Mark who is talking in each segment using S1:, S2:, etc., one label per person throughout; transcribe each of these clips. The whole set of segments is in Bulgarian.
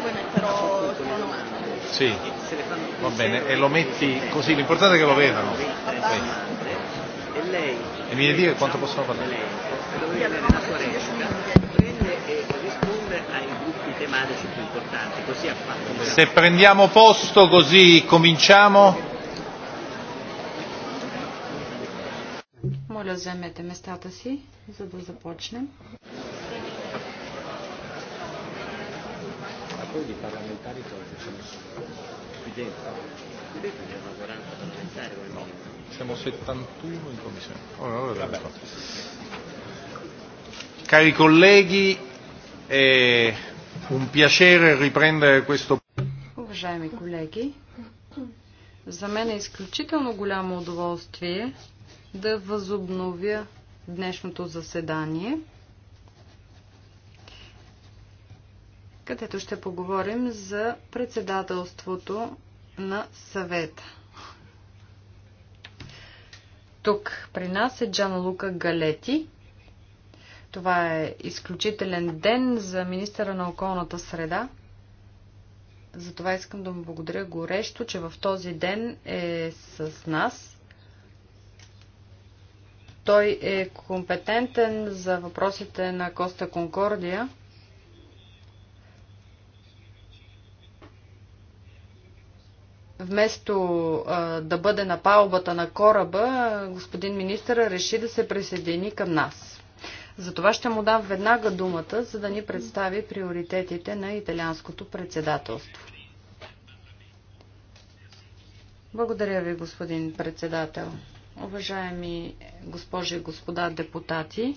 S1: poi metterò il cronometro. Sì, va bene, e lo metti così, l'importante è che lo vedano. E mi dire quanto possono parlare. Se prendiamo posto così cominciamo.
S2: Моля, вземете местата си, за да започнем.
S1: poi di parlamentari quanti ce ne sono? Qui dentro? Qui dentro ci sono 40 parlamentari come minimo. Siamo 71 in commissione. Oh, no, vabbè. Cari colleghi, è un piacere riprendere questo.
S2: Уважаеми колеги, за мен е изключително голямо удоволствие да възобновя днешното заседание. където ще поговорим за председателството на съвета. Тук при нас е Джан Лука Галети. Това е изключителен ден за министъра на околната среда. Затова искам да му благодаря горещо, че в този ден е с нас. Той е компетентен за въпросите на Коста Конкордия вместо а, да бъде на палубата на кораба, господин министър реши да се присъедини към нас. Затова ще му дам веднага думата, за да ни представи приоритетите на италианското председателство. Благодаря ви, господин председател. Уважаеми госпожи и господа депутати,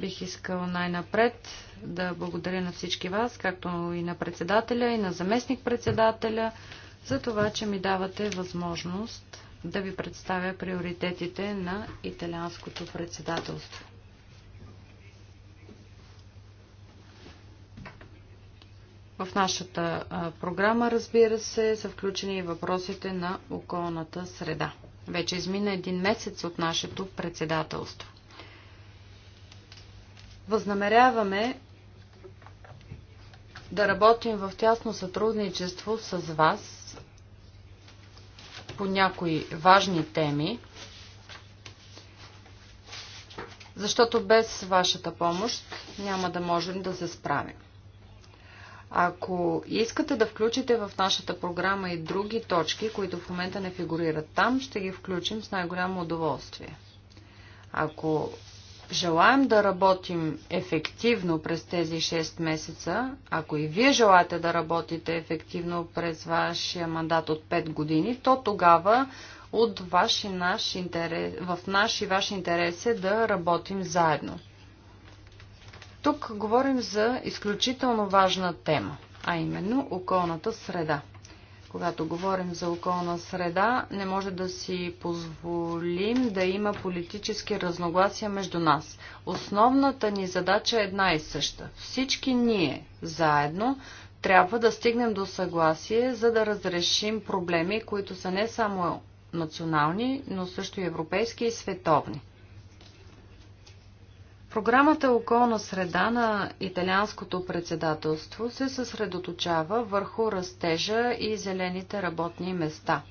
S2: бих искал най-напред да благодаря на всички вас, както и на председателя, и на заместник-председателя, за това, че ми давате възможност да ви представя приоритетите на италианското председателство. В нашата програма, разбира се, са включени и въпросите на околната среда. Вече измина един месец от нашето председателство. Възнамеряваме да работим в тясно сътрудничество с вас по някои важни теми, защото без вашата помощ няма да можем да се справим. Ако искате да включите в нашата програма и други точки, които в момента не фигурират там, ще ги включим с най-голямо удоволствие. Ако желаем да работим ефективно през тези 6 месеца, ако и вие желаете да работите ефективно през вашия мандат от 5 години, то тогава от ваш и наш интерес, в наш и ваш интерес е да работим заедно. Тук говорим за изключително важна тема, а именно околната среда когато говорим за околна среда, не може да си позволим да има политически разногласия между нас. Основната ни задача е една и съща. Всички ние заедно трябва да стигнем до съгласие, за да разрешим проблеми, които са не само национални, но също и европейски и световни. Програмата Околна среда на италианското председателство се съсредоточава върху растежа и зелените работни места.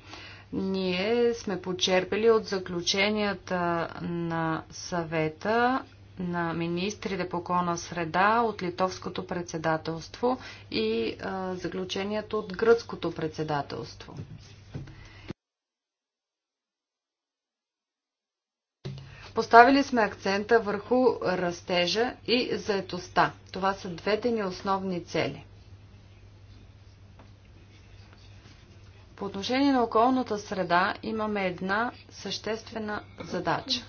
S2: Ние сме почерпили от заключенията на съвета на министрите по околна среда от литовското председателство и а, заключението от гръцкото председателство. Поставили сме акцента върху растежа и заетостта. Това са двете ни основни цели. По отношение на околната среда имаме една съществена задача.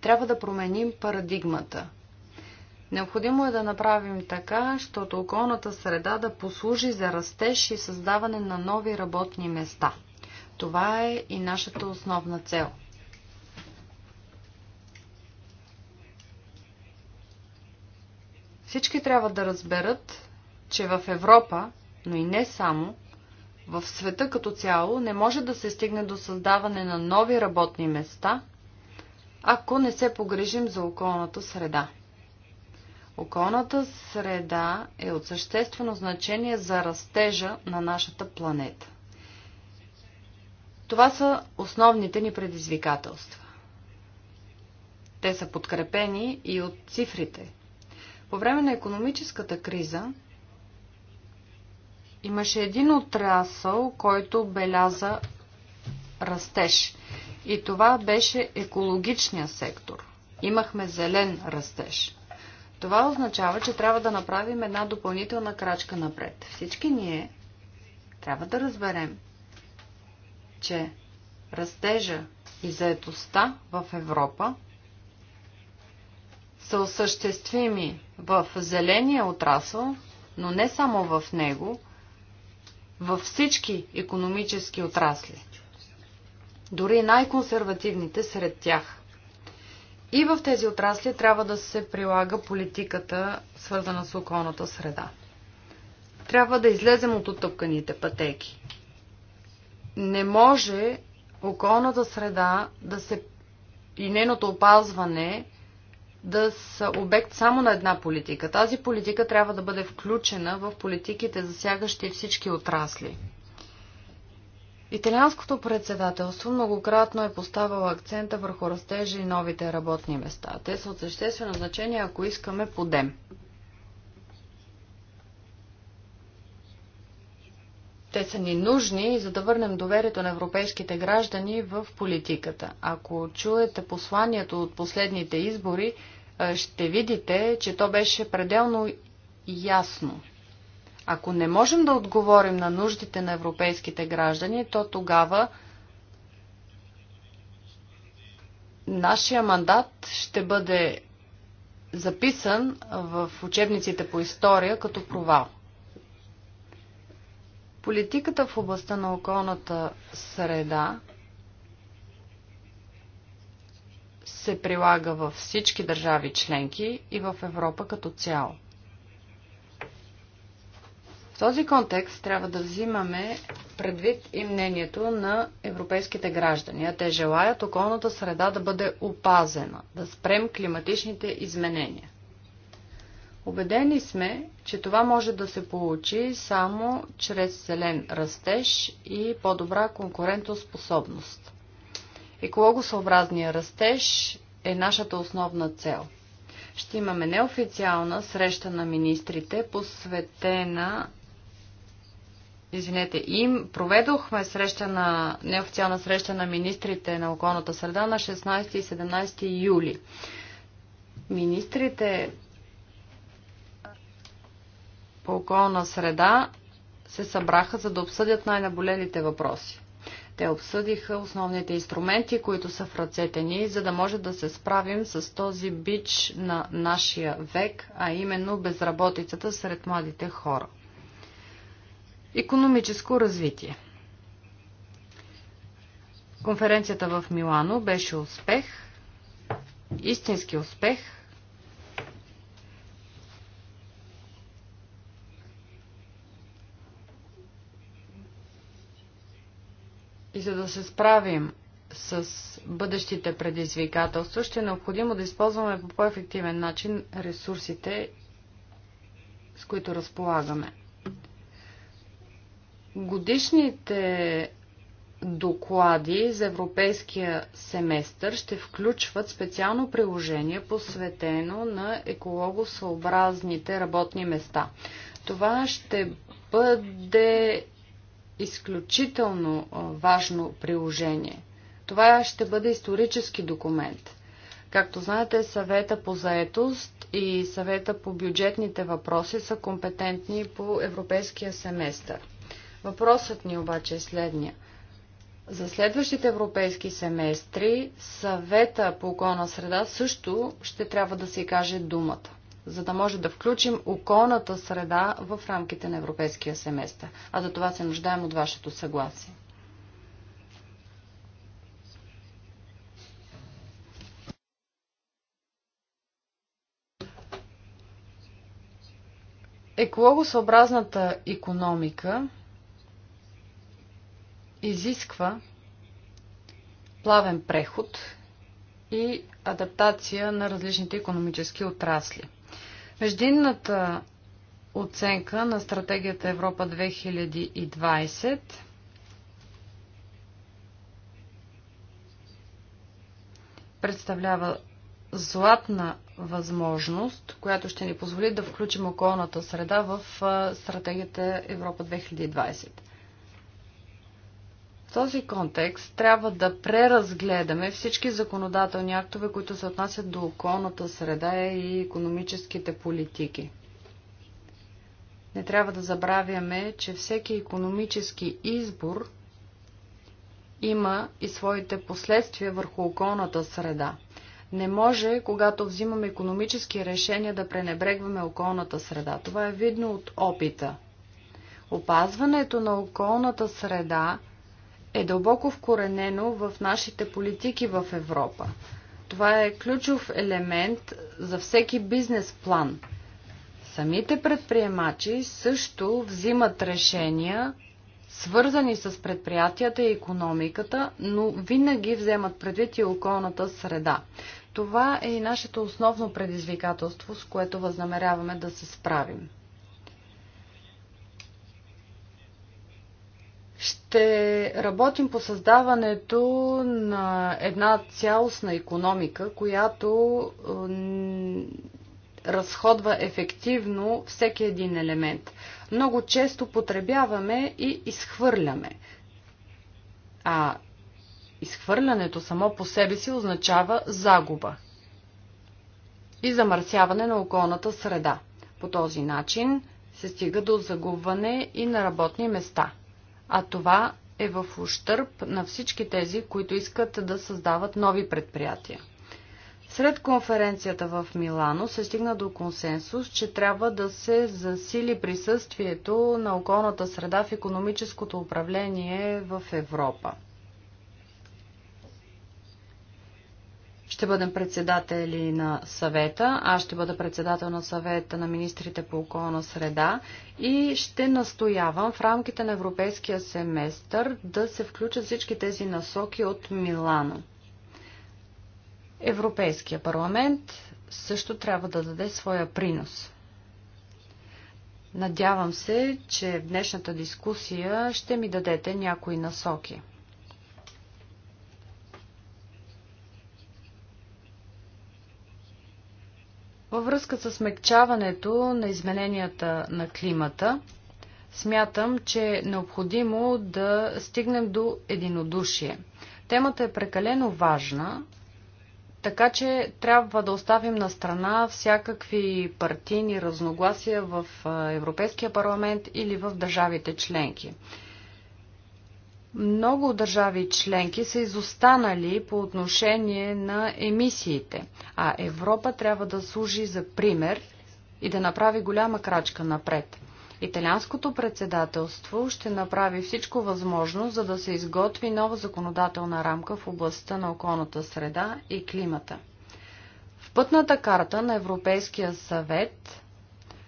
S2: Трябва да променим парадигмата. Необходимо е да направим така, защото околната среда да послужи за растеж и създаване на нови работни места. Това е и нашата основна цел – Всички трябва да разберат, че в Европа, но и не само, в света като цяло не може да се стигне до създаване на нови работни места, ако не се погрижим за околната среда. Околната среда е от съществено значение за растежа на нашата планета. Това са основните ни предизвикателства. Те са подкрепени и от цифрите – по време на економическата криза имаше един отрасъл, който беляза растеж. И това беше екологичния сектор. Имахме зелен растеж. Това означава, че трябва да направим една допълнителна крачка напред. Всички ние трябва да разберем, че растежа и заетостта в Европа са осъществими в зеления отрасъл, но не само в него, във всички економически отрасли. Дори най-консервативните сред тях. И в тези отрасли трябва да се прилага политиката, свързана с околната среда. Трябва да излезем от отъпканите пътеки. Не може околната среда да се и нейното опазване да са обект само на една политика. Тази политика трябва да бъде включена в политиките, засягащи всички отрасли. Италианското председателство многократно е поставило акцента върху растежа и новите работни места. Те са от съществено значение, ако искаме подем. Те са ни нужни, за да върнем доверието на европейските граждани в политиката. Ако чуете посланието от последните избори, е, ще видите, че то беше пределно ясно. Ако не можем да отговорим на нуждите на европейските граждани, то тогава нашия мандат ще бъде записан в учебниците по история като провал. Политиката в областта на околната среда се прилага във всички държави членки и в Европа като цяло. В този контекст трябва да взимаме предвид и мнението на европейските граждани, те желаят околната среда да бъде опазена, да спрем климатичните изменения. Обедени сме, че това може да се получи само чрез зелен растеж и по-добра конкурентоспособност. Екологосъобразният растеж е нашата основна цел. Ще имаме неофициална среща на министрите, посветена Извинете, им проведохме среща на, неофициална среща на министрите на околната среда на 16 и 17 юли. Министрите по околна среда се събраха, за да обсъдят най-наболелите въпроси. Те обсъдиха основните инструменти, които са в ръцете ни, за да може да се справим с този бич на нашия век, а именно безработицата сред младите хора. Економическо развитие. Конференцията в Милано беше успех, истински успех – И за да се справим с бъдещите предизвикателства, ще е необходимо да използваме по по-ефективен начин ресурсите, с които разполагаме. Годишните доклади за европейския семестър ще включват специално приложение, посветено на екологосъобразните работни места. Това ще бъде изключително важно приложение. Това ще бъде исторически документ. Както знаете, съвета по заетост и съвета по бюджетните въпроси са компетентни по европейския семестър. Въпросът ни обаче е следния. За следващите европейски семестри съвета по околна среда също ще трябва да се каже думата за да може да включим околната среда в рамките на европейския семестър. А за това се нуждаем от вашето съгласие. Екологосъобразната економика изисква плавен преход и адаптация на различните економически отрасли. Междинната оценка на стратегията Европа 2020 представлява златна възможност, която ще ни позволи да включим околната среда в стратегията Европа 2020. В този контекст трябва да преразгледаме всички законодателни актове, които се отнасят до околната среда и економическите политики. Не трябва да забравяме, че всеки економически избор има и своите последствия върху околната среда. Не може, когато взимаме економически решения, да пренебрегваме околната среда. Това е видно от опита. Опазването на околната среда – е дълбоко вкоренено в нашите политики в Европа. Това е ключов елемент за всеки бизнес план. Самите предприемачи също взимат решения, свързани с предприятията и економиката, но винаги вземат предвид и околната среда. Това е и нашето основно предизвикателство, с което възнамеряваме да се справим. ще работим по създаването на една цялостна економика, която е, разходва ефективно всеки един елемент. Много често потребяваме и изхвърляме. А изхвърлянето само по себе си означава загуба и замърсяване на околната среда. По този начин се стига до загубване и на работни места – а това е в ущърп на всички тези, които искат да създават нови предприятия. Сред конференцията в Милано се стигна до консенсус, че трябва да се засили присъствието на околната среда в економическото управление в Европа. Ще бъдем председатели на съвета, аз ще бъда председател на съвета на министрите по околна среда и ще настоявам в рамките на европейския семестър да се включат всички тези насоки от Милано. Европейския парламент също трябва да даде своя принос. Надявам се, че в днешната дискусия ще ми дадете някои насоки. Във връзка с смягчаването на измененията на климата, смятам, че е необходимо да стигнем до единодушие. Темата е прекалено важна, така че трябва да оставим на страна всякакви партийни разногласия в Европейския парламент или в държавите членки. Много държави членки са изостанали по отношение на емисиите, а Европа трябва да служи за пример и да направи голяма крачка напред. Италианското председателство ще направи всичко възможно, за да се изготви нова законодателна рамка в областта на околната среда и климата. В пътната карта на Европейския съвет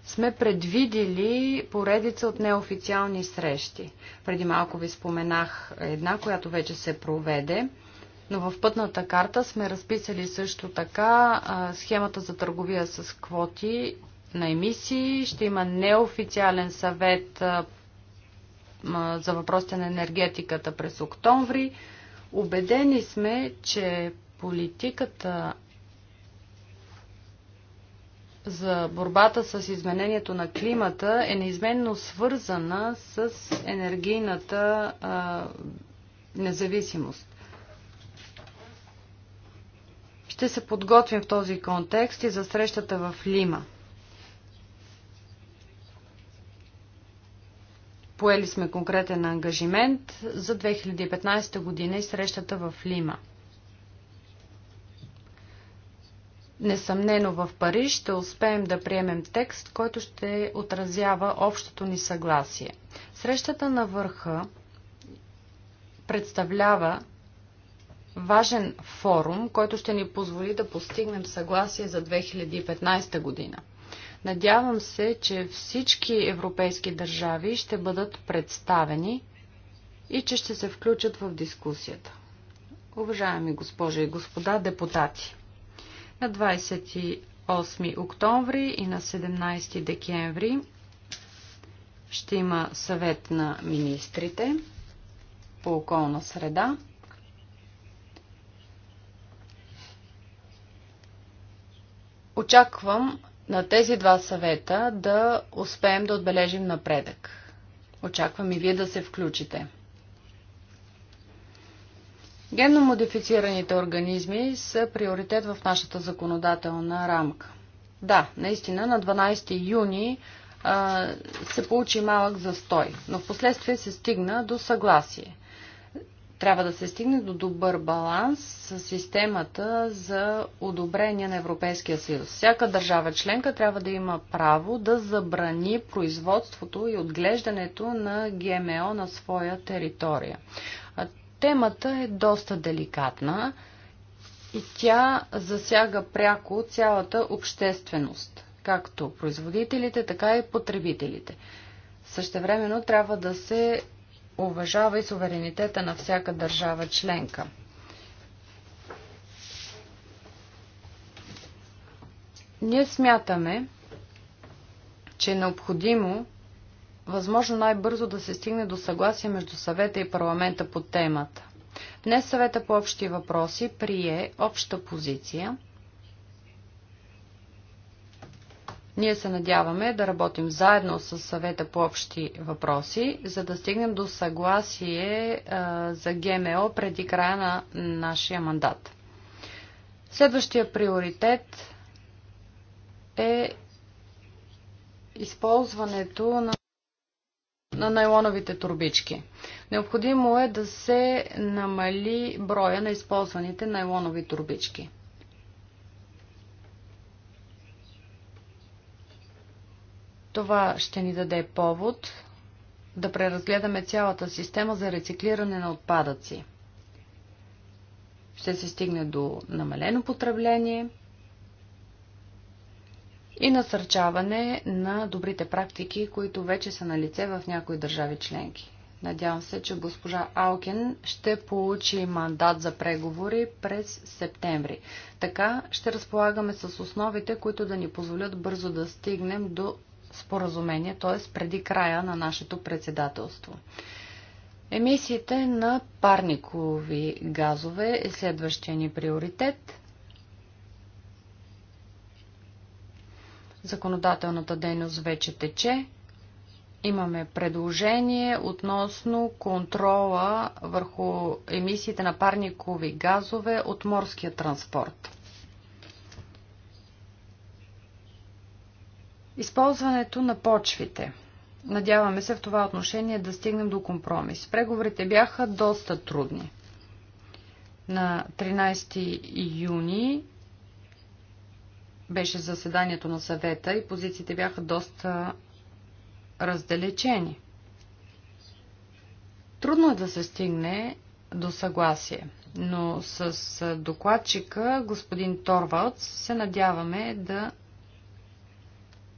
S2: сме предвидили поредица от неофициални срещи. Преди малко ви споменах една, която вече се проведе, но в пътната карта сме разписали също така схемата за търговия с квоти на емисии. Ще има неофициален съвет за въпросите на енергетиката през октомври. Убедени сме, че политиката за борбата с изменението на климата е неизменно свързана с енергийната а, независимост. Ще се подготвим в този контекст и за срещата в Лима. Поели сме конкретен ангажимент за 2015 година и срещата в Лима. Несъмнено в Париж ще успеем да приемем текст, който ще отразява общото ни съгласие. Срещата на върха представлява важен форум, който ще ни позволи да постигнем съгласие за 2015 година. Надявам се, че всички европейски държави ще бъдат представени и че ще се включат в дискусията. Уважаеми госпожи и господа депутати, на 28 октомври и на 17 декември ще има съвет на министрите по околна среда. Очаквам на тези два съвета да успеем да отбележим напредък. Очаквам и вие да се включите. Генно модифицираните организми са приоритет в нашата законодателна рамка. Да, наистина на 12 юни а, се получи малък застой, но в последствие се стигна до съгласие. Трябва да се стигне до добър баланс с системата за одобрение на Европейския съюз. Всяка държава членка трябва да има право да забрани производството и отглеждането на ГМО на своя територия. Темата е доста деликатна и тя засяга пряко цялата общественост, както производителите, така и потребителите. Същевременно трябва да се уважава и суверенитета на всяка държава членка. Ние смятаме, че е необходимо възможно най-бързо да се стигне до съгласие между съвета и парламента по темата. Днес съвета по общи въпроси прие обща позиция. Ние се надяваме да работим заедно с съвета по общи въпроси, за да стигнем до съгласие а, за ГМО преди края на нашия мандат. Следващия приоритет е използването на на найлоновите турбички. Необходимо е да се намали броя на използваните найлонови турбички. Това ще ни даде повод да преразгледаме цялата система за рециклиране на отпадъци. Ще се стигне до намалено потребление – и насърчаване на добрите практики, които вече са на лице в някои държави членки. Надявам се, че госпожа Алкен ще получи мандат за преговори през септември. Така ще разполагаме с основите, които да ни позволят бързо да стигнем до споразумение, т.е. преди края на нашето председателство. Емисиите на парникови газове е следващия ни приоритет – Законодателната дейност вече тече. Имаме предложение относно контрола върху емисиите на парникови газове от морския транспорт. Използването на почвите. Надяваме се в това отношение да стигнем до компромис. Преговорите бяха доста трудни. На 13 юни беше заседанието на съвета и позициите бяха доста раздалечени. Трудно е да се стигне до съгласие, но с докладчика господин Торвалд се надяваме да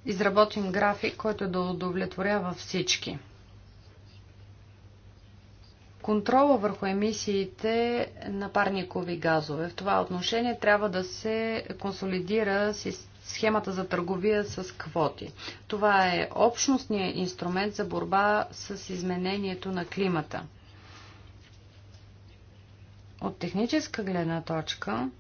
S2: изработим график, който да удовлетворява всички – Контрола върху емисиите на парникови газове. В това отношение трябва да се консолидира схемата за търговия с квоти. Това е общностният инструмент за борба с изменението на климата. От техническа гледна точка,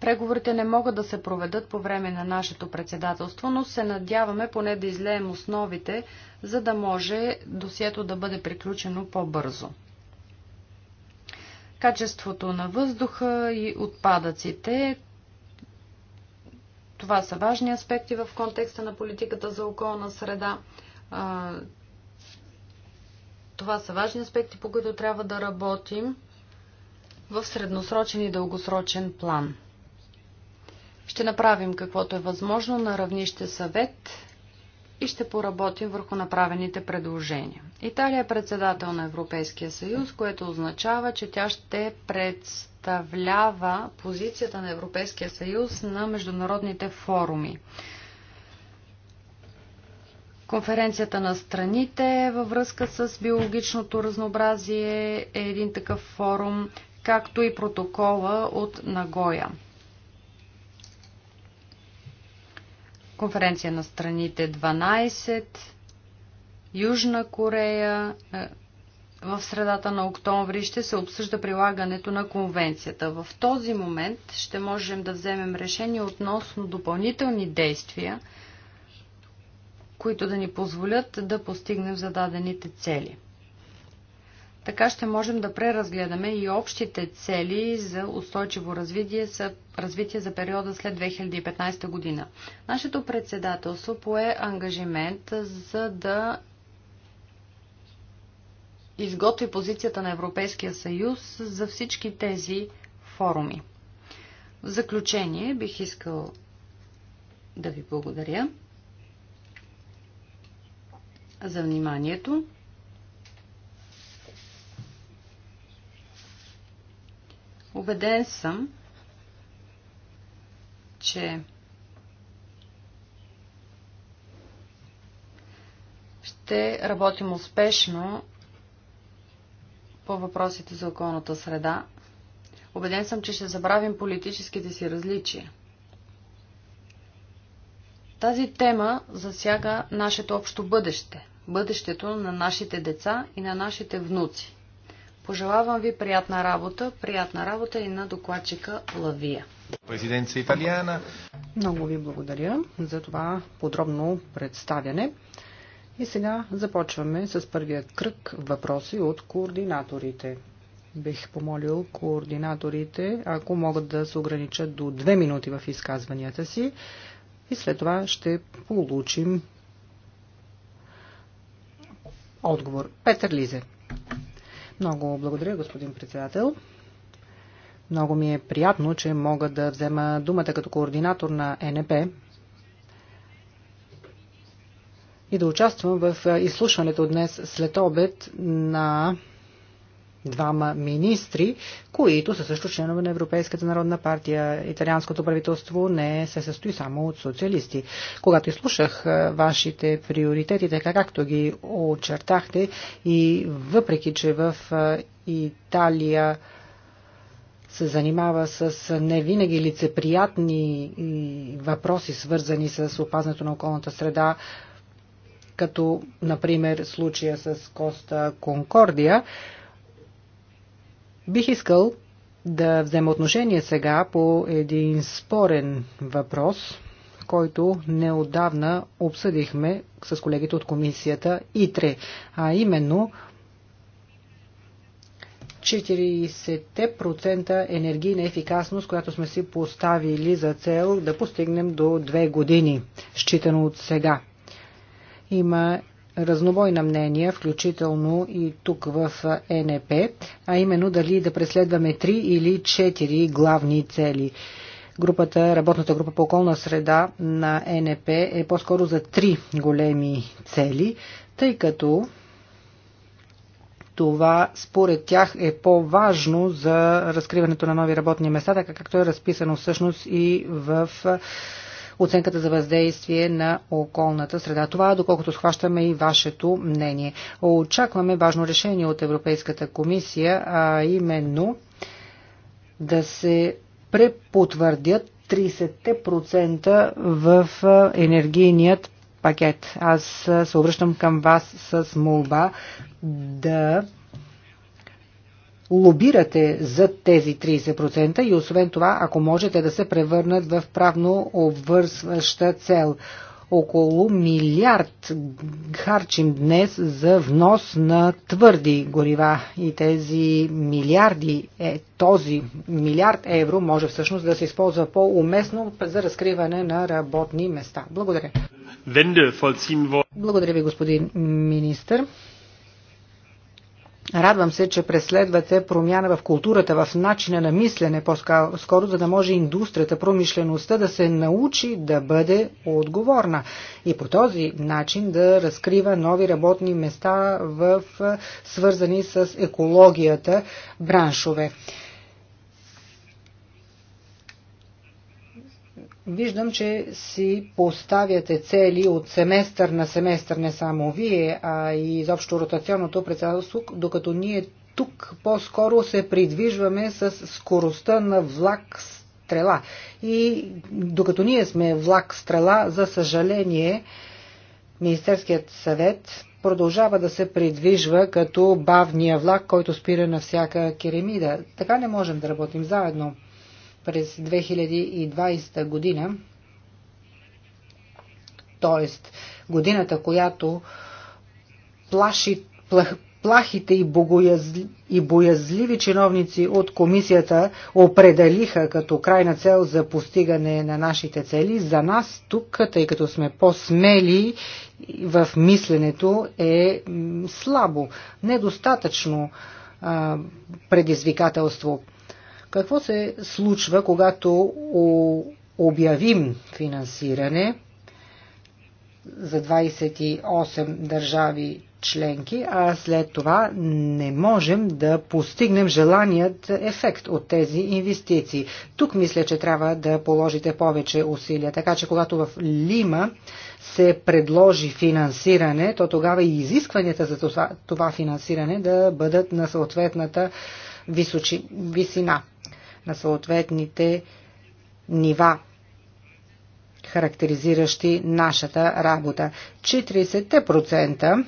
S2: Преговорите не могат да се проведат по време на нашето председателство, но се надяваме поне да излеем основите, за да може досието да бъде приключено по-бързо. Качеството на въздуха и отпадъците. Това са важни аспекти в контекста на политиката за околна среда. Това са важни аспекти, по които трябва да работим в средносрочен и дългосрочен план. Ще направим каквото е възможно на равнище съвет и ще поработим върху направените предложения. Италия е председател на Европейския съюз, което означава, че тя ще представлява позицията на Европейския съюз на международните форуми. Конференцията на страните във връзка с биологичното разнообразие е един такъв форум, както и протокола от Нагоя. конференция на страните 12, Южна Корея, е, в средата на октомври ще се обсъжда прилагането на конвенцията. В този момент ще можем да вземем решение относно допълнителни действия, които да ни позволят да постигнем зададените цели. Така ще можем да преразгледаме и общите цели за устойчиво развитие, за, развитие за периода след 2015 година. Нашето председателство пое ангажимент за да изготви позицията на Европейския съюз за всички тези форуми. В заключение бих искал да ви благодаря за вниманието. Обеден съм, че ще работим успешно по въпросите за околната среда. Обеден съм, че ще забравим политическите си различия. Тази тема засяга нашето общо бъдеще, бъдещето на нашите деца и на нашите внуци. Пожелавам ви приятна работа, приятна работа и на докладчика Лавия.
S1: Президенция Италиана.
S3: Много ви благодаря за това подробно представяне. И сега започваме с първия кръг въпроси от координаторите. Бих помолил координаторите, ако могат да се ограничат до две минути в изказванията си, и след това ще получим отговор. Петър Лизе. Много благодаря, господин председател. Много ми е приятно, че мога да взема думата като координатор на НП и да участвам в изслушването днес след обед на двама министри, които са също членове на Европейската народна партия. Италианското правителство не се състои само от социалисти. Когато изслушах вашите приоритети, така както ги очертахте и въпреки, че в Италия се занимава с невинаги лицеприятни въпроси, свързани с опазването на околната среда, като, например, случая с Коста Конкордия, Бих искал да взема отношение сега по един спорен въпрос, който неодавна обсъдихме с колегите от комисията ИТРЕ, а именно 40% енергийна ефикасност, която сме си поставили за цел да постигнем до 2 години, считано от сега. Има разнобой на мнения, включително и тук в НП, а именно дали да преследваме три или четири главни цели. Групата, работната група по околна среда на НП е по-скоро за три големи цели, тъй като това според тях е по-важно за разкриването на нови работни места, така както е разписано всъщност и в оценката за въздействие на околната среда. Това, доколкото схващаме и вашето мнение. Очакваме важно решение от Европейската комисия, а именно да се препотвърдят 30% в енергийният пакет. Аз се обръщам към вас с молба да лобирате за тези 30% и освен това, ако можете да се превърнат в правно обвързваща цел. Около милиард харчим днес за внос на твърди горива и тези милиарди, е, този милиард евро може всъщност да се използва по-уместно за разкриване на работни места. Благодаря. Благодаря ви, господин министър. Радвам се, че преследвате промяна в културата, в начина на мислене по-скоро, за да може индустрията, промишлеността да се научи да бъде отговорна и по този начин да разкрива нови работни места в свързани с екологията браншове. Виждам, че си поставяте цели от семестър на семестър, не само вие, а и изобщо ротационното председателство, докато ние тук по-скоро се придвижваме с скоростта на влак стрела. И докато ние сме влак стрела, за съжаление, Министерският съвет продължава да се придвижва като бавния влак, който спира на всяка керемида. Така не можем да работим заедно през 2020 година, т.е. годината, която плаши, плах, плахите и, богоязли, и боязливи чиновници от комисията определиха като крайна цел за постигане на нашите цели, за нас тук, тъй като сме по-смели в мисленето, е слабо, недостатъчно а, предизвикателство. Какво се случва, когато обявим финансиране за 28 държави членки, а след това не можем да постигнем желаният ефект от тези инвестиции. Тук мисля, че трябва да положите повече усилия, така че когато в Лима се предложи финансиране, то тогава и изискванията за това, това финансиране да бъдат на съответната височи, висина на съответните нива характеризиращи нашата работа. 40%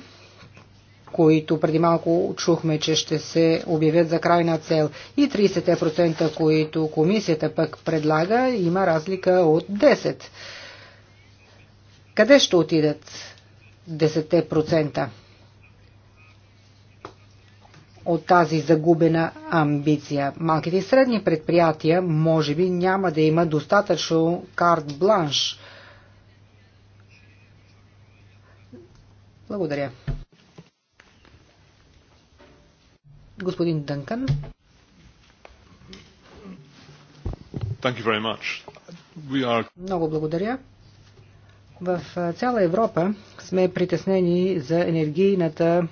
S3: които преди малко чухме, че ще се обявят за крайна цел, и 30%, които комисията пък предлага, има разлика от 10%. Къде ще отидат 10%? от тази загубена амбиция. Малките и средни предприятия може би няма да има достатъчно карт бланш. Благодаря. Господин Дънкан.
S4: Thank you very much. We are...
S3: Много благодаря. В цяла Европа сме притеснени за енергийната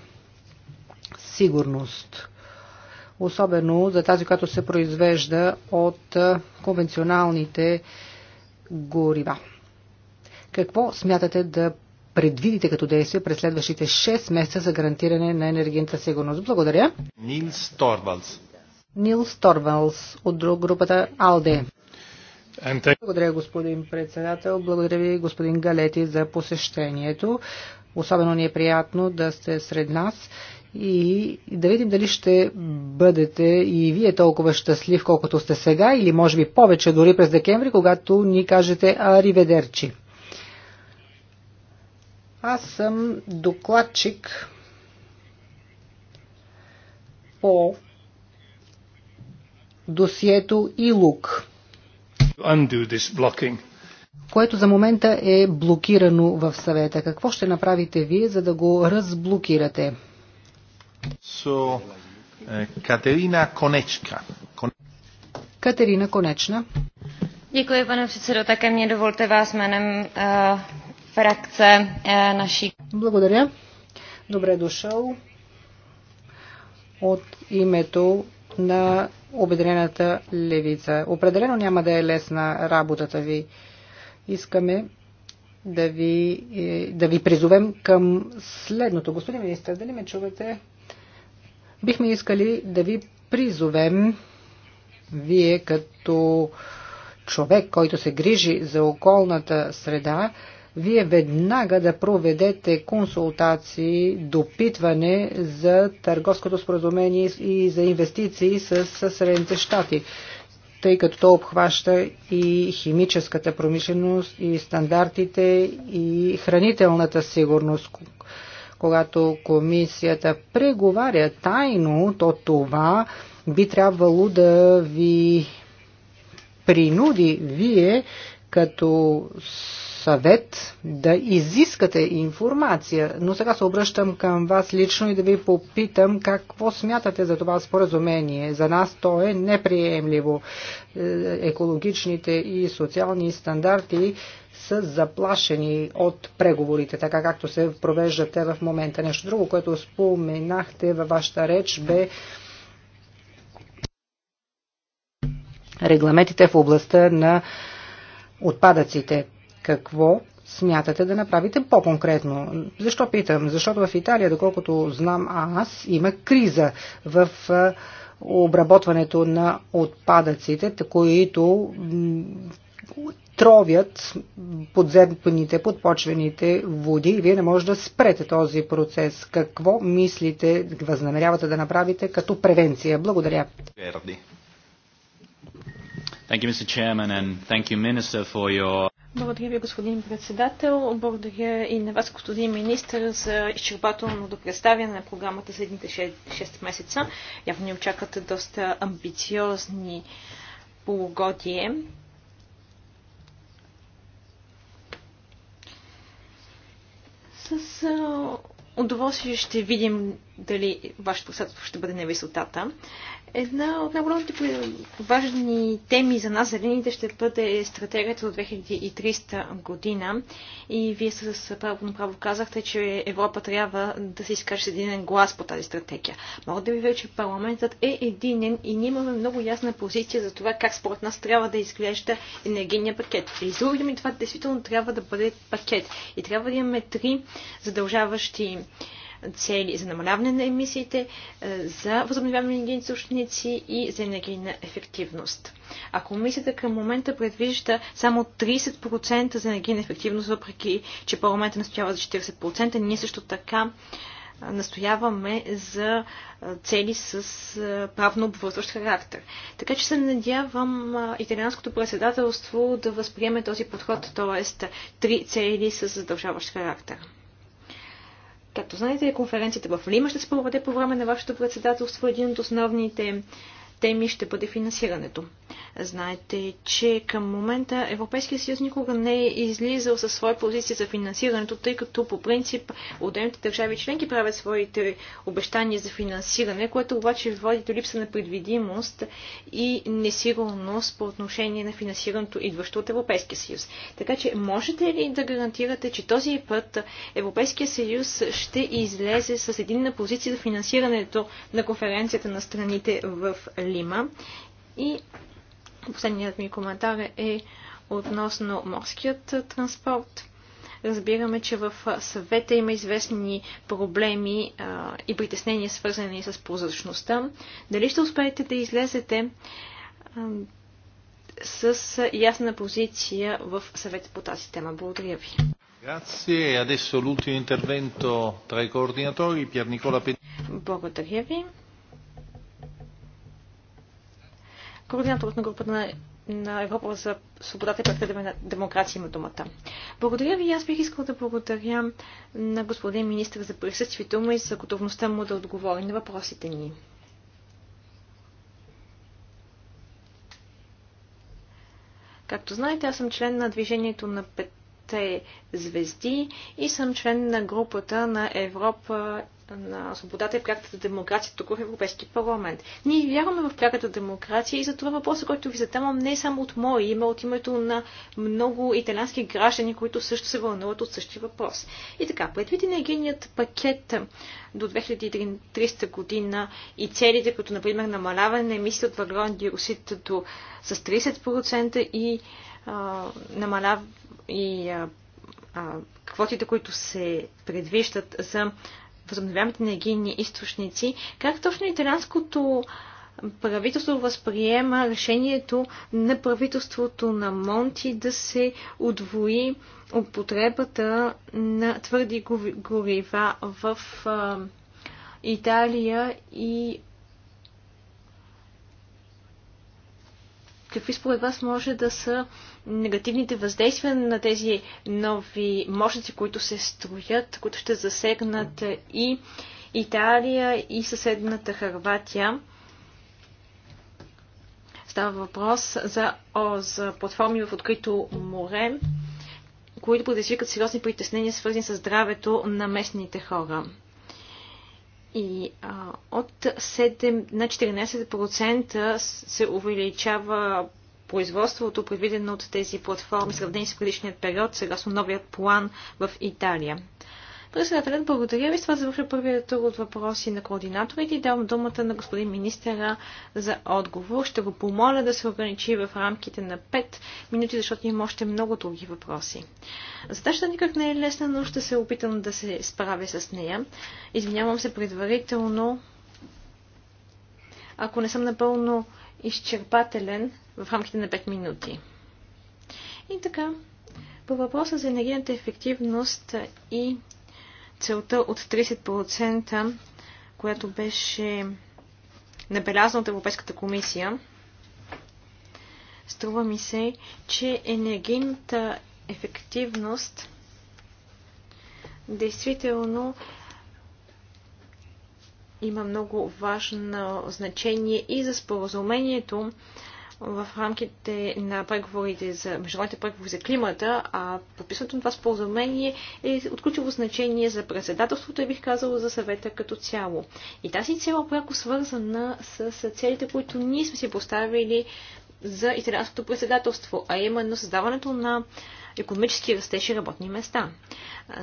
S3: сигурност. Особено за тази, която се произвежда от конвенционалните горива. Какво смятате да предвидите като действие през следващите 6 месеца за гарантиране на енергийната сигурност? Благодаря.
S1: Нилс Торвалс.
S3: Нилс Торвалс от групата АЛДЕ. Благодаря, господин председател. Благодаря ви, господин Галети, за посещението. Особено ни е приятно да сте сред нас и да видим дали ще бъдете и вие толкова щастлив, колкото сте сега, или може би повече дори през декември, когато ни кажете Ариведерчи. Аз съм докладчик по досието ИЛУК, което за момента е блокирано в съвета. Какво ще направите вие, за да го разблокирате?
S1: adesso eh, Caterina Konečka. Kon...
S3: Katerina Konečna.
S4: Děkuji, pane předsedo. Také mě dovolte vás jménem uh, frakce uh, naší. Благодаря.
S3: Добре дошъл от името на Обедрената левица. Определено няма да е лесна работата ви. Искаме да ви, е, да ви призовем към следното. Господин министр, дали ме чувате? Бихме искали да ви призовем, вие като човек, който се грижи за околната среда, вие веднага да проведете консултации, допитване за търговското споразумение и за инвестиции с Средните щати, тъй като то обхваща и химическата промишленост, и стандартите, и хранителната сигурност когато комисията преговаря тайно, то това би трябвало да ви принуди вие като съвет да изискате информация. Но сега се обръщам към вас лично и да ви попитам какво смятате за това споразумение. За нас то е неприемливо. Е, екологичните и социални стандарти са заплашени от преговорите, така както се провеждате в момента. Нещо друго, което споменахте във вашата реч, бе регламентите в областта на отпадъците. Какво смятате да направите по-конкретно? Защо питам? Защото в Италия, доколкото знам аз, има криза в обработването на отпадъците, които тровят подземните, подпочвените води и вие не може да спрете този процес. Какво мислите, възнамерявате да направите като превенция? Благодаря.
S4: Благодаря ви, господин председател. Благодаря и на вас, господин министр, за изчерпателното представяне на програмата за едните 6, месеца. Явно ни очаквате доста амбициозни полугодия. С удоволствие ще видим дали вашето посадство ще бъде на висотата. Една от най-големите важни теми за нас, зелените, ще бъде стратегията до 2300 година. И вие с право направо казахте, че Европа трябва да се изкаже с един глас по тази стратегия. Мога да ви вече че парламентът е единен и ние имаме много ясна позиция за това как според нас трябва да изглежда енергийния пакет. И с други думи, това действително трябва да бъде пакет. И трябва да имаме три задължаващи цели за намаляване на емисиите, е, за възобновяване на енергийните съобщеници и за енергийна ефективност. А комисията към момента предвижда само 30% за енергийна ефективност, въпреки че парламента настоява за 40%, ние също така е, настояваме за е, цели с правно обвързващ характер. Така че се надявам италианското председателство да възприеме този подход, т.е. три цели с задължаващ характер. Както знаете, конференцията в Лима ще се проведе по време на вашето председателство. Един от основните теми ще бъде финансирането. Знаете, че към момента Европейския съюз никога не е излизал със своя позиция за финансирането, тъй като по принцип отделните държави членки правят своите обещания за финансиране, което обаче води до липса на предвидимост и несигурност по отношение на финансирането, идващо от Европейския съюз. Така че можете ли да гарантирате, че този път Европейския съюз ще излезе с единна позиция за финансирането на конференцията на страните в Лима. И последният ми коментар е относно морският транспорт. Разбираме, че в съвета има известни проблеми а, и притеснения, свързани с прозрачността. Дали ще успеете да излезете а, с ясна позиция в съвета по тази тема? Благодаря ви.
S1: Благодаря
S4: ви. Координаторът на групата на на Европа за свободата и на демокрация има думата. Благодаря ви. Аз бих искала да благодаря на господин министр за присъствието му и за готовността му да отговори на въпросите ни. Както знаете, аз съм член на движението на петте звезди и съм член на групата на Европа на свободата и пряката демокрация тук в Европейски парламент. Ние вярваме в пряката демокрация и за това въпроса, който ви задавам е не е само от мое име, от името на много италянски граждани, които също се вълнуват от същия въпрос. И така, предвид на единият пакет до 2030 година и целите, като например намаляване на емисията от въглероден диоксид до с 30% и а, намалява и а, а, квотите, които се предвиждат за възобновяемите енергийни източници, как точно италианското правителство възприема решението на правителството на Монти да се удвои употребата на твърди горива в Италия и Какви според вас може да са негативните въздействия на тези нови мощници, които се строят, които ще засегнат и Италия, и съседната Харватия? Става въпрос за, о, за платформи в открито море, които предизвикат сериозни притеснения, свързани с здравето на местните хора. И а, от 7 на 14% се увеличава производството, предвидено от тези платформи, сравнени с предишният период, сега с новият план в Италия. Председателят, благодаря ви. С това завърши първият тур от въпроси на координаторите и давам думата на господин министъра за отговор. Ще го помоля да се ограничи в рамките на 5 минути, защото има още много други въпроси. Задачата никак не е лесна, но ще се опитам да се справя с нея. Извинявам се предварително, ако не съм напълно изчерпателен в рамките на 5 минути. И така, по въпроса за енергийната ефективност и целта от 30%, която беше набелязана от Европейската комисия, струва ми се, че енергийната ефективност действително има много важно значение и за споразумението в рамките на преговорите за международните преговори за климата, а подписването на това споразумение е от ключово значение за председателството и бих казала за съвета като цяло. И тази цел е пряко свързана с, с целите, които ние сме си поставили за италианското председателство, а именно създаването на економически растеж и работни места.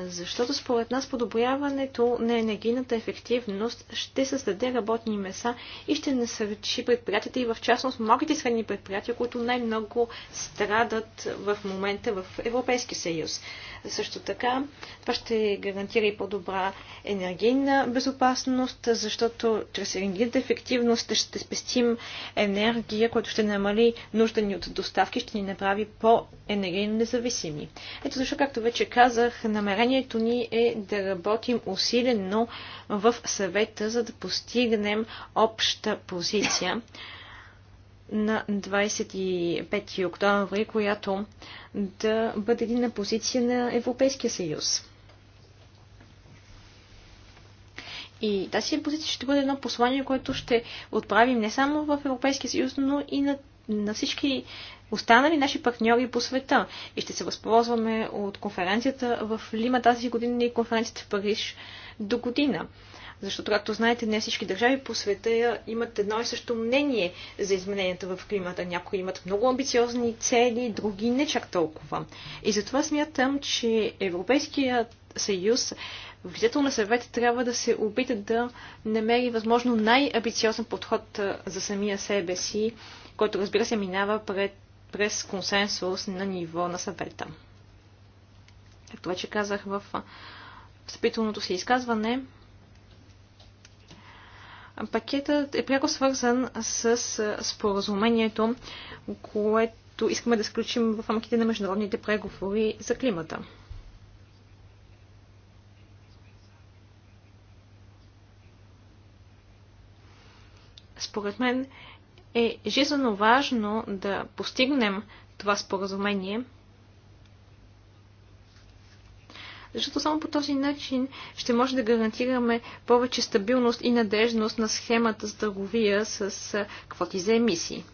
S4: Защото според нас подобряването на енергийната ефективност ще създаде работни места и ще насърчи предприятията и в частност малките и средни предприятия, които най-много страдат в момента в Европейски съюз. Също така това ще гарантира и по-добра енергийна безопасност, защото чрез енергийната ефективност ще спестим енергия, която ще намали нужда ни от доставки, ще ни направи по-енергийно независимо зависими. Ето защо, както вече казах, намерението ни е да работим усилено в съвета, за да постигнем обща позиция на 25 октомври, която да бъде на позиция на Европейския съюз. И тази позиция ще бъде едно послание, което ще отправим не само в Европейския съюз, но и на на всички останали наши партньори по света. И ще се възползваме от конференцията в Лима тази година и конференцията в Париж до година. Защото, както знаете, не всички държави по света имат едно и също мнение за измененията в климата. Някои имат много амбициозни цели, други не чак толкова. И затова смятам, че Европейският съюз в лицето на съвет трябва да се опита да намери възможно най-амбициозен подход за самия себе си който разбира се минава пред, през консенсус на ниво на съвета. Както вече казах в встъпителното си изказване, пакетът е пряко свързан с споразумението, което искаме да сключим в рамките на международните преговори за климата. Според мен е жизненно важно да постигнем това споразумение, защото само по този начин ще може да гарантираме повече стабилност и надежност на схемата с търговия с квоти за емисии.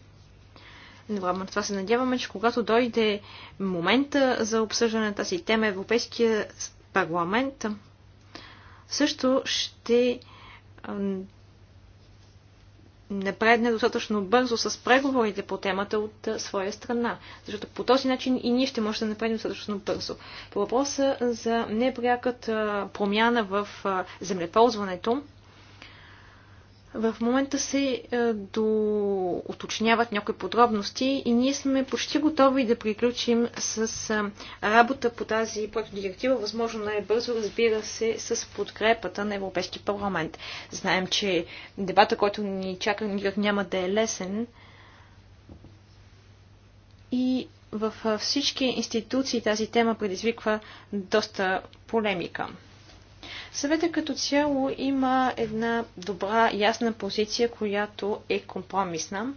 S4: Едновременно това се надяваме, че когато дойде момента за обсъждане на тази тема, Европейския парламент също ще напредне достатъчно бързо с преговорите по темата от своя страна. Защото по този начин и ние ще можем да напреднем достатъчно бързо. По въпроса за непряката промяна в землеползването, в момента се е, до... уточняват някои подробности и ние сме почти готови да приключим с е, работа по тази директива, възможно най-бързо, разбира се, с подкрепата на Европейски парламент. Знаем, че дебата, който ни чака, никак няма да е лесен. И във е, всички институции тази тема предизвиква доста полемика. Съвета като цяло има една добра, ясна позиция, която е компромисна.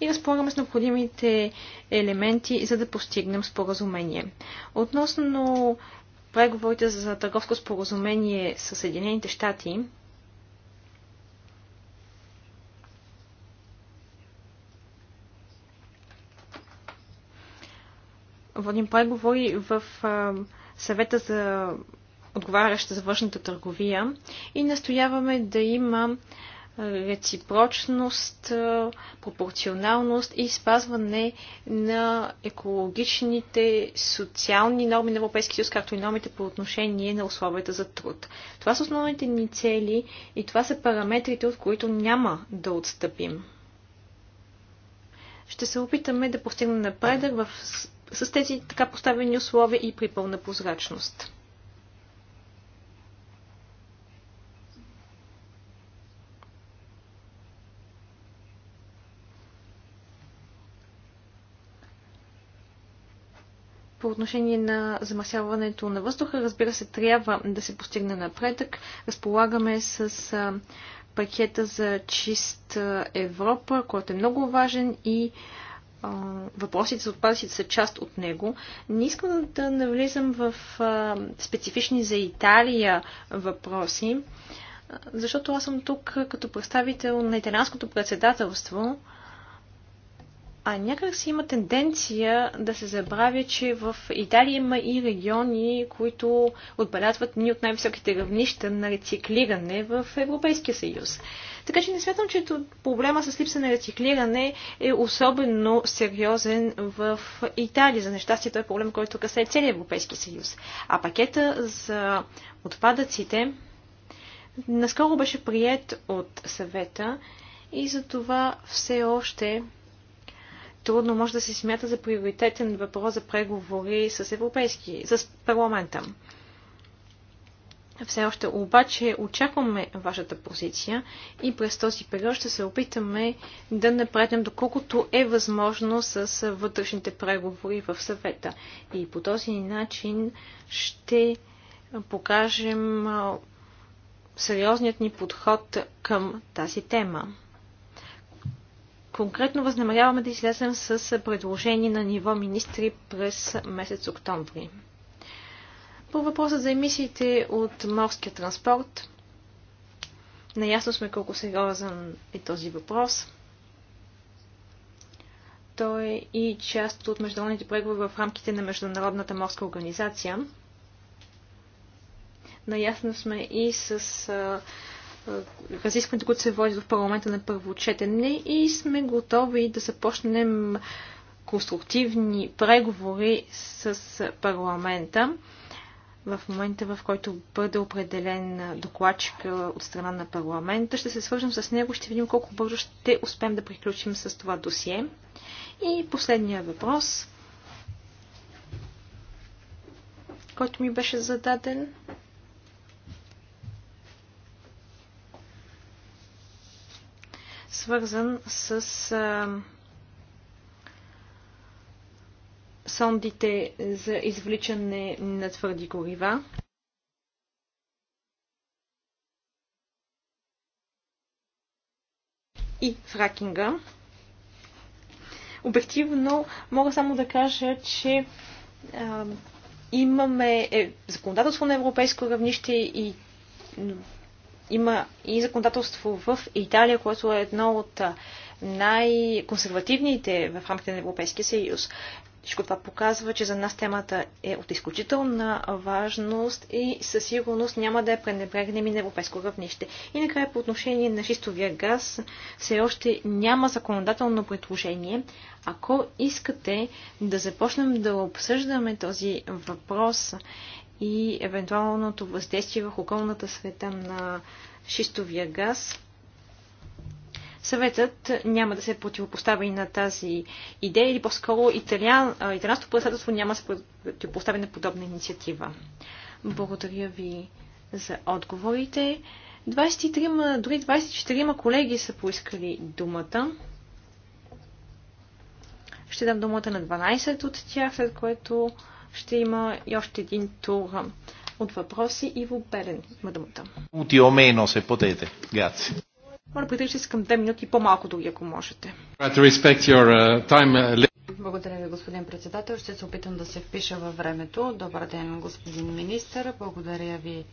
S4: И разполагаме с необходимите елементи, за да постигнем споразумение. Относно преговорите за търговско споразумение с Съединените щати, водим преговори в съвета за отговаряща за външната търговия и настояваме да има реципрочност, пропорционалност и спазване на екологичните социални норми на Европейския съюз, както и нормите по отношение на условията за труд. Това са основните ни цели и това са параметрите, от които няма да отстъпим. Ще се опитаме да постигнем напредък в с тези така поставени условия и при пълна прозрачност. по отношение на замърсяването на въздуха, разбира се, трябва да се постигне напредък. Разполагаме с пакета за чист Европа, който е много важен и въпросите за отпадъците са част от него. Не искам да навлизам в а, специфични за Италия въпроси, защото аз съм тук като представител на италианското председателство. А, а някак си има тенденция да се забравя, че в Италия има и региони, които отбелязват ни от най-високите равнища на рециклиране в Европейския съюз. Така че не смятам, че проблема с липса на рециклиране е особено сериозен в Италия. За нещастие той е проблем, който касае целия Европейски съюз. А пакета за отпадъците наскоро беше прият от съвета и за това все още трудно може да се смята за приоритетен въпрос за преговори с, европейски, с парламента. Все още обаче очакваме вашата позиция и през този период ще се опитаме да напреднем доколкото е възможно с вътрешните преговори в съвета. И по този начин ще покажем сериозният ни подход към тази тема. Конкретно възнамеряваме да излезем с предложени на ниво министри през месец октомври. По въпроса за емисиите от морския транспорт, наясно сме колко сериозен е този въпрос. Той е и част от международните преговори в рамките на Международната морска организация. Наясно сме и с разискването, които се води в парламента на първо четене и сме готови да започнем конструктивни преговори с парламента в момента, в който бъде определен докладчик от страна на парламента. Ще се свържем с него, ще видим колко бързо ще успеем да приключим с това досие. И последния въпрос, който ми беше зададен. свързан с сондите за извличане на твърди горива. и фракинга. Обективно мога само да кажа, че а, имаме е, законодателство на европейско равнище и има и законодателство в Италия, което е едно от най-консервативните в рамките на Европейския съюз. Всичко това показва, че за нас темата е от изключителна важност и със сигурност няма да я пренебрегнем и на европейско равнище. И накрая по отношение на шистовия газ все още няма законодателно предложение. Ако искате да започнем да обсъждаме този въпрос и евентуалното въздействие върху околната света на шистовия газ. Съветът няма да се противопостави и на тази идея или по-скоро италиан, италианското председателство няма да се противопостави на подобна инициатива. Благодаря ви за отговорите. 23, дори 24 колеги са поискали думата. Ще дам думата на 12 от тях, след което ще има и още един тур от въпроси. и в Белен мадамата.
S1: думата. Мути се потете. Гаци.
S4: Моля, притежите искам 2 минути по-малко други, ако можете.
S1: Uh, uh,
S2: Благодаря ви, господин председател. Ще се опитам да се впиша във времето. Добър ден, господин министър. Благодаря ви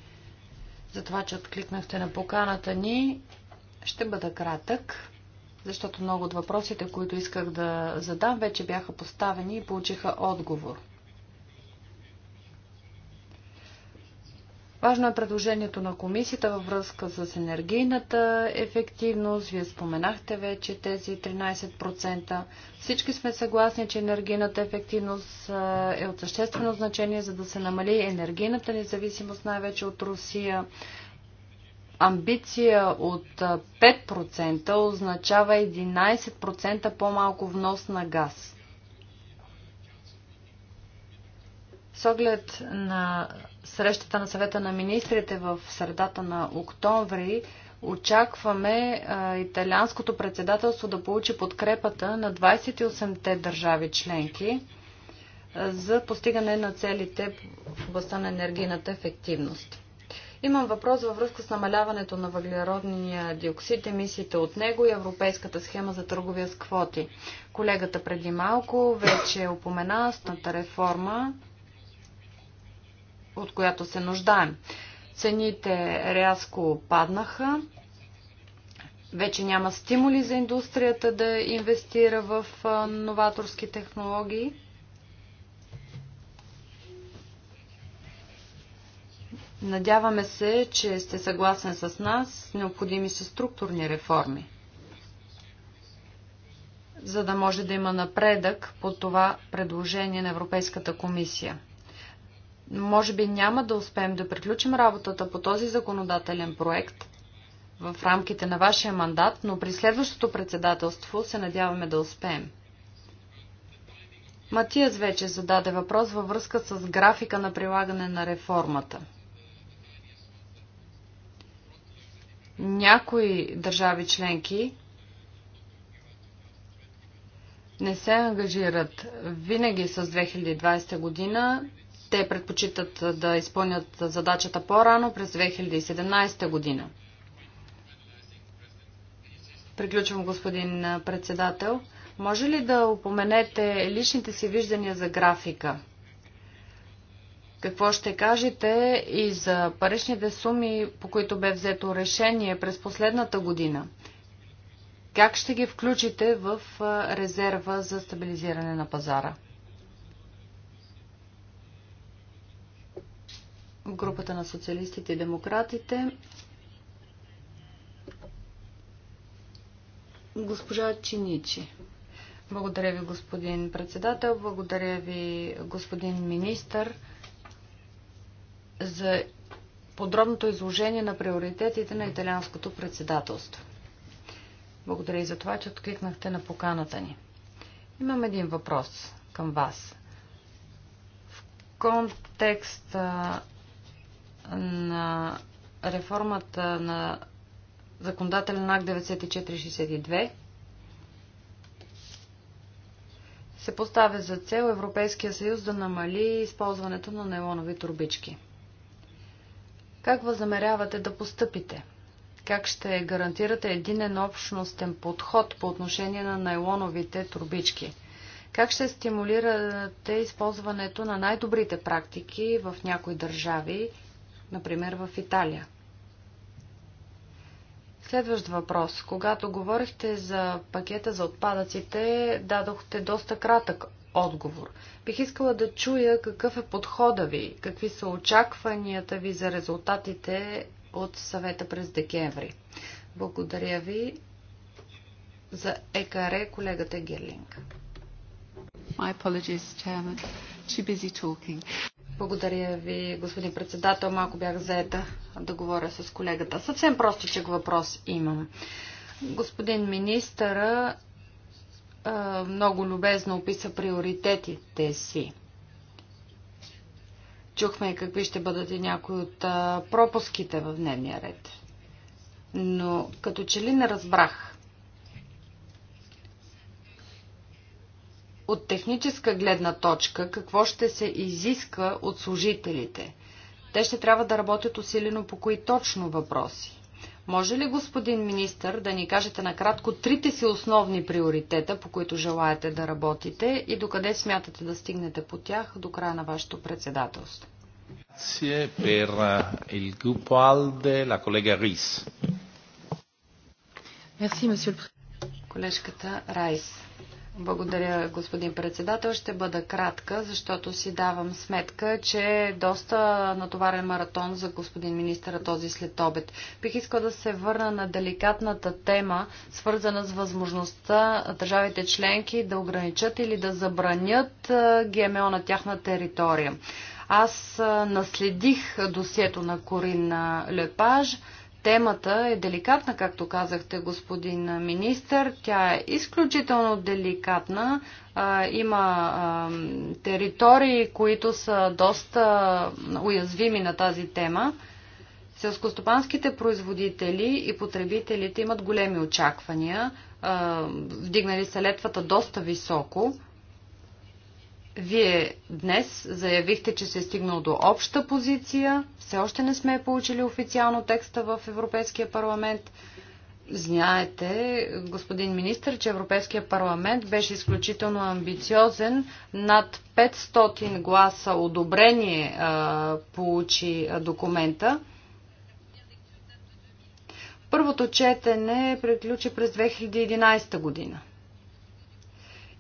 S2: за това, че откликнахте на поканата ни. Ще бъда кратък, защото много от въпросите, които исках да задам, вече бяха поставени и получиха отговор. Важно е предложението на комисията във връзка с енергийната ефективност. Вие споменахте вече тези 13%. Всички сме съгласни, че енергийната ефективност е от съществено значение, за да се намали енергийната независимост най-вече от Русия. Амбиция от 5% означава 11% по-малко внос на газ. С оглед на срещата на съвета на министрите в средата на октомври, очакваме а, италианското председателство да получи подкрепата на 28-те държави членки за постигане на целите в областта на енергийната ефективност. Имам въпрос във връзка с намаляването на въглеродния диоксид, емисиите от него и европейската схема за търговия с квоти. Колегата преди малко вече е опомена реформа от която се нуждаем. Цените рязко паднаха. Вече няма стимули за индустрията да инвестира в новаторски технологии. Надяваме се, че сте съгласен с нас. Необходими са структурни реформи, за да може да има напредък по това предложение на Европейската комисия може би няма да успеем да приключим работата по този законодателен проект в рамките на вашия мандат, но при следващото председателство се надяваме да успеем. Матиас вече зададе въпрос във връзка с графика на прилагане на реформата. Някои държави членки не се ангажират винаги с 2020 година, те предпочитат да изпълнят задачата по-рано през 2017 година. Приключвам, господин председател. Може ли да упоменете личните си виждания за графика? Какво ще кажете и за паричните суми, по които бе взето решение през последната година? Как ще ги включите в резерва за стабилизиране на пазара? в групата на социалистите и демократите. Госпожа Чиничи. Благодаря ви, господин председател. Благодаря ви, господин министър, за подробното изложение на приоритетите на италианското председателство. Благодаря и за това, че откликнахте на поканата ни. Имам един въпрос към вас. В контекста на реформата на законодателен акт 9462 се поставя за цел Европейския съюз да намали използването на нейлонови турбички. Как възнамерявате да постъпите? Как ще гарантирате единен общностен подход по отношение на нейлоновите турбички? Как ще стимулирате използването на най-добрите практики в някои държави например в Италия. Следващ въпрос. Когато говорихте за пакета за отпадъците, дадохте доста кратък отговор. Бих искала да чуя какъв е подхода ви, какви са очакванията ви за резултатите от съвета през декември. Благодаря ви за ЕКР колегата Герлинг. My apologies, Chairman. Too busy talking. Благодаря ви, господин председател. Малко бях заета да говоря с колегата. Съвсем простичък въпрос имам. Господин министър, много любезно описа приоритетите си. Чухме какви ще бъдат и някои от пропуските в дневния ред. Но като че ли не разбрах от техническа гледна точка какво ще се изиска от служителите? Те ще трябва да работят усилено по кои точно въпроси? Може ли, господин министър, да ни кажете накратко трите си основни приоритета, по които желаете да работите и докъде смятате да стигнете по тях до края на вашето председателство? Колежката Райс. Благодаря, господин председател. Ще бъда кратка, защото си давам сметка, че е доста натоварен маратон за господин министъра този след обед. Бих искал да се върна на деликатната тема, свързана с възможността държавите членки да ограничат или да забранят ГМО на тяхна територия. Аз наследих досието на Корин Лепаж Темата е деликатна, както казахте, господин министър. Тя е изключително деликатна. Има територии, които са доста уязвими на тази тема. Селскостопанските производители и потребителите имат големи очаквания. Вдигнали са летвата доста високо. Вие днес заявихте, че се е стигнал до обща позиция. Все още не сме получили официално текста в Европейския парламент. Знаете, господин министр, че Европейския парламент беше изключително амбициозен. Над 500 гласа одобрение а, получи документа. Първото четене приключи през 2011 година.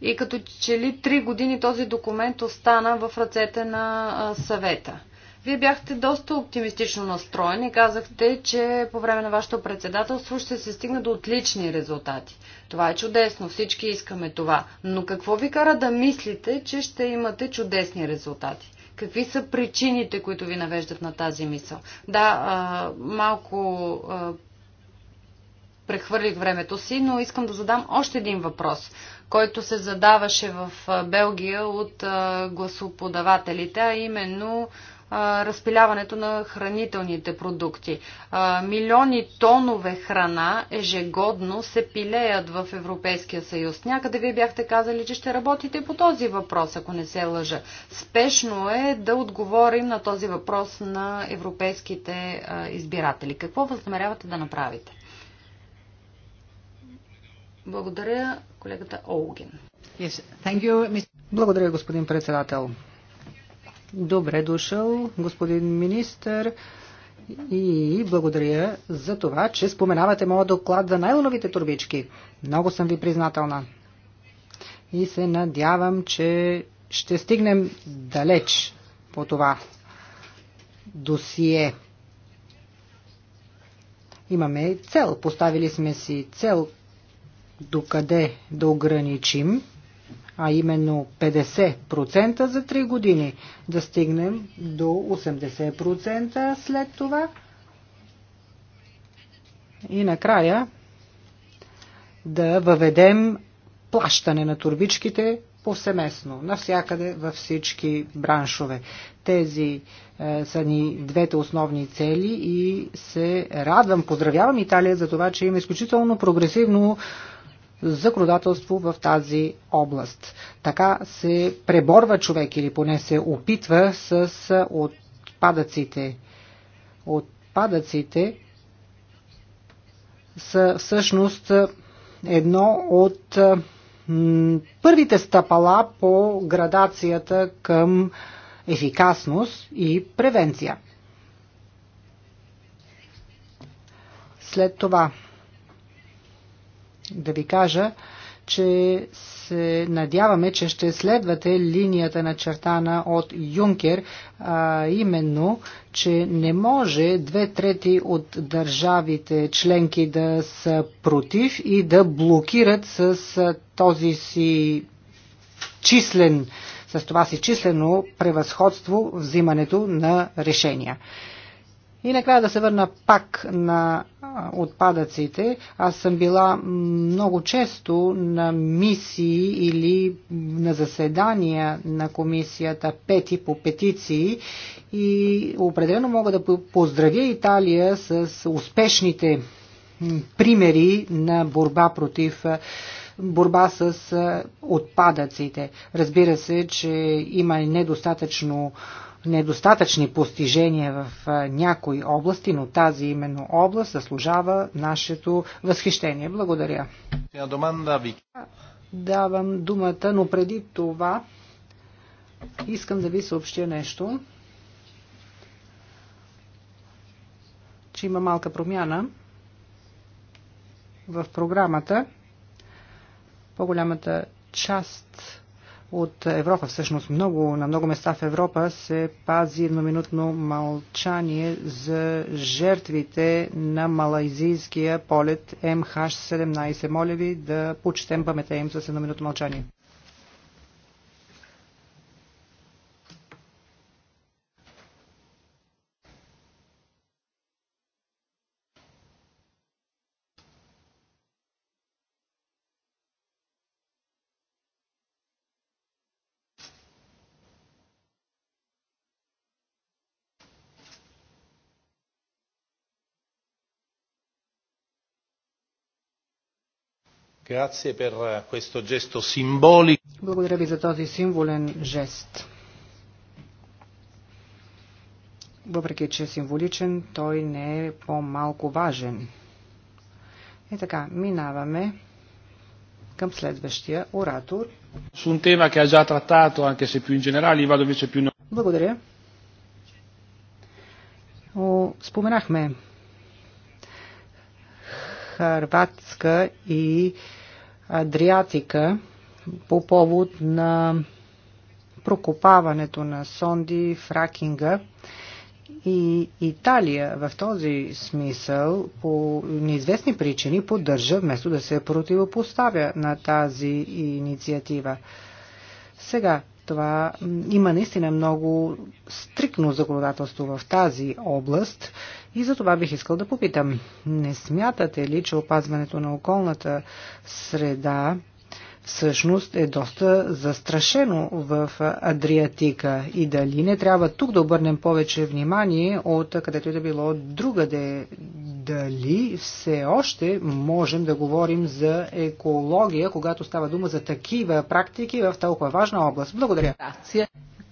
S2: И като че ли три години този документ остана в ръцете на съвета. Вие бяхте доста оптимистично настроени и казахте, че по време на вашето председателство ще се стигне до отлични резултати. Това е чудесно, всички искаме това. Но какво ви кара да мислите, че ще имате чудесни резултати? Какви са причините, които ви навеждат на тази мисъл? Да, а, малко а, прехвърлих времето си, но искам да задам още един въпрос който се задаваше в Белгия от гласоподавателите, а именно разпиляването на хранителните продукти. Милиони тонове храна ежегодно се пилеят в Европейския съюз. Някъде вие бяхте казали, че ще работите по този въпрос, ако не се лъжа. Спешно е да отговорим на този въпрос на европейските избиратели. Какво възнамерявате да направите? Благодаря колегата Олген.
S3: Благодаря, господин председател. Добре дошъл, господин министър. И благодаря за това, че споменавате моя доклад за най-лоновите турбички. Много съм ви признателна. И се надявам, че ще стигнем далеч по това досие. Имаме цел. Поставили сме си цел докъде да ограничим, а именно 50% за 3 години, да стигнем до 80% след това. И накрая да въведем плащане на турбичките повсеместно, навсякъде във всички браншове. Тези е, са ни двете основни цели и се радвам, поздравявам Италия за това, че има изключително прогресивно законодателство в тази област. Така се преборва човек или поне се опитва с отпадъците. Отпадъците са всъщност едно от първите стъпала по градацията към ефикасност и превенция. След това да ви кажа, че се надяваме, че ще следвате линията начертана от Юнкер, а именно, че не може две трети от държавите членки да са против и да блокират с този си числен, с това си числено превъзходство взимането на решения. И накрая да се върна пак на отпадъците. Аз съм била много често на мисии или на заседания на комисията пети по петиции и определено мога да поздравя Италия с успешните примери на борба против борба с отпадъците. Разбира се, че има недостатъчно недостатъчни постижения в някои области, но тази именно област заслужава нашето възхищение. Благодаря. Давам думата, но преди това искам да ви съобщя нещо, че има малка промяна в програмата. По-голямата част от Европа. Всъщност много, на много места в Европа се пази едноминутно мълчание за жертвите на малайзийския полет МХ-17. Моля ви да почетем памета им с едноминутно мълчание. Eh, Благодаря ви за този символен жест. Въпреки, че е символичен, той не е по-малко важен. И е така, минаваме към следващия оратор. Благодаря. споменахме Харватска и Адриатика по повод на прокопаването на сонди, фракинга и Италия в този смисъл по неизвестни причини поддържа, вместо да се противопоставя на тази инициатива. Сега, това има наистина много стрикно законодателство в тази област и за това бих искал да попитам. Не смятате ли, че опазването на околната среда всъщност е доста застрашено в Адриатика и дали не трябва тук да обърнем повече внимание от където и е да било другаде. Дали все още можем да говорим за екология, когато става дума за такива практики в толкова важна област. Благодаря.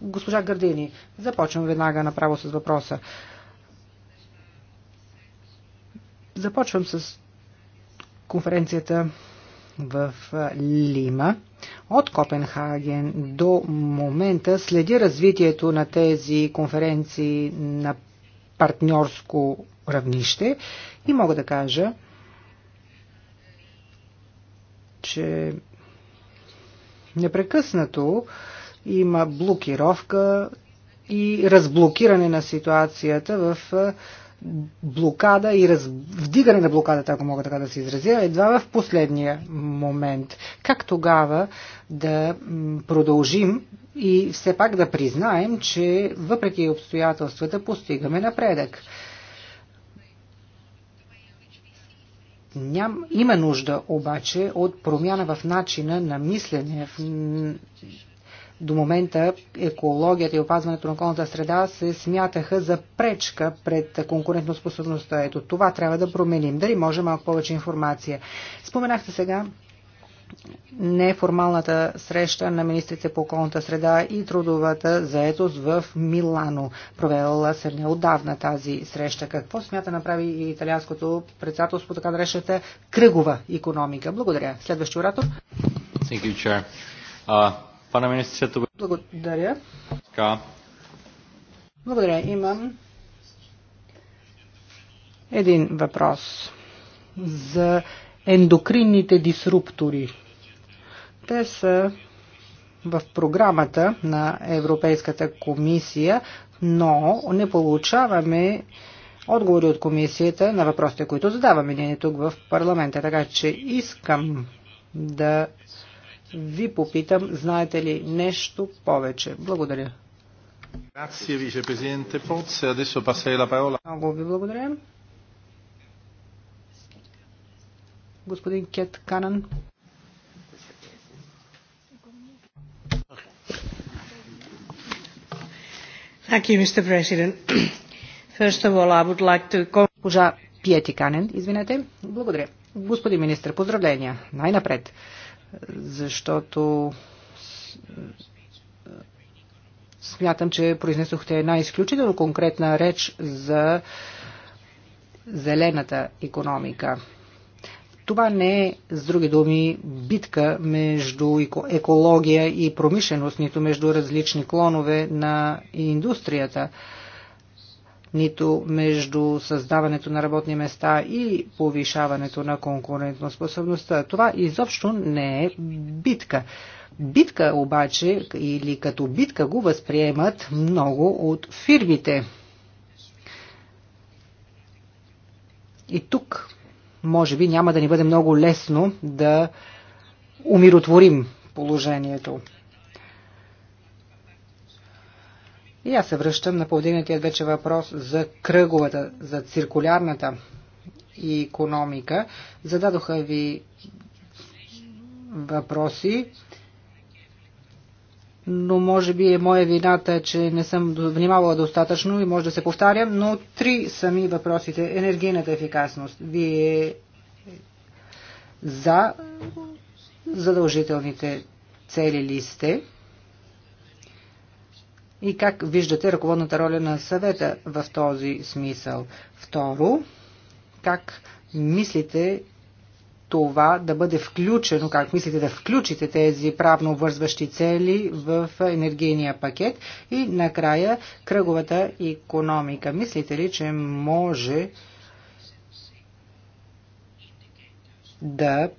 S3: Госпожа Гърдини, започвам веднага направо с въпроса. Започвам с конференцията в Лима. От Копенхаген до момента следи развитието на тези конференции на партньорско равнище и мога да кажа, че непрекъснато има блокировка и разблокиране на ситуацията в блокада и раз... вдигане на блокадата, ако мога така да се изразя, едва в последния момент. Как тогава да продължим и все пак да признаем, че въпреки обстоятелствата постигаме напредък? Ням, има нужда обаче от промяна в начина на мислене, в до момента екологията и опазването на околната среда се смятаха за пречка пред конкурентоспособността. Ето това трябва да променим. Дали може малко повече информация? Споменахте сега неформалната среща на министрите по околната среда и трудовата заетост в Милано. Провела се неодавна тази среща. Какво смята направи и италианското председателство, така наречената кръгова економика? Благодаря. Следващи оратор.
S1: Thank you, Chair. Uh,
S3: Пане министре, това... Благодаря. Така. Благодаря. Имам един въпрос за ендокринните дисруптори. Те са в програмата на Европейската комисия, но не получаваме отговори от комисията на въпросите, които задаваме ние тук в парламента. Така че искам да ви попитам, знаете ли нещо повече? Благодаря.
S1: Grazie vicepresidente Poz. Adesso passerei la parola.
S3: Много ви благодаря. Господин Кет Канан. Thank you, Mr. President. First of all, I would like to... Госпожа Пиети Канен, извинете. Благодаря. Господин министр, поздравления. Най-напред защото смятам, че произнесохте една изключително конкретна реч за зелената економика. Това не е, с други думи, битка между екология и промишленост, нито между различни клонове на индустрията нито между създаването на работни места и повишаването на конкурентоспособността. Това изобщо не е битка. Битка обаче или като битка го възприемат много от фирмите. И тук, може би, няма да ни бъде много лесно да умиротворим положението. И аз се връщам на повдигнатият вече въпрос за кръговата, за циркулярната и економика. Зададоха ви въпроси, но може би е моя вината, че не съм внимавала достатъчно и може да се повтарям, но три сами въпросите. Енергийната ефикасност. Вие за задължителните цели ли сте? и как виждате ръководната роля на съвета в този смисъл? Второ, как мислите това да бъде включено, как мислите да включите тези правно вързващи цели в енергийния пакет и накрая кръговата економика. Мислите ли, че може да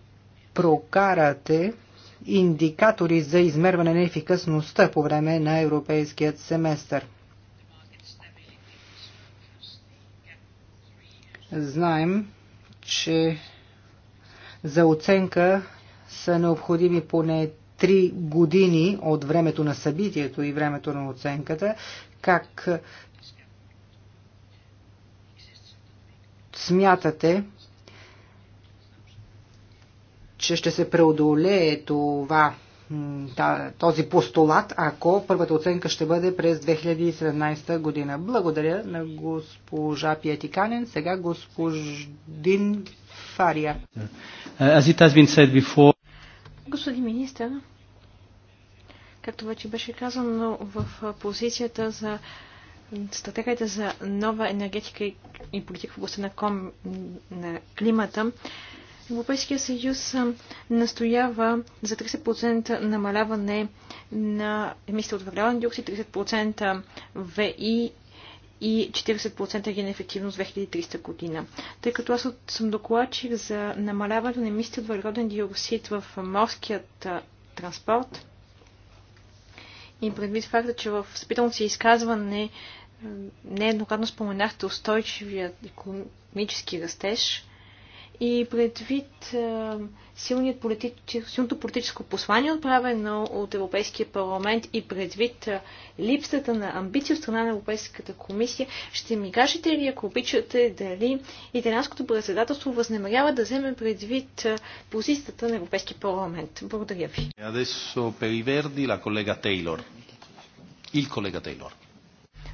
S3: прокарате индикатори за измерване на ефикасността по време на европейският семестър. Знаем, че за оценка са необходими поне 3 години от времето на събитието и времето на оценката, как смятате че ще се преодолее това този постулат, ако първата оценка ще бъде през 2017 година. Благодаря на госпожа Пиетиканен, сега господин Фария. Before...
S4: Господин министър, както вече беше казано в позицията за стратегията за нова енергетика и политика в областта на, ком... на климата, Европейския съюз настоява за 30% намаляване на емисия от въглероден диоксид, 30% ВИ и 40% енергийна ефективност 2300 година. Тъй като аз съм докладчик за намаляването на емисиите от въглероден диоксид в морският транспорт и предвид факта, че в спиталното си изказване нееднократно споменахте устойчивият економически растеж – и предвид силният политич... силното политическо послание, отправено от Европейския парламент и предвид липсата на амбиция от страна на Европейската комисия, ще ми кажете ли, ако обичате, дали италианското председателство възнамерява да вземе предвид позицията на Европейския парламент? Благодаря ви.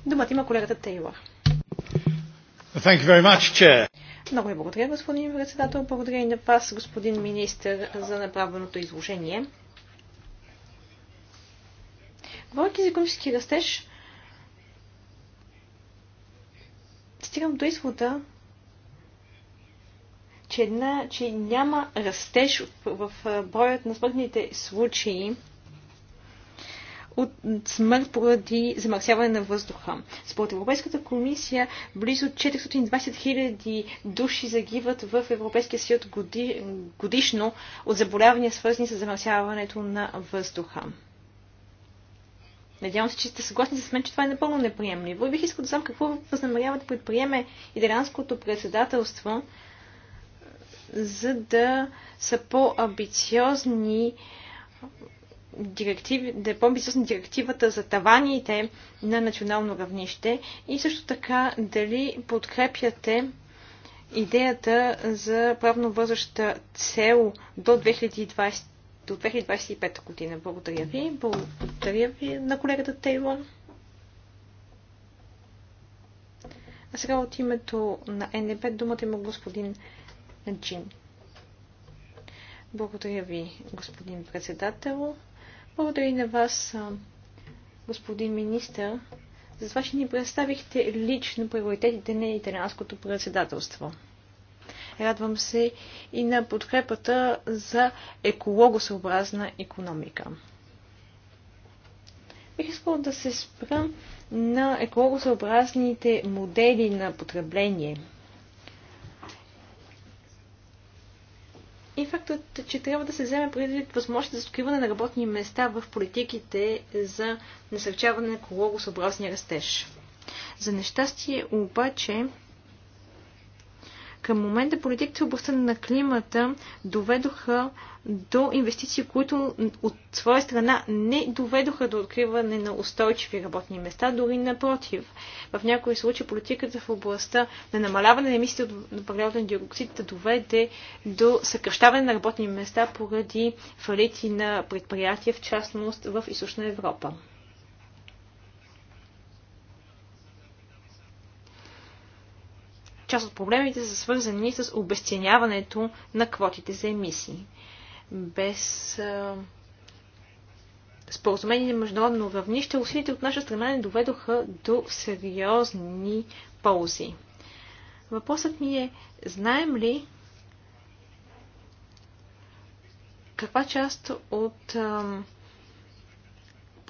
S4: Думата има колегата Тейлор.
S1: Thank you very much, Chair.
S4: Много ви благодаря, господин председател. Благодаря и на вас, господин министр, за направеното изложение. Говорейки за економически растеж, стигам до извода, че, една, че няма растеж в, в броят на смъртните случаи от смърт поради замърсяване на въздуха. Според Европейската комисия, близо 420 000 души загиват в Европейския съюз годишно от заболявания, свързани с замърсяването на въздуха. Надявам се, че сте съгласни с мен, че това е напълно неприемливо. И бих искал да знам какво възнамерява да предприеме Ирландското председателство, за да са по-амбициозни директив, да е по-амбициозна директивата за таваните на национално равнище и също така дали подкрепяте идеята за правно възраща цел до 2020 до 2025 година. Благодаря ви. Благодаря ви на колегата Тейлор. А сега от името на НДП думата има господин Джин. Благодаря ви, господин председател. Благодаря и на вас, господин министър, за това, че ни представихте лично приоритетите на италианското председателство. Радвам се и на подкрепата за екологосъобразна економика. Бих искала да се спра на екологосъобразните модели на потребление – и фактът, че трябва да се вземе предвид възможност за откриване на работни места в политиките за насърчаване на кологосъобразния растеж. За нещастие обаче към момента политиките в областта на климата доведоха до инвестиции, които от своя страна не доведоха до откриване на устойчиви работни места, дори напротив. В някои случаи политиката в областта на намаляване на емисиите от въглероден диоксид доведе до съкръщаване на работни места поради фалити на предприятия, в частност в Източна Европа. Част от проблемите са свързани с обесценяването на квотите за емисии. Без споразумение на международно равнище, усилите от наша страна не доведоха до сериозни ползи. Въпросът ми е, знаем ли каква част от ам,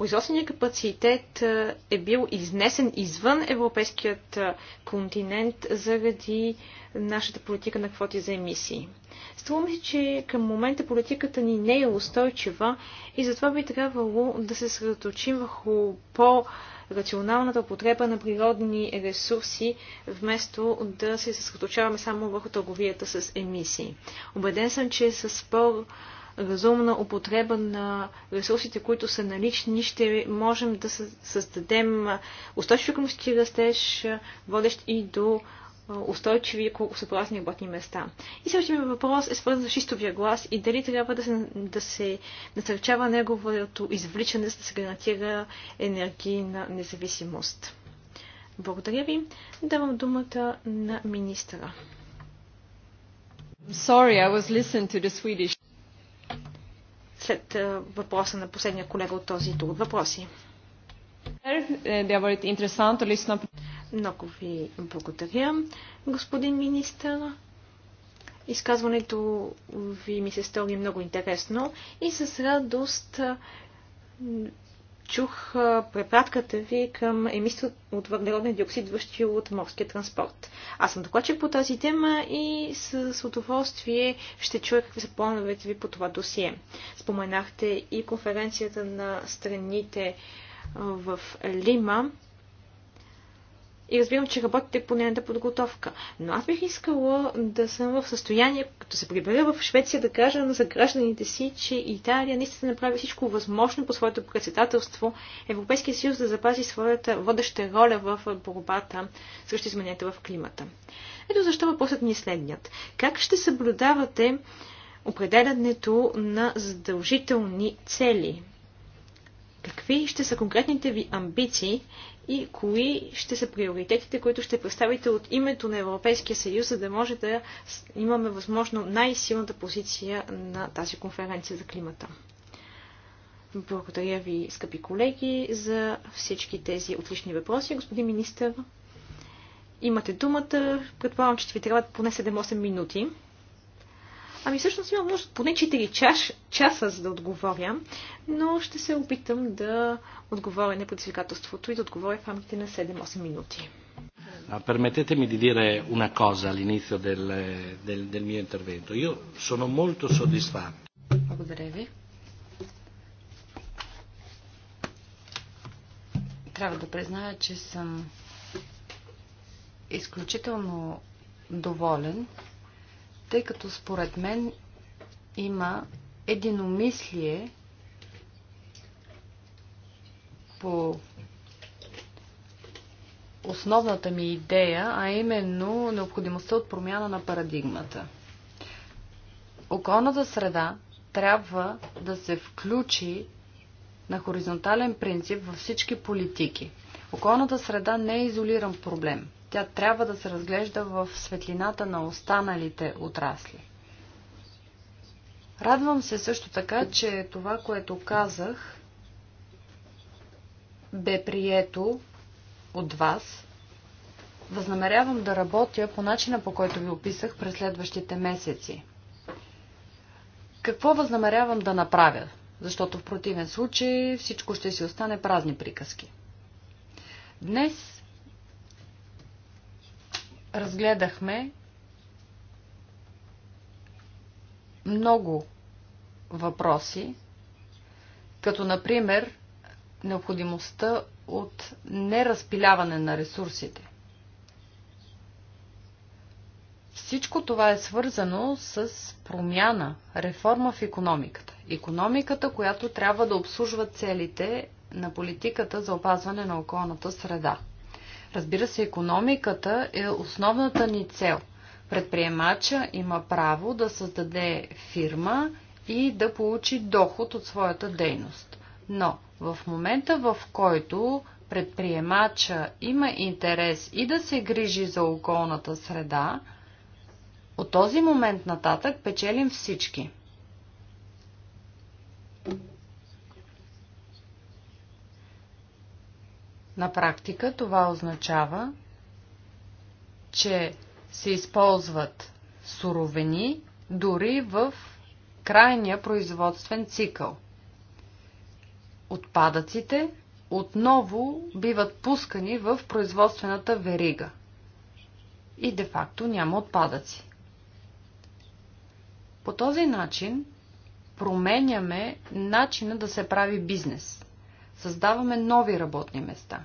S4: производственият капацитет е бил изнесен извън европейският континент заради нашата политика на квоти за емисии. Струва ми се, че към момента политиката ни не е устойчива и затова би трябвало да се съсредоточим върху по- рационалната употреба на природни ресурси, вместо да се съсредоточаваме само върху търговията с емисии. Обеден съм, че с спор разумна употреба на ресурсите, които са налични, ще можем да създадем устойчив економически растеж, водещ и до устойчиви и колкосъобразни работни места. И следващия ми въпрос е свързан с шистовия глас и дали трябва да се, да се насърчава неговото извличане, за да се гарантира енергийна независимост. Благодаря ви. Давам думата на министра. Sorry, I was listening to the Swedish след е, въпроса на последния колега от този тур въпроси. Много ви благодаря, господин министър. Изказването ви ми се стори много интересно и с радост чух препратката ви към емисия от въглероден диоксид, въщи от морския транспорт. Аз съм докладчик по тази тема и с, удоволствие ще чуя какви са плановете ви по това досие. Споменахте и конференцията на страните в Лима и разбирам, че работите по нейната подготовка. Но аз бих искала да съм в състояние, като се прибера в Швеция, да кажа на гражданите си, че Италия наистина направи всичко възможно по своето председателство Европейския съюз да запази своята водеща роля в борбата срещу измененията в климата. Ето защо въпросът ми е следният. Как ще съблюдавате определянето на задължителни цели? Какви ще са конкретните ви амбиции и кои ще са приоритетите, които ще представите от името на Европейския съюз, за да може да имаме възможно най-силната позиция на тази конференция за климата. Благодаря ви, скъпи колеги, за всички тези отлични въпроси. Господин министър, имате думата. Предполагам, че ви трябват поне 7-8 минути. Ами всъщност имам нужда поне 4 чаш, часа, за да отговоря, но ще се опитам да отговоря на предизвикателството и да отговоря в рамките на 7-8 минути.
S1: Permettetemi di dire una cosa all'inizio del, del, del mio intervento. Io sono molto soddisfatto.
S2: Благодаря ви. Трябва да призная, че съм изключително доволен тъй като според мен има единомислие по основната ми идея, а именно необходимостта от промяна на парадигмата. Околната среда трябва да се включи на хоризонтален принцип във всички политики. Околната среда не е изолиран проблем – тя трябва да се разглежда в светлината на останалите отрасли. Радвам се също така, че това, което казах, бе прието от вас. Възнамерявам да работя по начина, по който ви описах през следващите месеци. Какво възнамерявам да направя? Защото в противен случай всичко ще си остане празни приказки. Днес разгледахме много въпроси, като например необходимостта от неразпиляване на ресурсите. Всичко това е свързано с промяна, реформа в економиката. Економиката, която трябва да обслужва целите на политиката за опазване на околната среда – Разбира се, економиката е основната ни цел. Предприемача има право да създаде фирма и да получи доход от своята дейност. Но в момента, в който предприемача има интерес и да се грижи за околната среда, от този момент нататък печелим всички. На практика това означава, че се използват суровини дори в крайния производствен цикъл. Отпадъците отново биват пускани в производствената верига. И де-факто няма отпадъци. По този начин променяме начина да се прави бизнес. Създаваме нови работни места.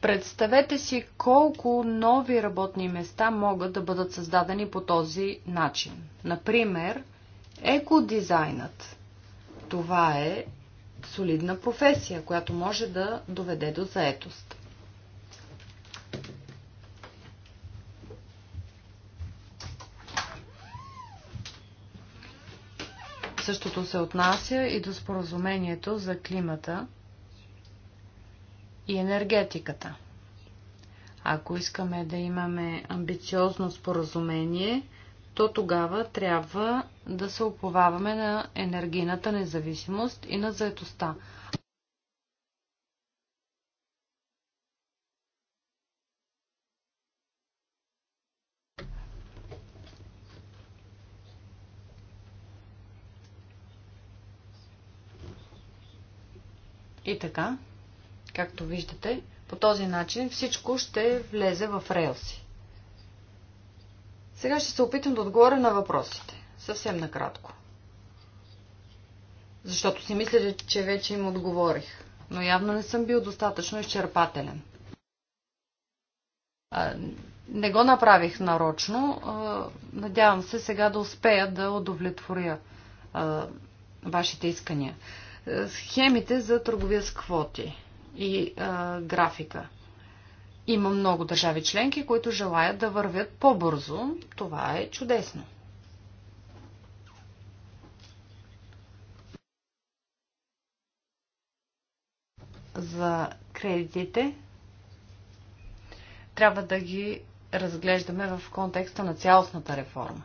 S2: Представете си колко нови работни места могат да бъдат създадени по този начин. Например, екодизайнът. Това е солидна професия, която може да доведе до заетост. Същото се отнася и до споразумението за климата и енергетиката. Ако искаме да имаме амбициозно споразумение, то тогава трябва да се оповаваме на енергийната независимост и на заетостта. И така, както виждате, по този начин всичко ще влезе в релси. Сега ще се опитам да отговоря на въпросите. Съвсем накратко. Защото си мисля, че вече им отговорих. Но явно не съм бил достатъчно изчерпателен. Не го направих нарочно. Надявам се сега да успея да удовлетворя вашите искания. Е, схемите за търговия с квоти и а, е, графика. Има много държави членки, които желаят да вървят по-бързо. Това е чудесно. За кредитите трябва да ги разглеждаме в контекста на цялостната реформа.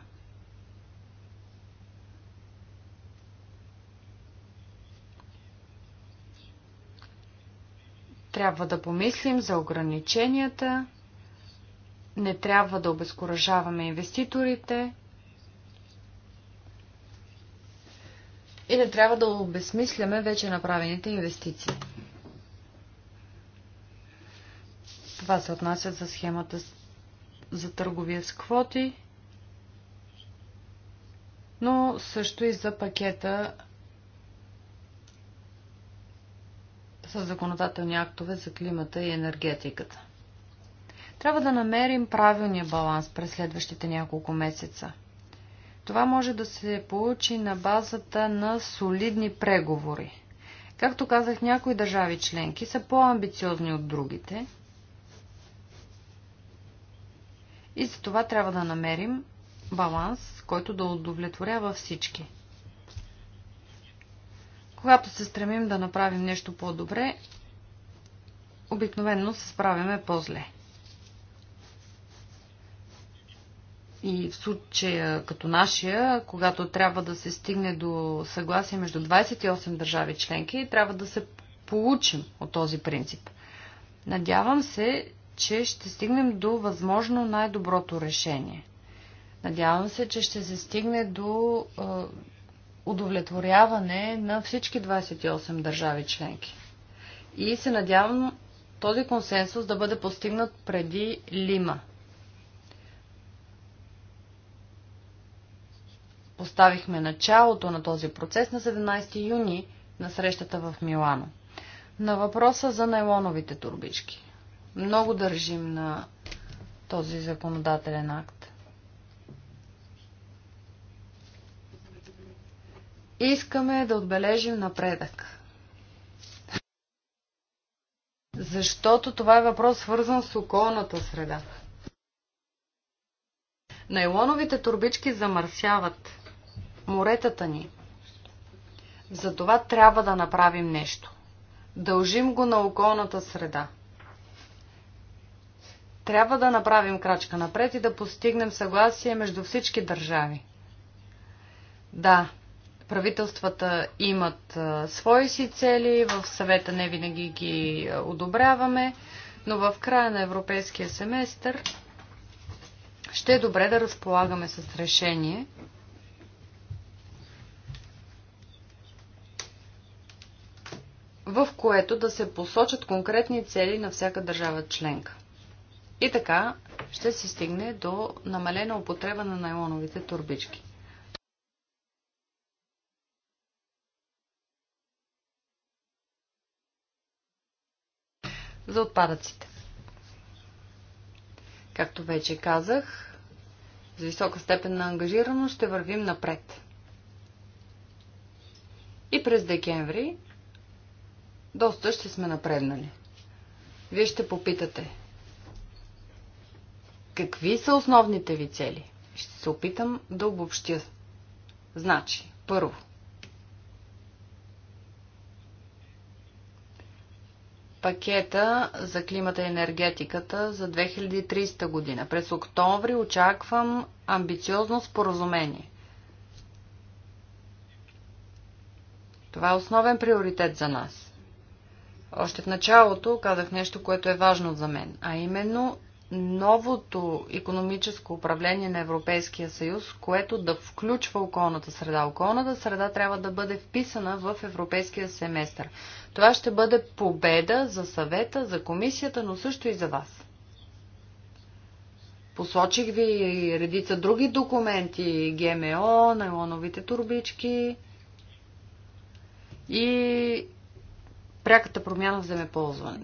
S2: Трябва да помислим за ограниченията, не трябва да обезкуражаваме инвеститорите и не трябва да обезмисляме вече направените инвестиции. Това се отнася за схемата за търговия с квоти, но също и за пакета с законодателни актове за климата и енергетиката. Трябва да намерим правилния баланс през следващите няколко месеца. Това може да се получи на базата на солидни преговори. Както казах, някои държави членки са по-амбициозни от другите. И за това трябва да намерим баланс, който да удовлетворява всички – когато се стремим да направим нещо по-добре, обикновенно се справяме по-зле. И в случая като нашия, когато трябва да се стигне до съгласие между 28 държави членки, трябва да се получим от този принцип. Надявам се, че ще стигнем до възможно най-доброто решение. Надявам се, че ще се стигне до удовлетворяване на всички 28 държави членки. И се надявам този консенсус да бъде постигнат преди Лима. Поставихме началото на този процес на 17 юни на срещата в Милано. На въпроса за найлоновите турбички. Много държим на този законодателен акт. Искаме да отбележим напредък. Защото това е въпрос свързан с околната среда. Найлоновите турбички замърсяват моретата ни. Затова трябва да направим нещо. Дължим го на околната среда. Трябва да направим крачка напред и да постигнем съгласие между всички държави. Да, Правителствата имат свои си цели, в съвета не винаги ги одобряваме, но в края на европейския семестър ще е добре да разполагаме с решение, в което да се посочат конкретни цели на всяка държава членка. И така ще се стигне до намалена употреба на найлоновите турбички. за отпадъците. Както вече казах, с висока степен на ангажираност ще вървим напред. И през декември доста ще сме напреднали. Вие ще попитате. Какви са основните ви цели? Ще се опитам да обобщя. Значи, първо, пакета за климата и енергетиката за 2030 година. През октомври очаквам амбициозно споразумение. Това е основен приоритет за нас. Още в началото казах нещо, което е важно за мен, а именно новото економическо управление на Европейския съюз, което да включва околната среда. Околната среда трябва да бъде вписана в Европейския семестър. Това ще бъде победа за съвета, за комисията, но също и за вас. Посочих ви и редица други документи, ГМО, нейлоновите турбички и пряката промяна в Не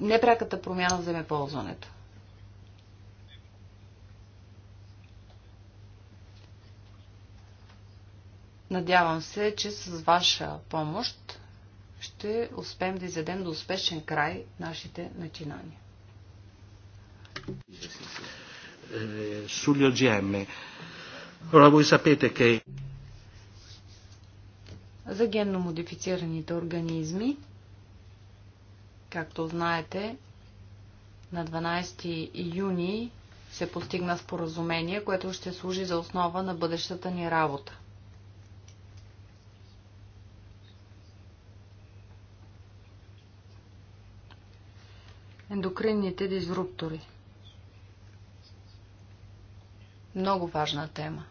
S2: Непряката промяна в земеползването. Надявам се, че с ваша помощ ще успеем да изведем до успешен край нашите начинания.
S1: Sugli OGM. Ora voi sapete che
S2: за генно модифицираните организми, както знаете, на 12 июни се постигна споразумение, което ще служи за основа на бъдещата ни работа. ендокринните дизруптори. Много важна тема.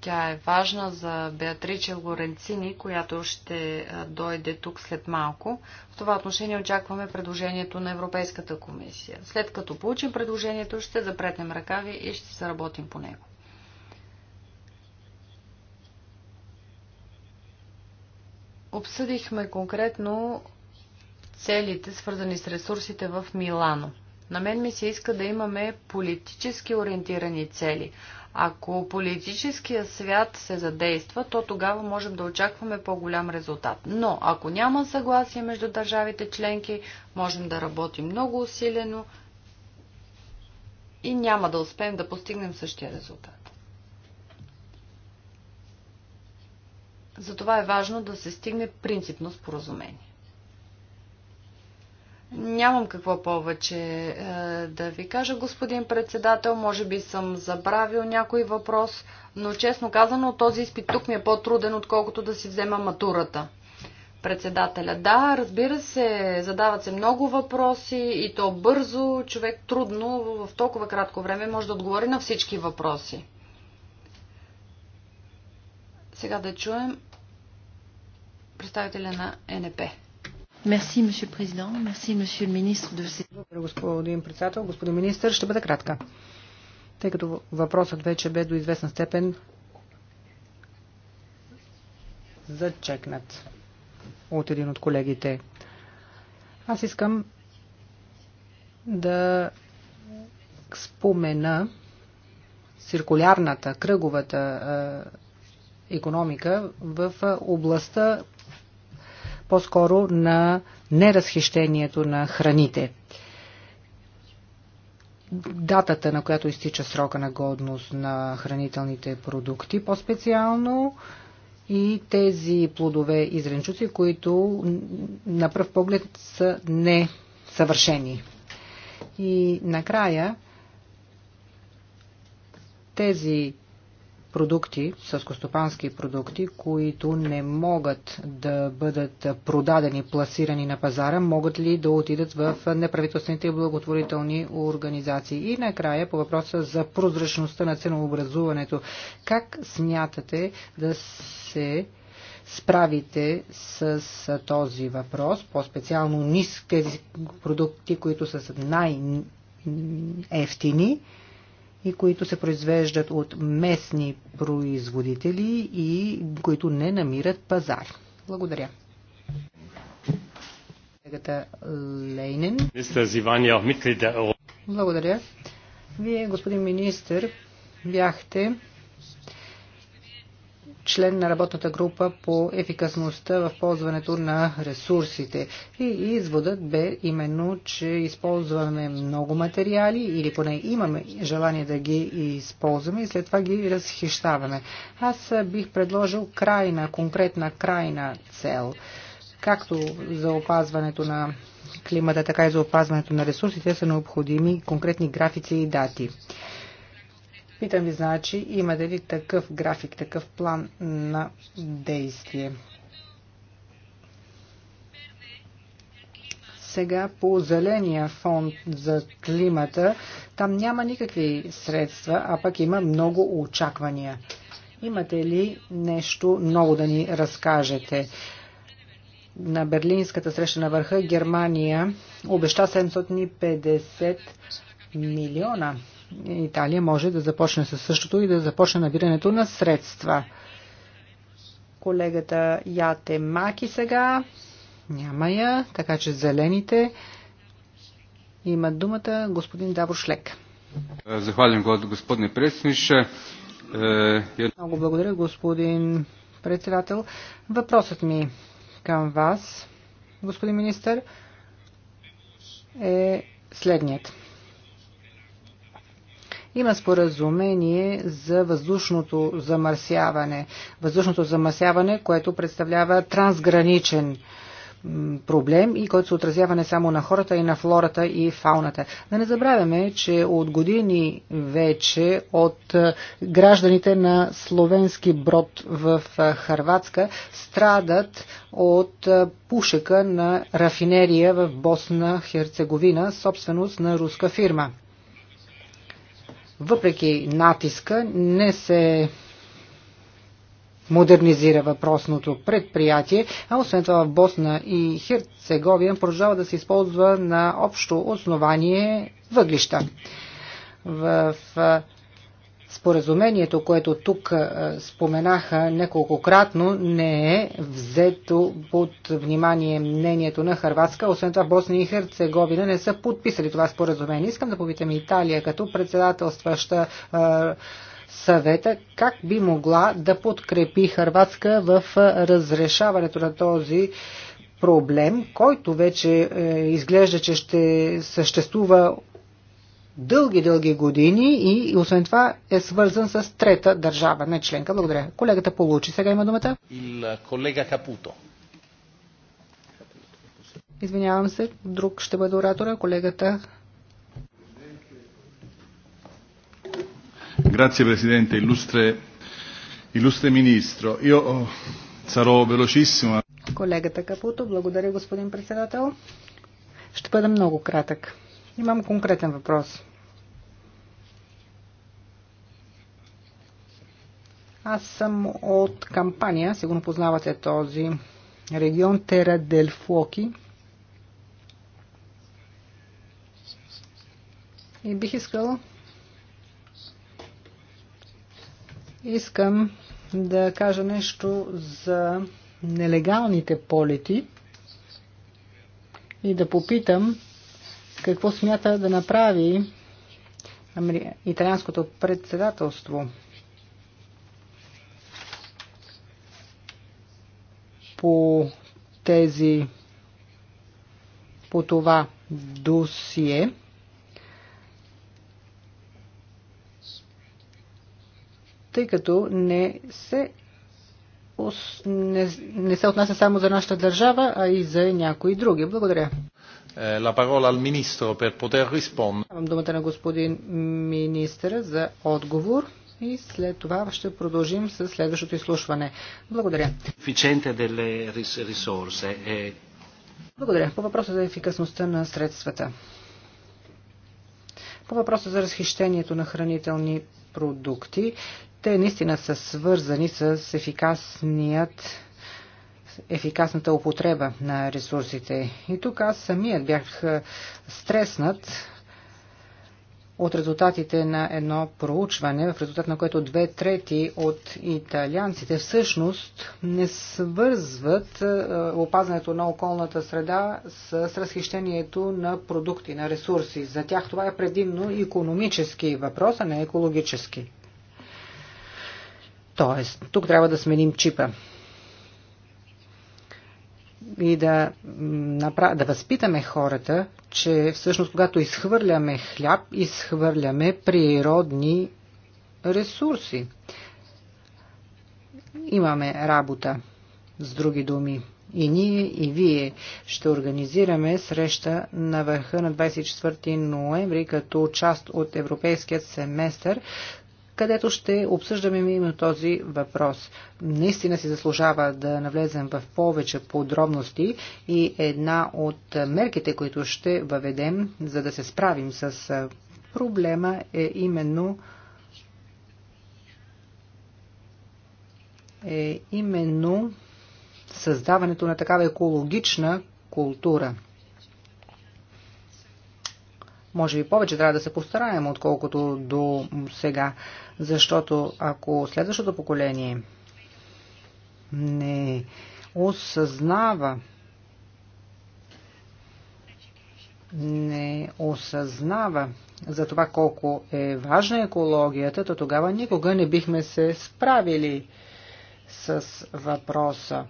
S2: Тя е важна за Беатриче Лоренцини, която ще дойде тук след малко. В това отношение очакваме предложението на Европейската комисия. След като получим предложението, ще запретнем ръкави и ще се работим по него. Обсъдихме конкретно целите, свързани с ресурсите в Милано. На мен ми се иска да имаме политически ориентирани цели. Ако политическия свят се задейства, то тогава можем да очакваме по-голям резултат. Но ако няма съгласие между държавите членки, можем да работим много усилено и няма да успеем да постигнем същия резултат. Затова е важно да се стигне принципно споразумение. Нямам какво повече е, да ви кажа, господин председател. Може би съм забравил някой въпрос, но честно казано, този изпит тук ми е по-труден, отколкото да си взема матурата. Председателя, да, разбира се, задават се много въпроси и то бързо. Човек трудно в толкова кратко време може да отговори на всички въпроси. Сега да чуем представителя на НП.
S3: Мерси, президент. Мерси, министр. Благодаря, господин председател. Господин министр, ще бъда кратка. Тъй като въпросът вече бе до известна степен зачекнат от един от колегите. Аз искам да спомена циркулярната, кръговата економика в областта, по-скоро на неразхищението на храните. Датата, на която изтича срока на годност на хранителните продукти, по-специално и тези плодове и зеленчуци, които на пръв поглед са несъвършени. И накрая тези продукти, сълскостопански продукти, които не могат да бъдат продадени, пласирани на пазара, могат ли да отидат в неправителствените и благотворителни организации? И накрая по въпроса за прозрачността на ценообразуването. Как смятате да се справите с този въпрос, по-специално ниски продукти, които са най-ефтини? и които се произвеждат от местни производители и които не намират пазар. Благодаря. Лейнин. Благодаря. Вие, господин министр, бяхте член на работната група по ефикасността в ползването на ресурсите. И изводът бе именно, че използваме много материали или поне имаме желание да ги използваме и след това ги разхищаваме. Аз бих предложил крайна, конкретна крайна цел, както за опазването на климата, така и за опазването на ресурсите са необходими конкретни графици и дати. Питам ви, значи, имате ли такъв график, такъв план на действие? сега по зеления фонд за климата, там няма никакви средства, а пък има много очаквания. Имате ли нещо ново да ни разкажете? На Берлинската среща на върха Германия обеща 750 милиона Италия може да започне със същото и да започне набирането на средства. Колегата Яте Маки сега. Няма я, така че зелените имат думата господин Давор Шлек. Захвалям го, господин председнише. Е, е- Много благодаря, господин председател. Въпросът ми към вас, господин министър, е следният. Има споразумение за въздушното замърсяване. Въздушното замърсяване, което представлява трансграничен проблем и който се отразява не само на хората, и на флората и фауната. Да не забравяме, че от години вече от е, гражданите на словенски брод в е, Харватска страдат от е, пушека на рафинерия в Босна Херцеговина, собственост на руска фирма въпреки натиска, не се модернизира въпросното предприятие, а освен това в Босна и Херцеговина продължава да се използва на общо основание въглища. В Споразумението, което тук споменаха неколкократно, не е взето под внимание мнението на Харватска. Освен това, Босния и Херцеговина не са подписали това споразумение. Искам да попитам Италия като председателстваща съвета как би могла да подкрепи Харватска в разрешаването на този проблем, който вече е, изглежда, че ще съществува дълги-дълги години и, освен това е свързан с трета държава, не членка. Благодаря. Колегата получи. Сега има думата.
S1: Ил колега Капуто.
S3: Извинявам се, друг ще бъде оратора, колегата.
S1: Grazie Presidente, illustre, illustre Ministro. Io oh, sarò velocissimo.
S3: Колегата Капуто, благодаря господин председател. Ще бъда много кратък. Имам конкретен въпрос. Аз съм от кампания, сигурно познавате този регион Тера Дел И бих искал искам да кажа нещо за нелегалните полети и да попитам какво смята да направи ами, италианското председателство по тези по това досие. тъй като не се, не, не се отнася само за нашата държава, а и за някои други. Благодаря.
S1: Eh, la parola al ministro per poter rispondere.
S3: Давам думата на господин министър за отговор и след това ще продължим с следващото изслушване. Благодаря.
S1: Е-
S3: Благодаря. По въпроса за ефикасността на средствата. По въпроса за разхищението на хранителни продукти, те наистина са свързани с ефикасният ефикасната употреба на ресурсите. И тук аз самият бях стреснат от резултатите на едно проучване, в резултат на което две трети от италианците всъщност не свързват опазването на околната среда с разхищението на продукти, на ресурси. За тях това е предимно економически въпрос, а не екологически. Тоест, тук трябва да сменим чипа и да, направ... да възпитаме хората, че всъщност когато изхвърляме хляб, изхвърляме природни ресурси. Имаме работа, с други думи. И ние, и вие ще организираме среща на върха на 24 ноември като част от европейският семестър, където ще обсъждаме именно този въпрос. Наистина си заслужава да навлезем в повече подробности и една от мерките, които ще въведем, за да се справим с проблема е именно е именно създаването на такава екологична култура. Може би повече трябва да се постараем, отколкото до сега. Защото ако следващото поколение не осъзнава не осъзнава за това колко е важна екологията, то тогава никога не бихме се справили с въпроса.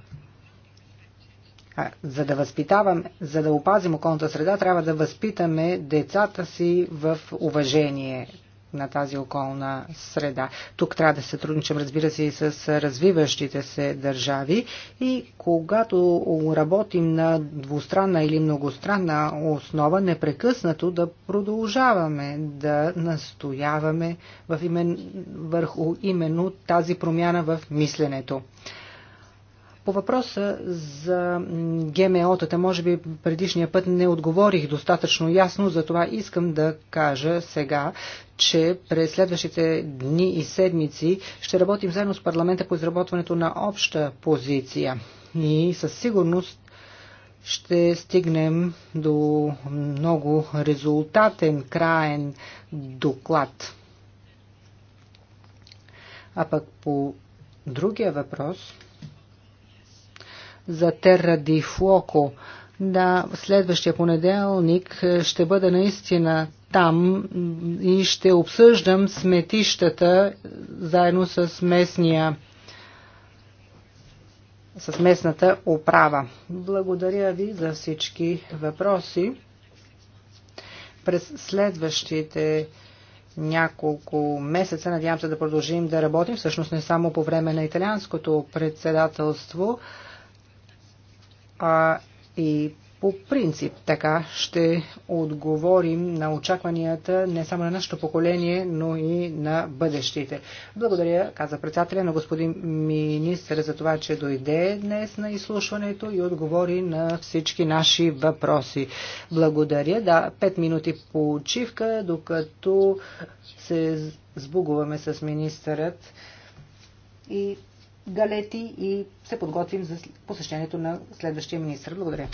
S3: А, за да възпитаваме, за да опазим околната среда, трябва да възпитаме децата си в уважение на тази околна среда. Тук трябва да се трудничам, разбира се, и с развиващите се държави. И когато работим на двустранна или многостранна основа, непрекъснато да продължаваме да настояваме в имен, върху именно тази промяна в мисленето. По въпроса за ГМО-тата, може би предишния път не отговорих достатъчно ясно, затова искам да кажа сега, че през следващите дни и седмици ще работим заедно с парламента по изработването на обща позиция. И със сигурност ще стигнем до много резултатен краен доклад. А пък по другия въпрос – за Терра ди Фуоко. Да, следващия понеделник е, ще бъда наистина там и ще обсъждам сметищата е, заедно с местния с местната управа. Благодаря ви за всички въпроси. През следващите няколко месеца. Надявам се да продължим да работим, всъщност не само по време на италианското председателство а и по принцип така ще отговорим на очакванията не само на нашето поколение, но и на бъдещите. Благодаря, каза председателя на господин министър за това, че дойде днес на изслушването и отговори на всички наши въпроси. Благодаря. Да, пет минути почивка, докато се сбугуваме с министърът и галети и се подготвим за посещението на следващия министр. Благодаря.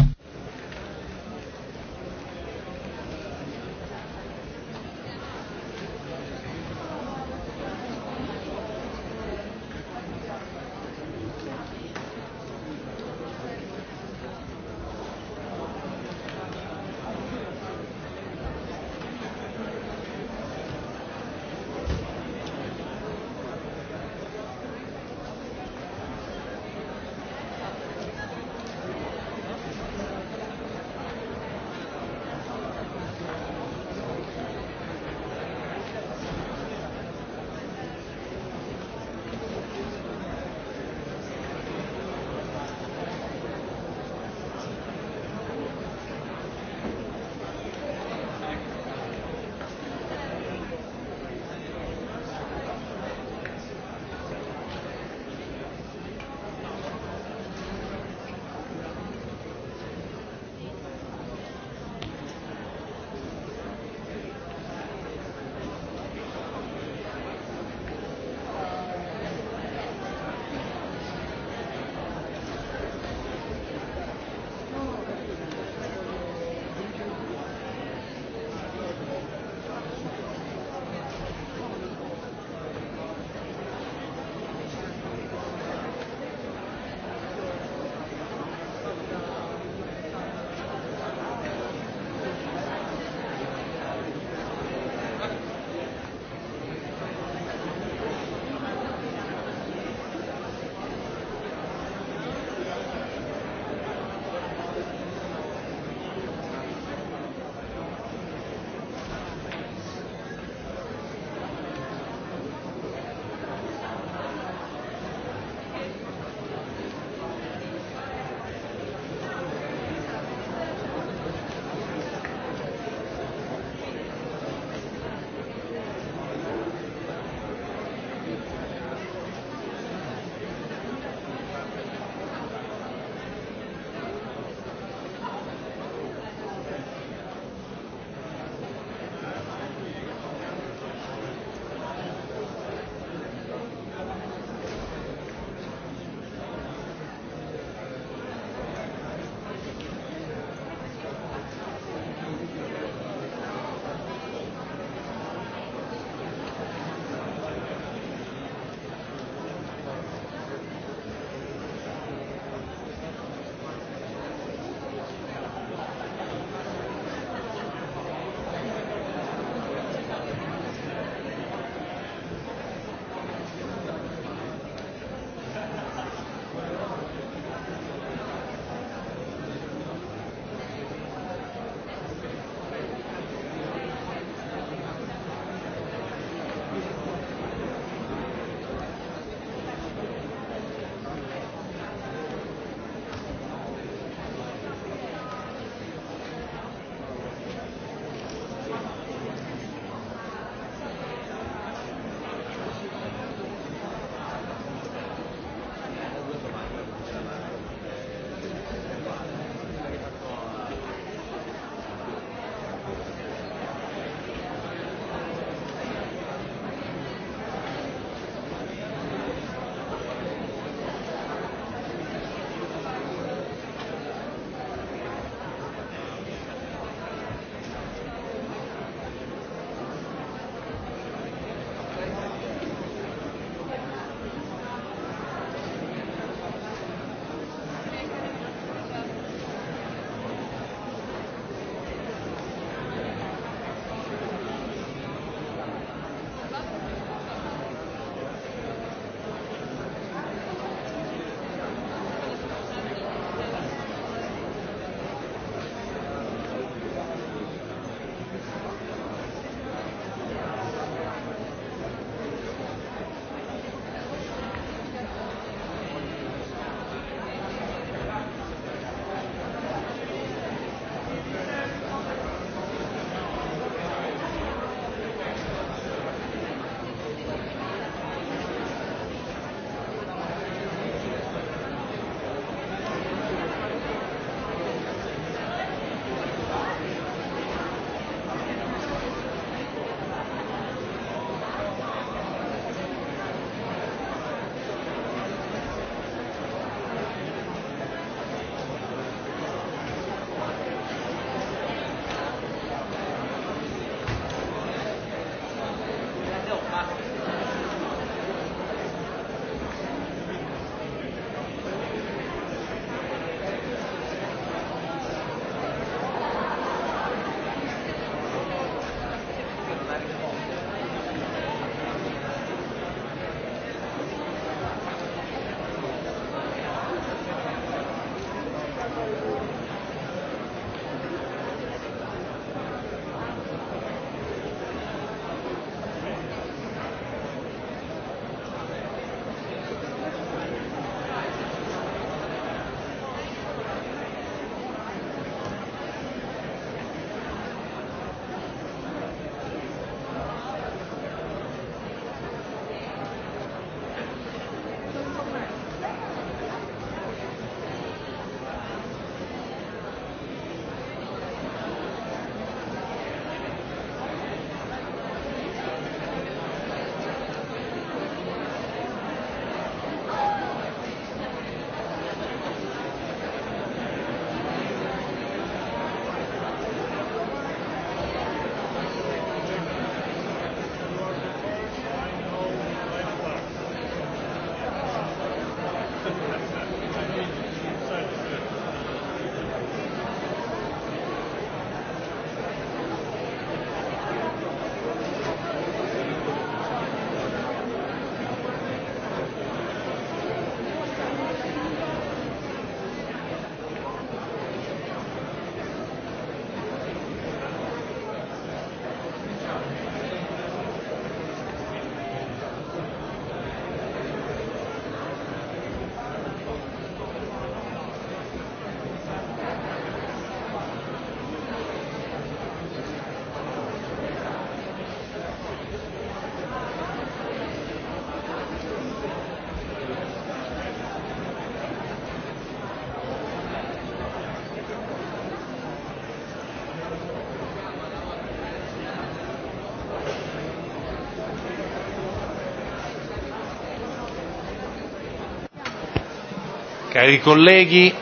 S1: Cari
S4: colleghi.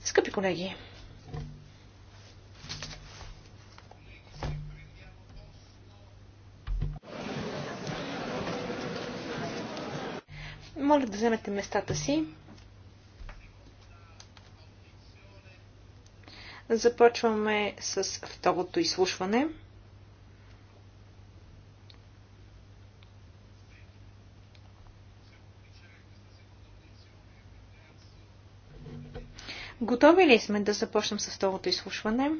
S4: Скъпи колеги. Моля да вземете местата си. Започваме с второто изслушване. Готови ли сме да започнем с второто изслушване?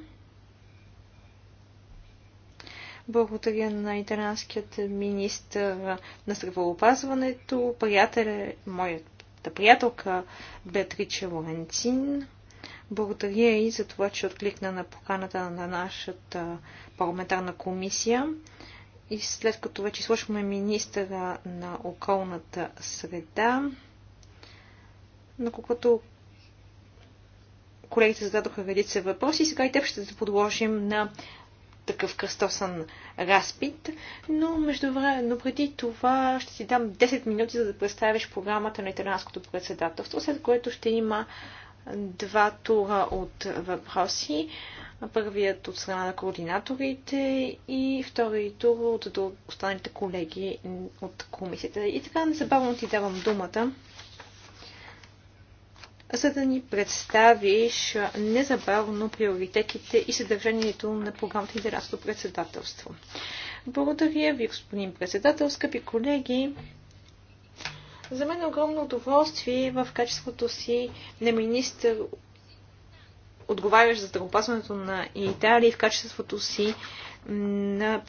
S4: Благодаря на италианският министр на здравеопазването, приятел, е, моята приятелка Беатрича Лоренцин. Благодаря и за това, че откликна на поканата на нашата парламентарна комисия. И след като вече слушаме министъра на околната среда, на когото колегите зададоха редица въпроси. Сега и теб ще се подложим на такъв кръстосан разпит, но между време, но преди това ще ти дам 10 минути, за да представиш програмата на италианското председателство, след което ще има два тура от въпроси. Първият от страна на координаторите и втори тур от останалите колеги от комисията. И така незабавно ти давам думата за да ни представиш незабавно приоритетите и съдържанието на програмата Идерасто председателство. Благодаря ви, господин председател, скъпи колеги. За мен е огромно удоволствие в качеството си на министър отговарящ за здравеопазването на Италия в качеството си на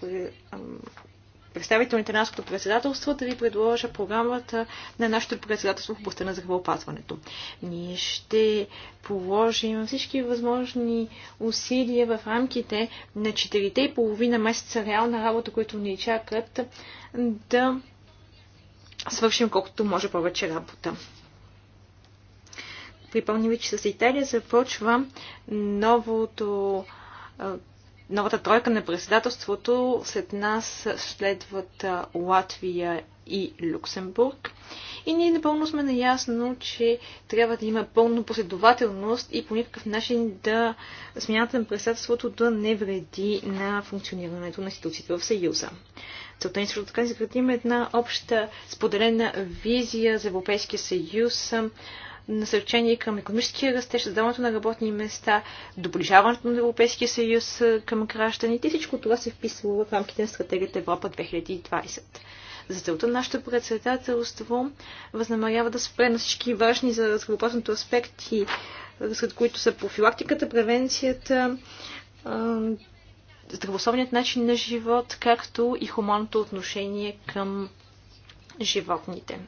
S4: представител на италианското председателство да ви предложа програмата на нашето председателство в областта на здравеопазването. Ние ще положим всички възможни усилия в рамките на 4,5 месеца реална работа, които ни чакат, да свършим колкото може повече работа. Припомням ви, че с Италия започва новото новата тройка на председателството след нас следват Латвия и Люксембург. И ние напълно сме наясно, че трябва да има пълна последователност и по никакъв начин да смяната на председателството да не вреди на функционирането на институциите в Съюза. Целта ни е също така изградим една обща споделена визия за Европейския съюз насърчение към економическия растеж, създаването на работни места, доближаването на Европейския съюз към гражданите. Всичко това се вписва в рамките на стратегията Европа 2020. За целта нашето председателство възнамерява да спре на всички важни за здравеопазването аспекти, сред които са профилактиката, превенцията, здравословният начин на живот, както и хуманното отношение към животните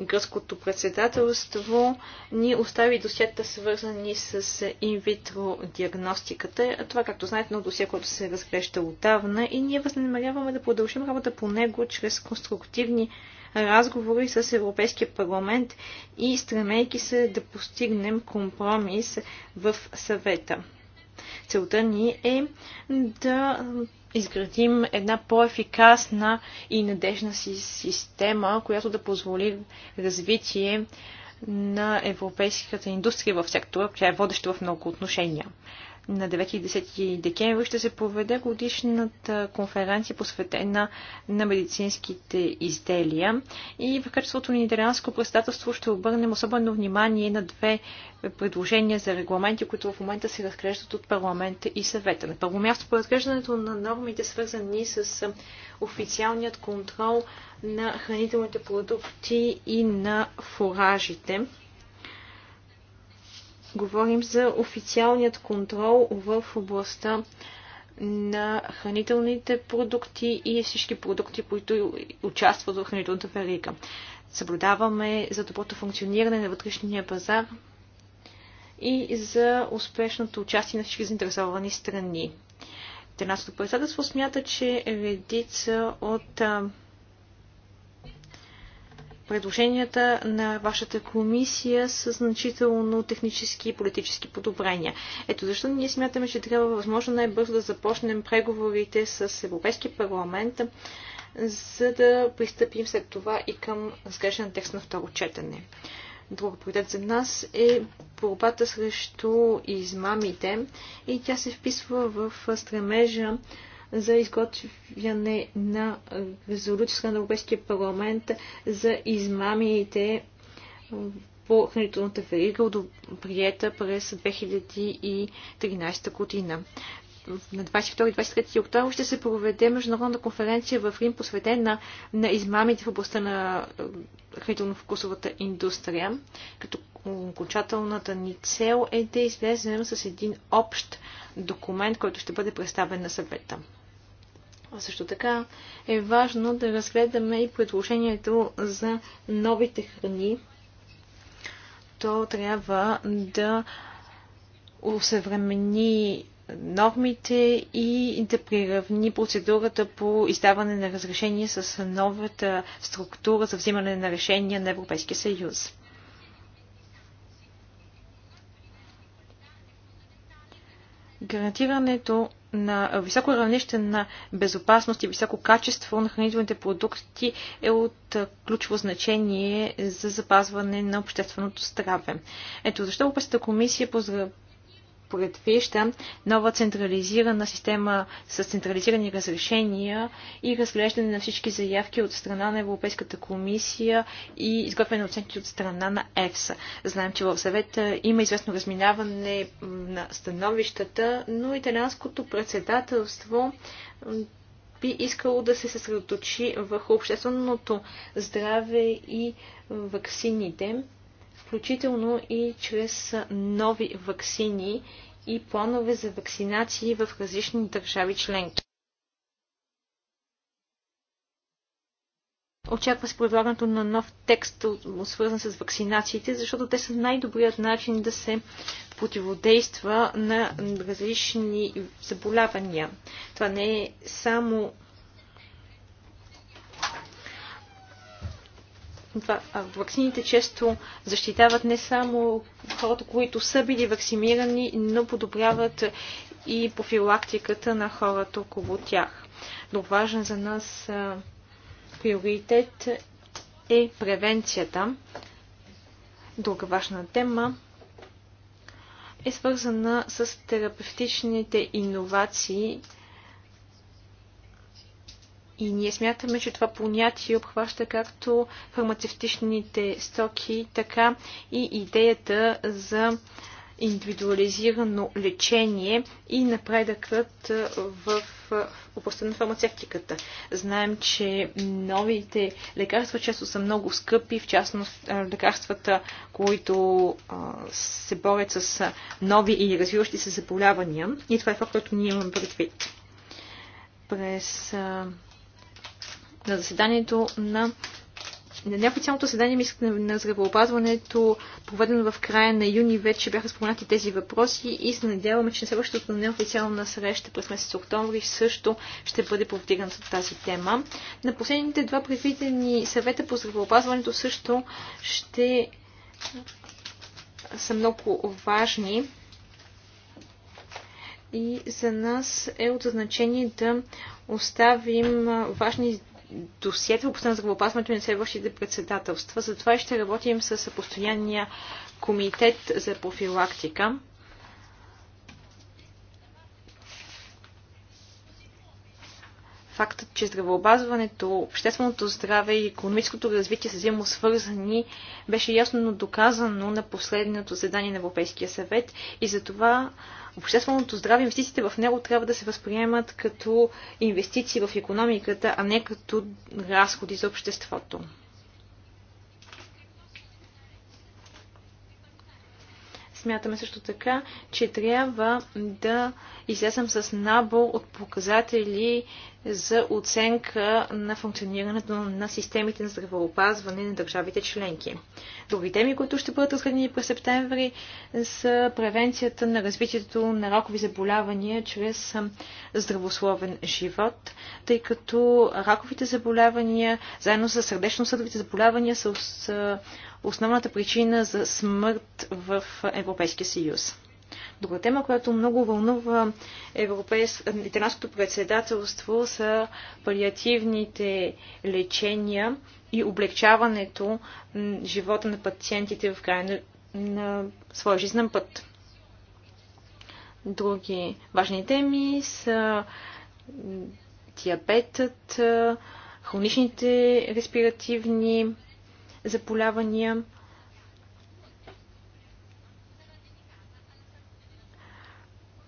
S4: гръцкото председателство ни остави досията свързани с инвитро диагностиката. това, както знаете, е но досия, което се разглежда отдавна и ние възнамеряваме да продължим работа по него чрез конструктивни разговори с Европейския парламент и стремейки се да постигнем компромис в съвета. Целта ни е да изградим една по-ефикасна и надежна си система, която да позволи развитие на европейската индустрия в сектора. Тя е водеща в много отношения на 9 и 10 декември ще се проведе годишната конференция посветена на медицинските изделия. И в качеството на италианско председателство ще обърнем особено внимание на две предложения за регламенти, които в момента се разглеждат от парламента и съвета. На първо място по разглеждането на нормите, свързани с официалният контрол на хранителните продукти и на фуражите. Говорим за официалният контрол в областта на хранителните продукти и всички продукти, които участват в хранителната верига. Съблюдаваме за доброто функциониране на вътрешния пазар и за успешното участие на всички заинтересовани страни. Тринадцатото председателство смята, че редица от предложенията на вашата комисия с значително технически и политически подобрения. Ето защо ние смятаме, че трябва възможно най-бързо да започнем преговорите с Европейския парламент, за да пристъпим след това и към разглеждане на текст на второ четене. Друг приоритет за нас е борбата срещу измамите и тя се вписва в стремежа за изготвяне на резолюция на Европейския парламент за измамите по хранителната верига, приета през 2013 година. На 22-23 октомври ще се проведе международна конференция в Рим, посветена на измамите в областта на е, хранително-вкусовата индустрия, като окончателната ни цел е да излезем с един общ документ, който ще бъде представен на съвета. Също така е важно да разгледаме и предложението за новите храни. То трябва да усъвремени нормите и да приравни процедурата по издаване на разрешение с новата структура за взимане на решения на Европейския съюз. Гарантирането на високо равнище на безопасност и високо качество на хранителните продукти е от ключово значение за запазване на общественото здраве. Ето защо Европейската комисия по предвижда нова централизирана система с централизирани разрешения и разглеждане на всички заявки от страна на Европейската комисия и изготвяне на оценки от страна на ЕФСА. Знаем, че в съвета има известно разминаване на становищата, но италианското председателство би искало да се съсредоточи върху общественото здраве и ваксините включително и чрез нови вакцини и планове за вакцинации в различни държави членки. Очаква се предлагането на нов текст, свързан с вакцинациите, защото те са най-добрият начин да се противодейства на различни заболявания. Това не е само вакцините често защитават не само хората, които са били вакцинирани, но подобряват и профилактиката на хората около тях. Но важен за нас приоритет е превенцията. Друга важна тема е свързана с терапевтичните иновации и ние смятаме, че това понятие обхваща както фармацевтичните стоки, така и идеята за индивидуализирано лечение и напредъкът в областта на фармацевтиката. Знаем, че новите лекарства често са много скъпи, в частност лекарствата, които се борят с нови или развиващи се заболявания. И това е факт, който ние имаме предвид. През на заседанието на на неофициалното съседание мисля, на здравеопазването, проведено в края на юни, вече бяха споменати тези въпроси и се надяваме, че на следващата неофициална среща през месец октомври също ще бъде повдигната тази тема. На последните два предвидени съвета по здравеопазването също ще са много важни и за нас е от значение да оставим важни досието в областта на здравеопазването не се върши председателства. Затова ще работим с постоянния комитет за профилактика. фактът, че здравеопазването, общественото здраве и економическото развитие са взаимно свързани, беше ясно доказано на последното заседание на Европейския съвет и затова общественото здраве, инвестициите в него трябва да се възприемат като инвестиции в економиката, а не като разходи за обществото. Смятаме също така, че трябва да излезем с набор от показатели за оценка на функционирането на системите на здравеопазване на държавите членки. Други теми, които ще бъдат разгледани през септември, са превенцията на развитието на ракови заболявания чрез здравословен живот, тъй като раковите заболявания, заедно с сърдечно-съдовите заболявания, са основната причина за смърт в Европейския съюз. Друга тема, която много вълнува европейс... италянското председателство са палиативните лечения и облегчаването живота на пациентите в края на, на своя жизнен път. Други важни теми са диабетът, хроничните респиративни заболявания.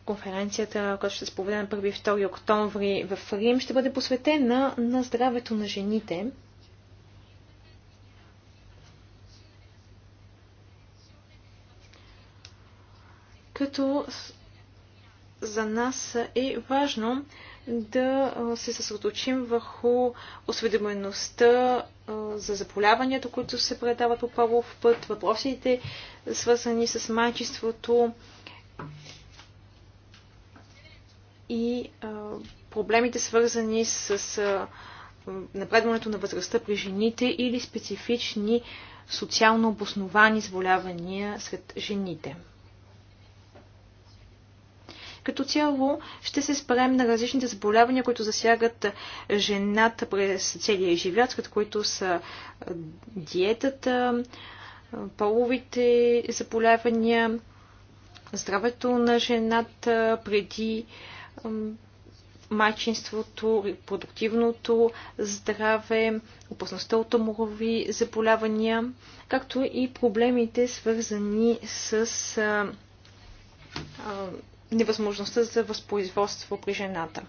S4: Конференцията, която ще се проведе на 1 и 2 октомври в Рим, ще бъде посветена на здравето на жените. Като за нас е важно да се съсредоточим върху осведомеността за заболяванията, които се предават по павлов път, въпросите свързани с майчеството и проблемите свързани с напредването на възрастта при жените или специфични социално обосновани заболявания сред жените. Като цяло ще се спрем на различните заболявания, които засягат жената през целия живят, като които са диетата, половите заболявания, здравето на жената преди майчинството, репродуктивното здраве, опасността от уморови заболявания, както и проблемите свързани с а, а, невъзможността за възпроизводство при жената.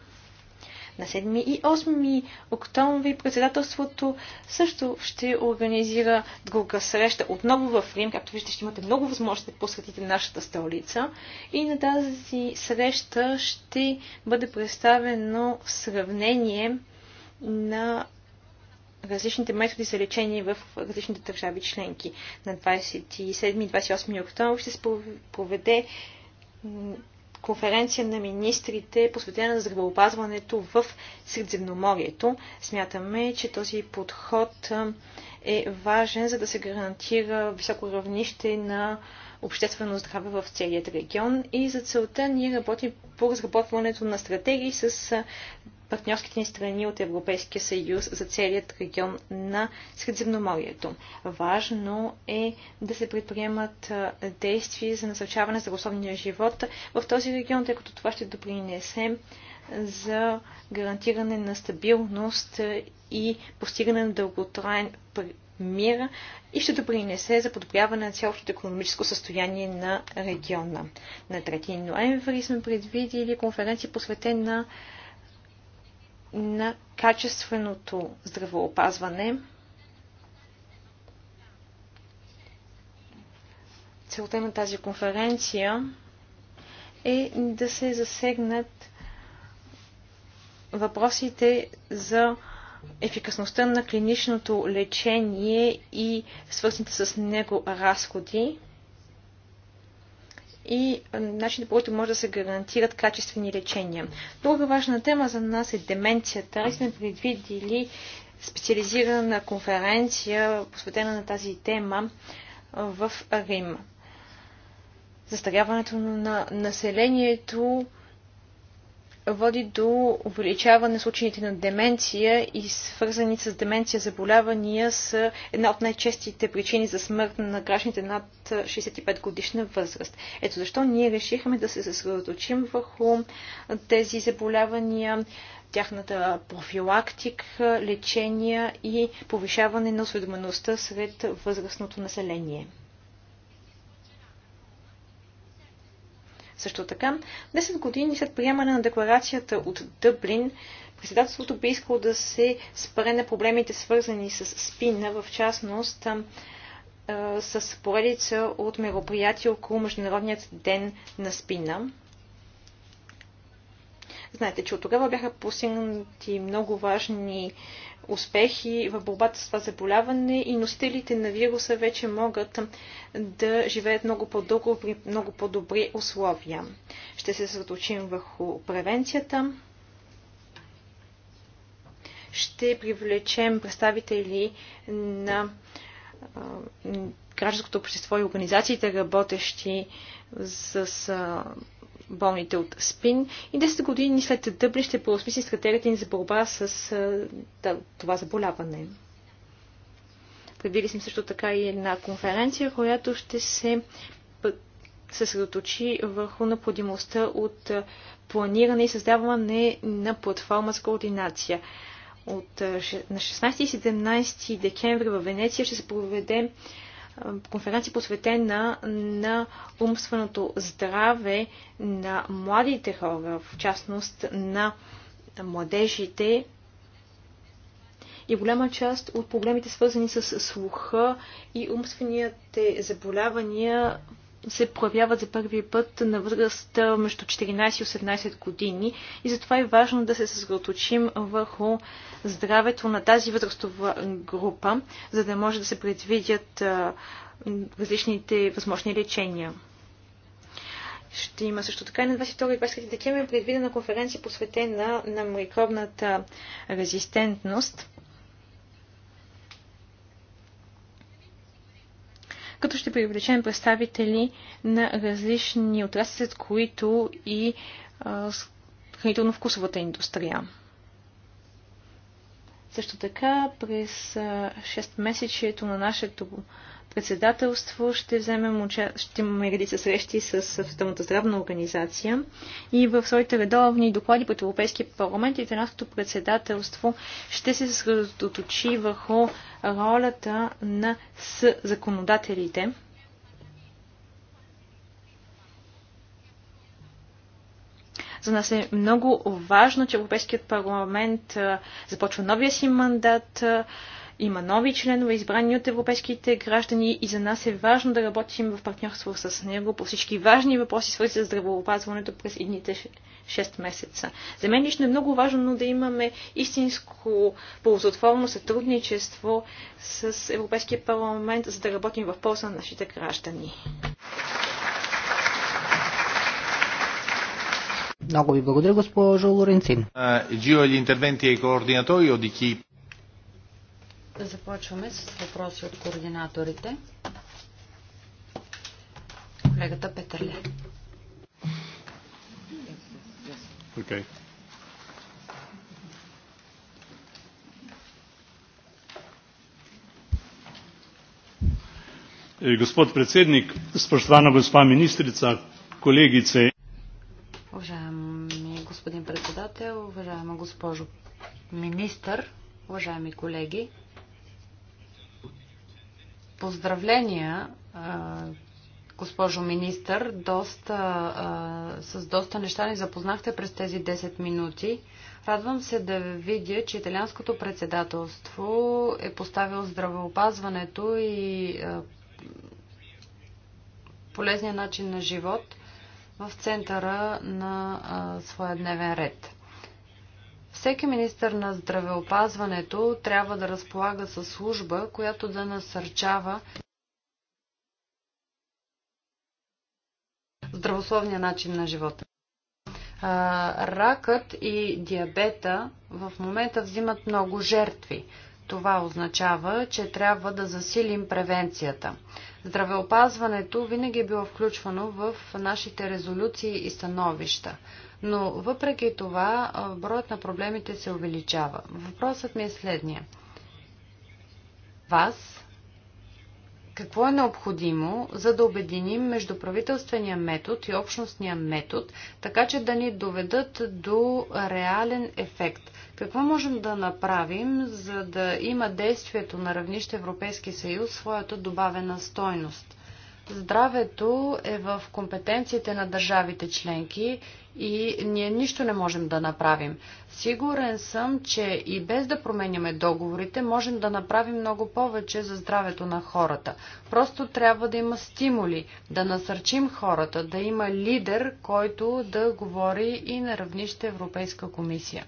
S4: На 7 и 8 октомври председателството също ще организира друга среща отново в Рим. Както виждате, ще имате много възможности да посетите нашата столица. И на тази среща ще бъде представено сравнение на различните методи за лечение в различните държави членки. На 27 и 28 октомври ще се проведе конференция на министрите, посветена на здравеопазването в Средземноморието. Смятаме, че този подход е важен, за да се гарантира високо равнище на обществено здраве в целият регион и за целта ние работим по разработването на стратегии с партньорските ни страни от Европейския съюз за целият регион на Средземноморието. Важно е да се предприемат действия за насърчаване здравословния живот в този регион, тъй като това ще допринесе за гарантиране на стабилност и постигане на дълготраен мир и ще допринесе за подобряване на цялото економическо състояние на региона. На 3 ноември сме предвидили конференция посветена на на качественото здравеопазване. Целта на тази конференция е да се засегнат въпросите за ефикасността на клиничното лечение и свързаните с него разходи и начинът по който може да се гарантират качествени лечения. Друга важна тема за нас е деменцията. Ние сме предвидили специализирана конференция, посветена на тази тема в Рим. Застаряването на населението води до увеличаване случаите на деменция и свързани с деменция заболявания са една от най-честите причини за смърт на гражданите над 65 годишна възраст. Ето защо ние решихме да се съсредоточим върху тези заболявания, тяхната профилактика, лечение и повишаване на осведомеността сред възрастното население. Също така, 10 години след приемане на декларацията от Дъблин, председателството би искало да се спре на проблемите свързани с спина, в частност с поредица от мероприятия около Международният ден на спина. Знаете, че от тогава бяха постигнати много важни успехи в борбата с това заболяване и носителите на вируса вече могат да живеят много по-дълго при много по-добри условия. Ще се съсредоточим върху превенцията. Ще привлечем представители на гражданското общество и организациите, работещи с болните от СПИН и 10 години след дъбли ще поосмисли стратегията ни за борба с това заболяване. Предвидили сме също така и една конференция, която ще се съсредоточи върху необходимостта от планиране и създаване на платформа с координация. От, на 16 и 17 декември в Венеция ще се проведе конференция посветена на умственото здраве на младите хора, в частност на младежите и голяма част от проблемите, свързани с слуха и умствените заболявания, се проявяват за първи път на възраст между 14 и 18 години и затова е важно да се съсредоточим върху здравето на тази възрастова група, за да може да се предвидят различните възможни лечения. Ще има също така и на 22 и 23 декември предвидена конференция посветена на микробната резистентност – като ще привлечем представители на различни отрасли, след които и хранително-вкусовата индустрия. Също така през 6 месечието на нашето председателство ще вземем уча... ще имаме редица срещи с Световната здравна организация и в своите редовни доклади пред Европейския парламент и италянското председателство ще се съсредоточи върху ролята на с законодателите. За нас е много важно, че Европейският парламент започва новия си мандат има нови членове, избрани от европейските граждани и за нас е важно да работим в партньорство с него по всички важни въпроси, свързани с здравеопазването през едните 6 месеца. За мен лично е много важно да имаме истинско ползотворно сътрудничество с Европейския парламент, за да работим в полза на нашите граждани.
S3: Много ви благодаря, госпожо Лоренцин.
S1: Uh,
S2: Започваме с въпроси от координаторите. Колегата Петърле.
S1: Okay. Е, господ председник, спрощвана госпа министрица, колегице.
S2: Уважаеми господин председател, уважаема госпожо министър, уважаеми колеги, Поздравления, госпожо министър. Доста, с доста неща ни запознахте през тези 10 минути. Радвам се да видя, че италианското председателство е поставило здравеопазването и полезния начин на живот в центъра на своя дневен ред. Всеки министр на здравеопазването трябва да разполага със служба, която да насърчава здравословния начин на живота. Ракът и диабета в момента взимат много жертви. Това означава, че трябва да засилим превенцията. Здравеопазването винаги е било включвано в нашите резолюции и становища. Но въпреки това, броят на проблемите се увеличава. Въпросът ми е следния. Вас, какво е необходимо, за да обединим междуправителствения метод и общностния метод, така че да ни доведат до реален ефект? Какво можем да направим, за да има действието на равнище Европейски съюз своята добавена стойност? Здравето е в компетенциите на държавите членки и ние нищо не можем да направим. Сигурен съм, че и без да променяме договорите, можем да направим много повече за здравето на хората. Просто трябва да има стимули, да насърчим хората, да има лидер, който да говори и на равнище Европейска комисия.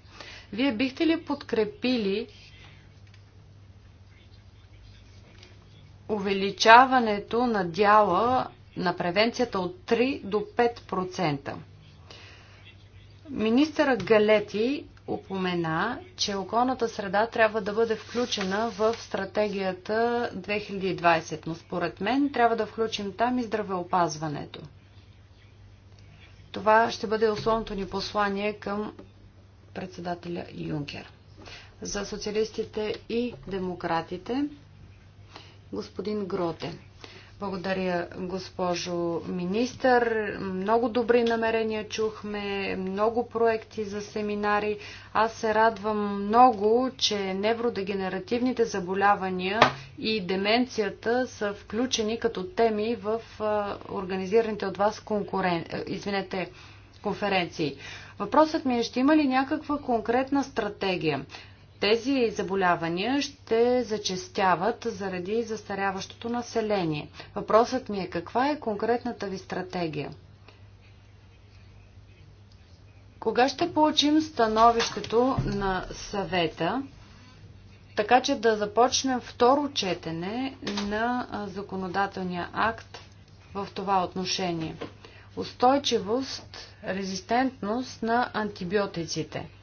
S2: Вие бихте ли подкрепили увеличаването на дяла на превенцията от 3 до 5%. Министъра Галети упомена, че околната среда трябва да бъде включена в стратегията 2020, но според мен трябва да включим там и здравеопазването. Това ще бъде основното ни послание към председателя Юнкер. За социалистите и демократите Господин Гроте. Благодаря, госпожо министър. Много добри намерения чухме, много проекти за семинари. Аз се радвам много, че невродегенеративните заболявания и деменцията са включени като теми в организираните от вас конкурен... Извинете, конференции. Въпросът ми е, ще има ли някаква конкретна стратегия? Тези заболявания ще зачестяват заради застаряващото население. Въпросът ми е каква е конкретната ви стратегия? Кога ще получим становището на съвета, така че да започнем второ четене на законодателния акт в това отношение? Устойчивост, резистентност на антибиотиците –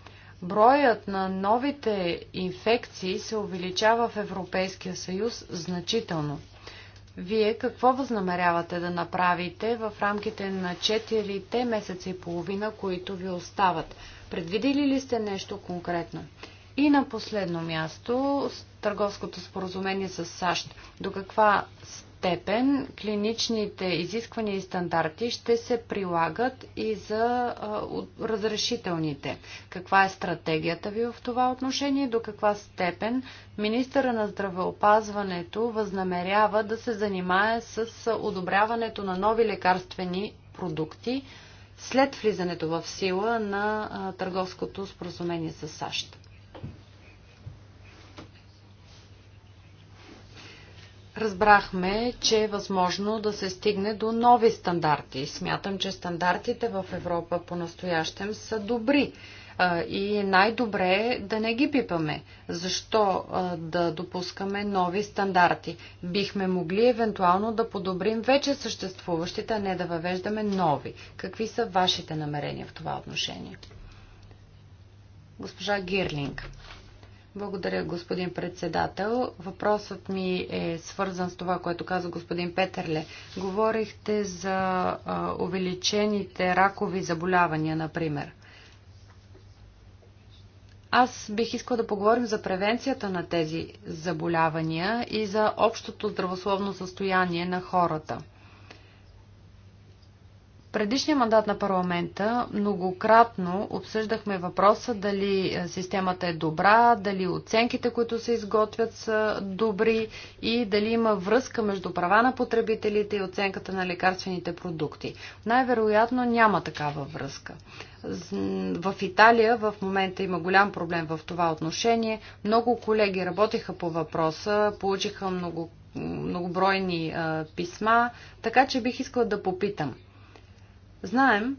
S2: Броят на новите инфекции се увеличава в Европейския съюз значително. Вие какво възнамерявате да направите в рамките на 4 месеца и половина, които ви остават? Предвидели ли сте нещо конкретно? И на последно място, търговското споразумение с САЩ. До каква степен клиничните изисквания и стандарти ще се прилагат и за разрешителните? Каква е стратегията ви в това отношение? До каква степен министъра на здравеопазването възнамерява да се занимае с одобряването на нови лекарствени продукти след влизането в сила на търговското споразумение с САЩ? Разбрахме, че е възможно да се стигне до нови стандарти. Смятам, че стандартите в Европа по-настоящем са добри и най-добре е да не ги пипаме. Защо да допускаме нови стандарти? Бихме могли евентуално да подобрим вече съществуващите, а не да въвеждаме нови. Какви са вашите намерения в това отношение? Госпожа Гирлинг. Благодаря, господин председател. Въпросът ми е свързан с това, което каза господин Петърле. Говорихте за а, увеличените ракови заболявания, например. Аз бих искала да поговорим за превенцията на тези заболявания и за общото здравословно състояние на хората предишния мандат на парламента многократно обсъждахме въпроса дали е, системата е добра, дали оценките, които се изготвят са добри и дали има връзка между права на потребителите и оценката на лекарствените продукти. Най-вероятно няма такава връзка. В Италия в момента има голям проблем в това отношение. Много колеги работиха по въпроса, получиха много, многобройни а, писма, така че бих искала да попитам – Знаем,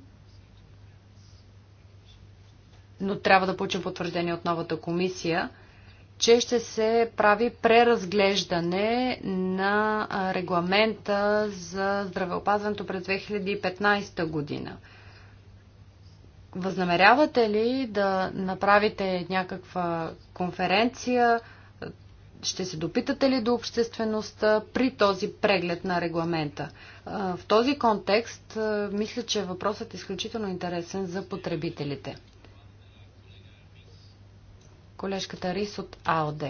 S2: но трябва да получим потвърждение от новата комисия, че ще се прави преразглеждане на регламента за здравеопазването през 2015 година. Възнамерявате ли да направите някаква конференция, ще се допитате ли до обществеността при този преглед на регламента? В този контекст мисля, че въпросът е изключително интересен за потребителите. Колежката Рис от АОД.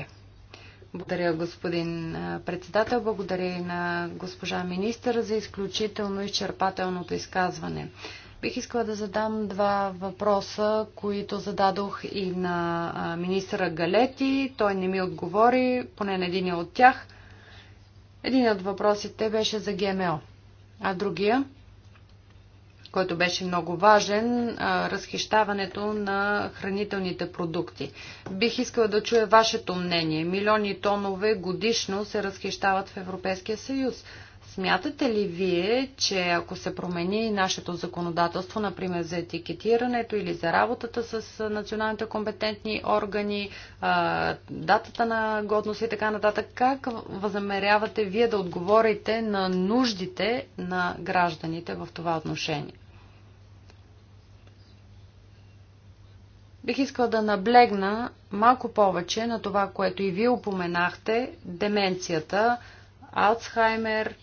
S2: Благодаря, господин председател. Благодаря и на госпожа министър за изключително изчерпателното изказване. Бих искала да задам два въпроса, които зададох и на министра Галети. Той не ми отговори, поне на един от тях. Един от въпросите беше за ГМО, а другия, който беше много важен, разхищаването на хранителните продукти. Бих искала да чуя вашето мнение. Милиони тонове годишно се разхищават в Европейския съюз. Смятате ли вие, че ако се промени нашето законодателство, например за етикетирането или за работата с националните компетентни органи, датата на годност и така нататък, как възмерявате вие да отговорите на нуждите на гражданите в това отношение? Бих искала да наблегна малко повече на това, което и вие упоменахте, деменцията, Алцхаймер,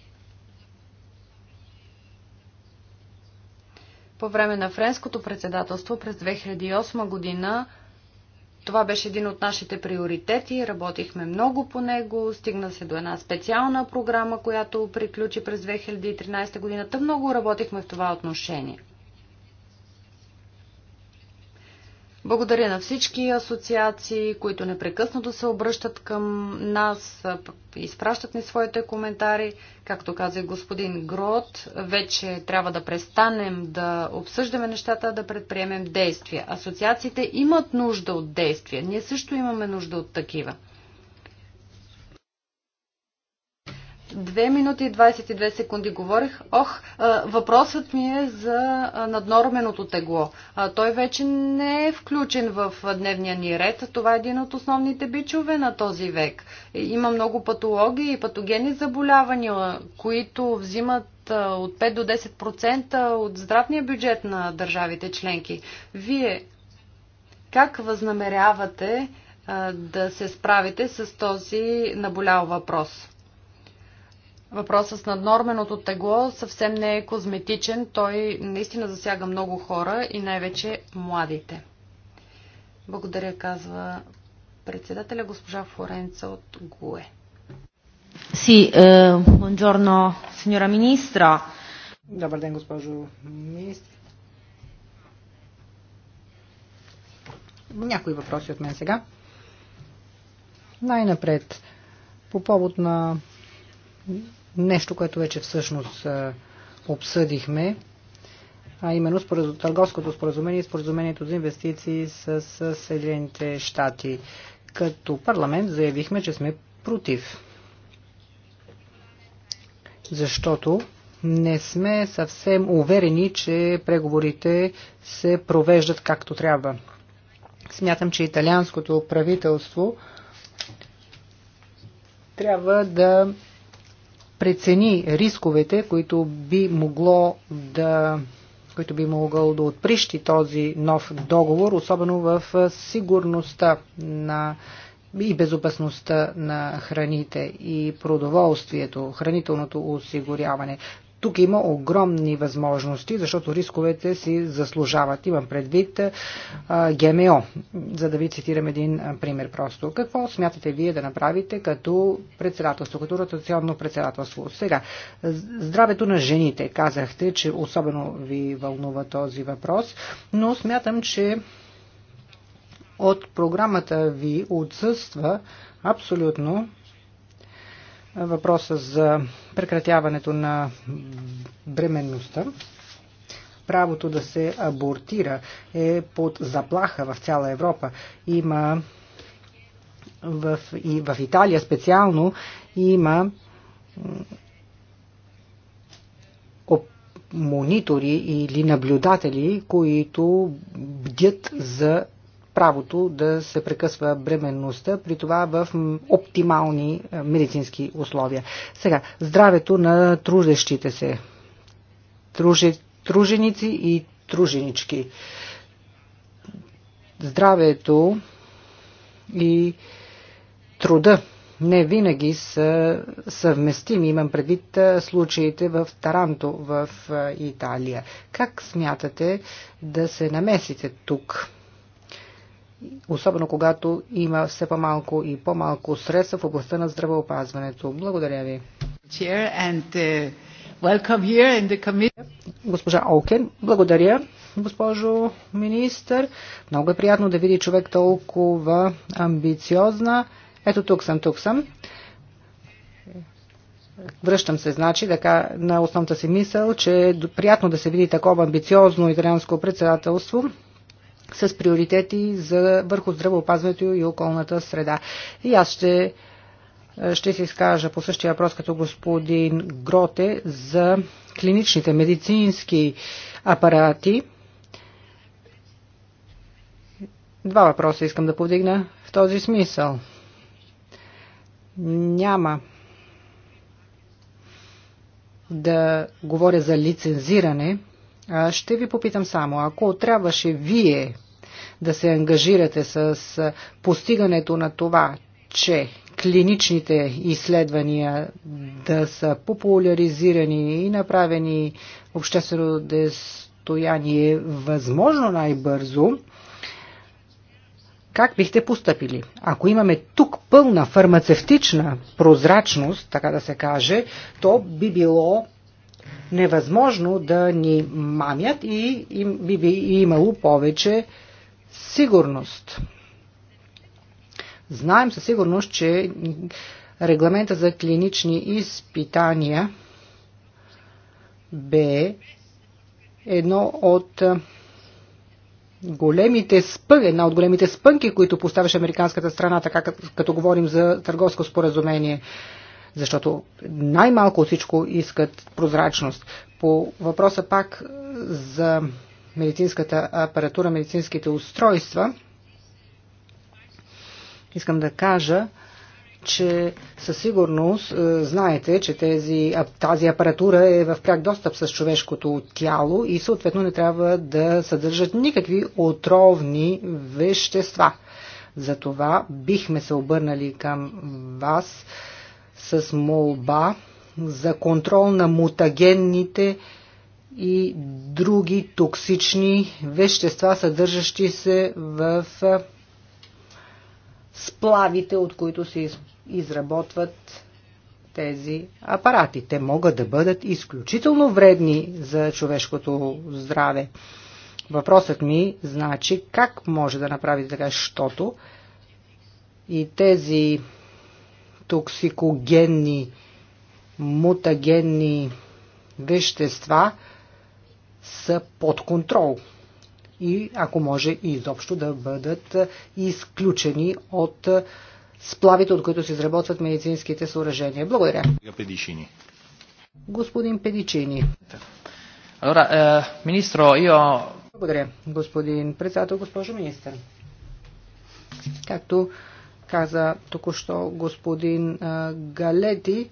S2: По време на френското председателство през 2008 година това беше един от нашите приоритети, работихме много по него, стигна се до една специална програма, която приключи през 2013 година. много работихме в това отношение. Благодаря на всички асоциации, които непрекъснато се обръщат към нас, изпращат ни своите коментари. Както каза господин Грот, вече трябва да престанем да обсъждаме нещата, да предприемем действия. Асоциациите имат нужда от действия. Ние също имаме нужда от такива. 2 минути и 22 секунди говорих. Ох, въпросът ми е за наднорменото тегло. Той вече не е включен в дневния ни ред. Това е един от основните бичове на този век. Има много патологии и патогени заболявания, които взимат от 5 до 10% от здравния бюджет на държавите членки. Вие как възнамерявате да се справите с този наболял въпрос? Въпросът с наднорменото тегло съвсем не е козметичен. Той наистина засяга много хора и най-вече младите. Благодаря, казва председателя госпожа
S3: Форенца от ГУЕ.
S2: Си, е, бонжорно,
S3: сеньора министра. Добър ден, госпожо министр. Някои въпроси от мен сега. Най-напред, по повод на нещо, което вече всъщност обсъдихме, а именно търговското споразумение и споразумението за инвестиции с Съединените щати. Като парламент заявихме, че сме против. Защото не сме съвсем уверени, че преговорите се провеждат както трябва. Смятам, че италианското правителство трябва да прецени рисковете, които би могло да който би могъл да отприщи този нов договор, особено в сигурността на и безопасността на храните и продоволствието, хранителното осигуряване. Тук има огромни възможности, защото рисковете си заслужават. Имам предвид а, ГМО, за да ви цитирам един пример просто. Какво смятате вие да направите като председателство, като ротационно председателство? Сега, здравето на жените. Казахте, че особено ви вълнува този въпрос, но смятам, че от програмата ви отсъства абсолютно въпроса за прекратяването на бременността, правото да се абортира е под заплаха в цяла Европа. Има в, и в Италия специално има монитори или наблюдатели, които бдят за правото да се прекъсва бременността, при това в оптимални е, медицински условия. Сега, здравето на трудещите се. Труже, труженици и труженички. Здравето и труда не винаги са съвместими. Имам предвид е, случаите в Таранто, в е, Италия. Как смятате да се намесите тук? особено когато има все по-малко и по-малко средства в областта на здравеопазването. Благодаря ви. Uh, Госпожа Олкен, благодаря, госпожо министър. Много е приятно да види човек толкова амбициозна. Ето тук съм, тук съм. Връщам се, значи, така, на основната си мисъл, че е приятно да се види такова амбициозно италианско председателство с приоритети за, върху здравеопазването и околната среда. И аз ще, ще се изкажа по същия въпрос като господин Гроте за клиничните медицински апарати. Два въпроса искам да повдигна в този смисъл. Няма да говоря за лицензиране ще ви попитам само, ако трябваше вие да се ангажирате с постигането на това, че клиничните изследвания да са популяризирани и направени обществено достояние възможно най-бързо, как бихте поступили? Ако имаме тук пълна фармацевтична прозрачност, така да се каже, то би било невъзможно да ни мамят и им би, би имало повече сигурност. Знаем със сигурност, че регламента за клинични изпитания бе едно от големите спънки, една от големите спънки, които поставяше американската страна, така като, като говорим за търговско споразумение защото най-малко от всичко искат прозрачност. По въпроса пак за медицинската апаратура, медицинските устройства, искам да кажа, че със сигурност е, знаете, че тези, тази апаратура е в пряк достъп с човешкото тяло и съответно не трябва да съдържат никакви отровни вещества. Затова бихме се обърнали към вас с молба за контрол на мутагенните и други токсични вещества, съдържащи се в сплавите, от които се изработват тези апарати. Те могат да бъдат изключително вредни за човешкото здраве. Въпросът ми значи как може да направите така, защото и тези токсикогенни, мутагенни вещества са под контрол и ако може и изобщо да бъдат изключени от сплавите, от които се изработват медицинските съоръжения. Благодаря. Педичини. Господин Педичини. Allora, eh, ministro, io... Благодаря, господин председател, госпожо министър. Както каза току-що господин Галети,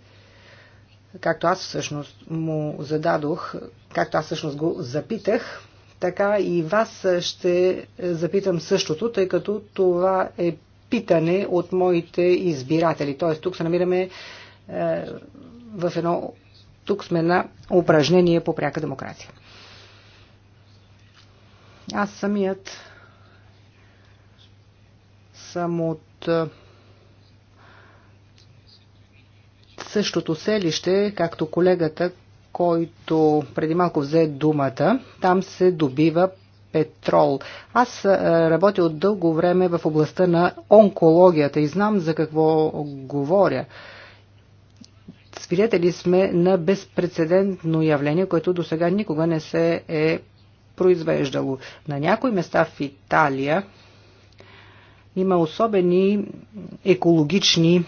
S3: както аз всъщност му зададох, както аз всъщност го запитах, така и вас ще запитам същото, тъй като това е питане от моите избиратели. Т.е. тук се намираме е, в едно... Тук сме на упражнение по пряка демокрация. Аз самият съм от същото селище, както колегата, който преди малко взе думата. Там се добива петрол. Аз работя от дълго време в областта на онкологията и знам за какво говоря. Свидетели сме на безпредседентно явление, което до сега никога не се е произвеждало. На някои места в Италия има особени екологични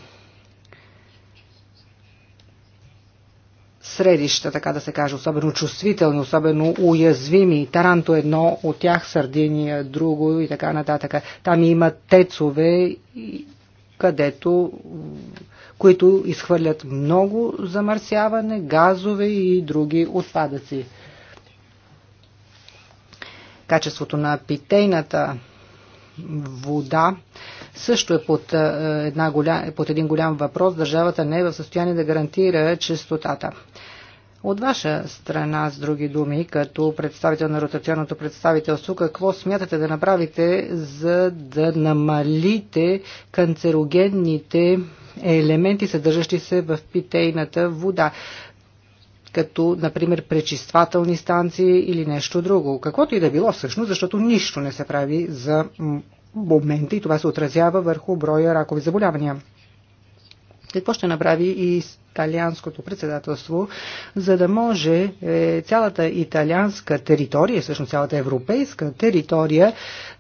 S3: средища, така да се каже, особено чувствителни, особено уязвими. Таранто едно от тях, Сардиния друго и така нататък. Там има тецове, където, които изхвърлят много замърсяване, газове и други отпадъци. Качеството на питейната вода също е под, е, една голям, е под един голям въпрос. Държавата не е в състояние да гарантира чистотата. От ваша страна, с други думи, като представител на ротационното представителство, какво смятате да направите, за да намалите канцерогенните елементи, съдържащи се в питейната вода? като, например, пречиствателни станции или нещо друго. Каквото и да било всъщност, защото нищо не се прави за момента и това се отразява върху броя ракови заболявания. Какво ще направи и италианското председателство, за да може е, цялата италианска територия, всъщност цялата европейска територия,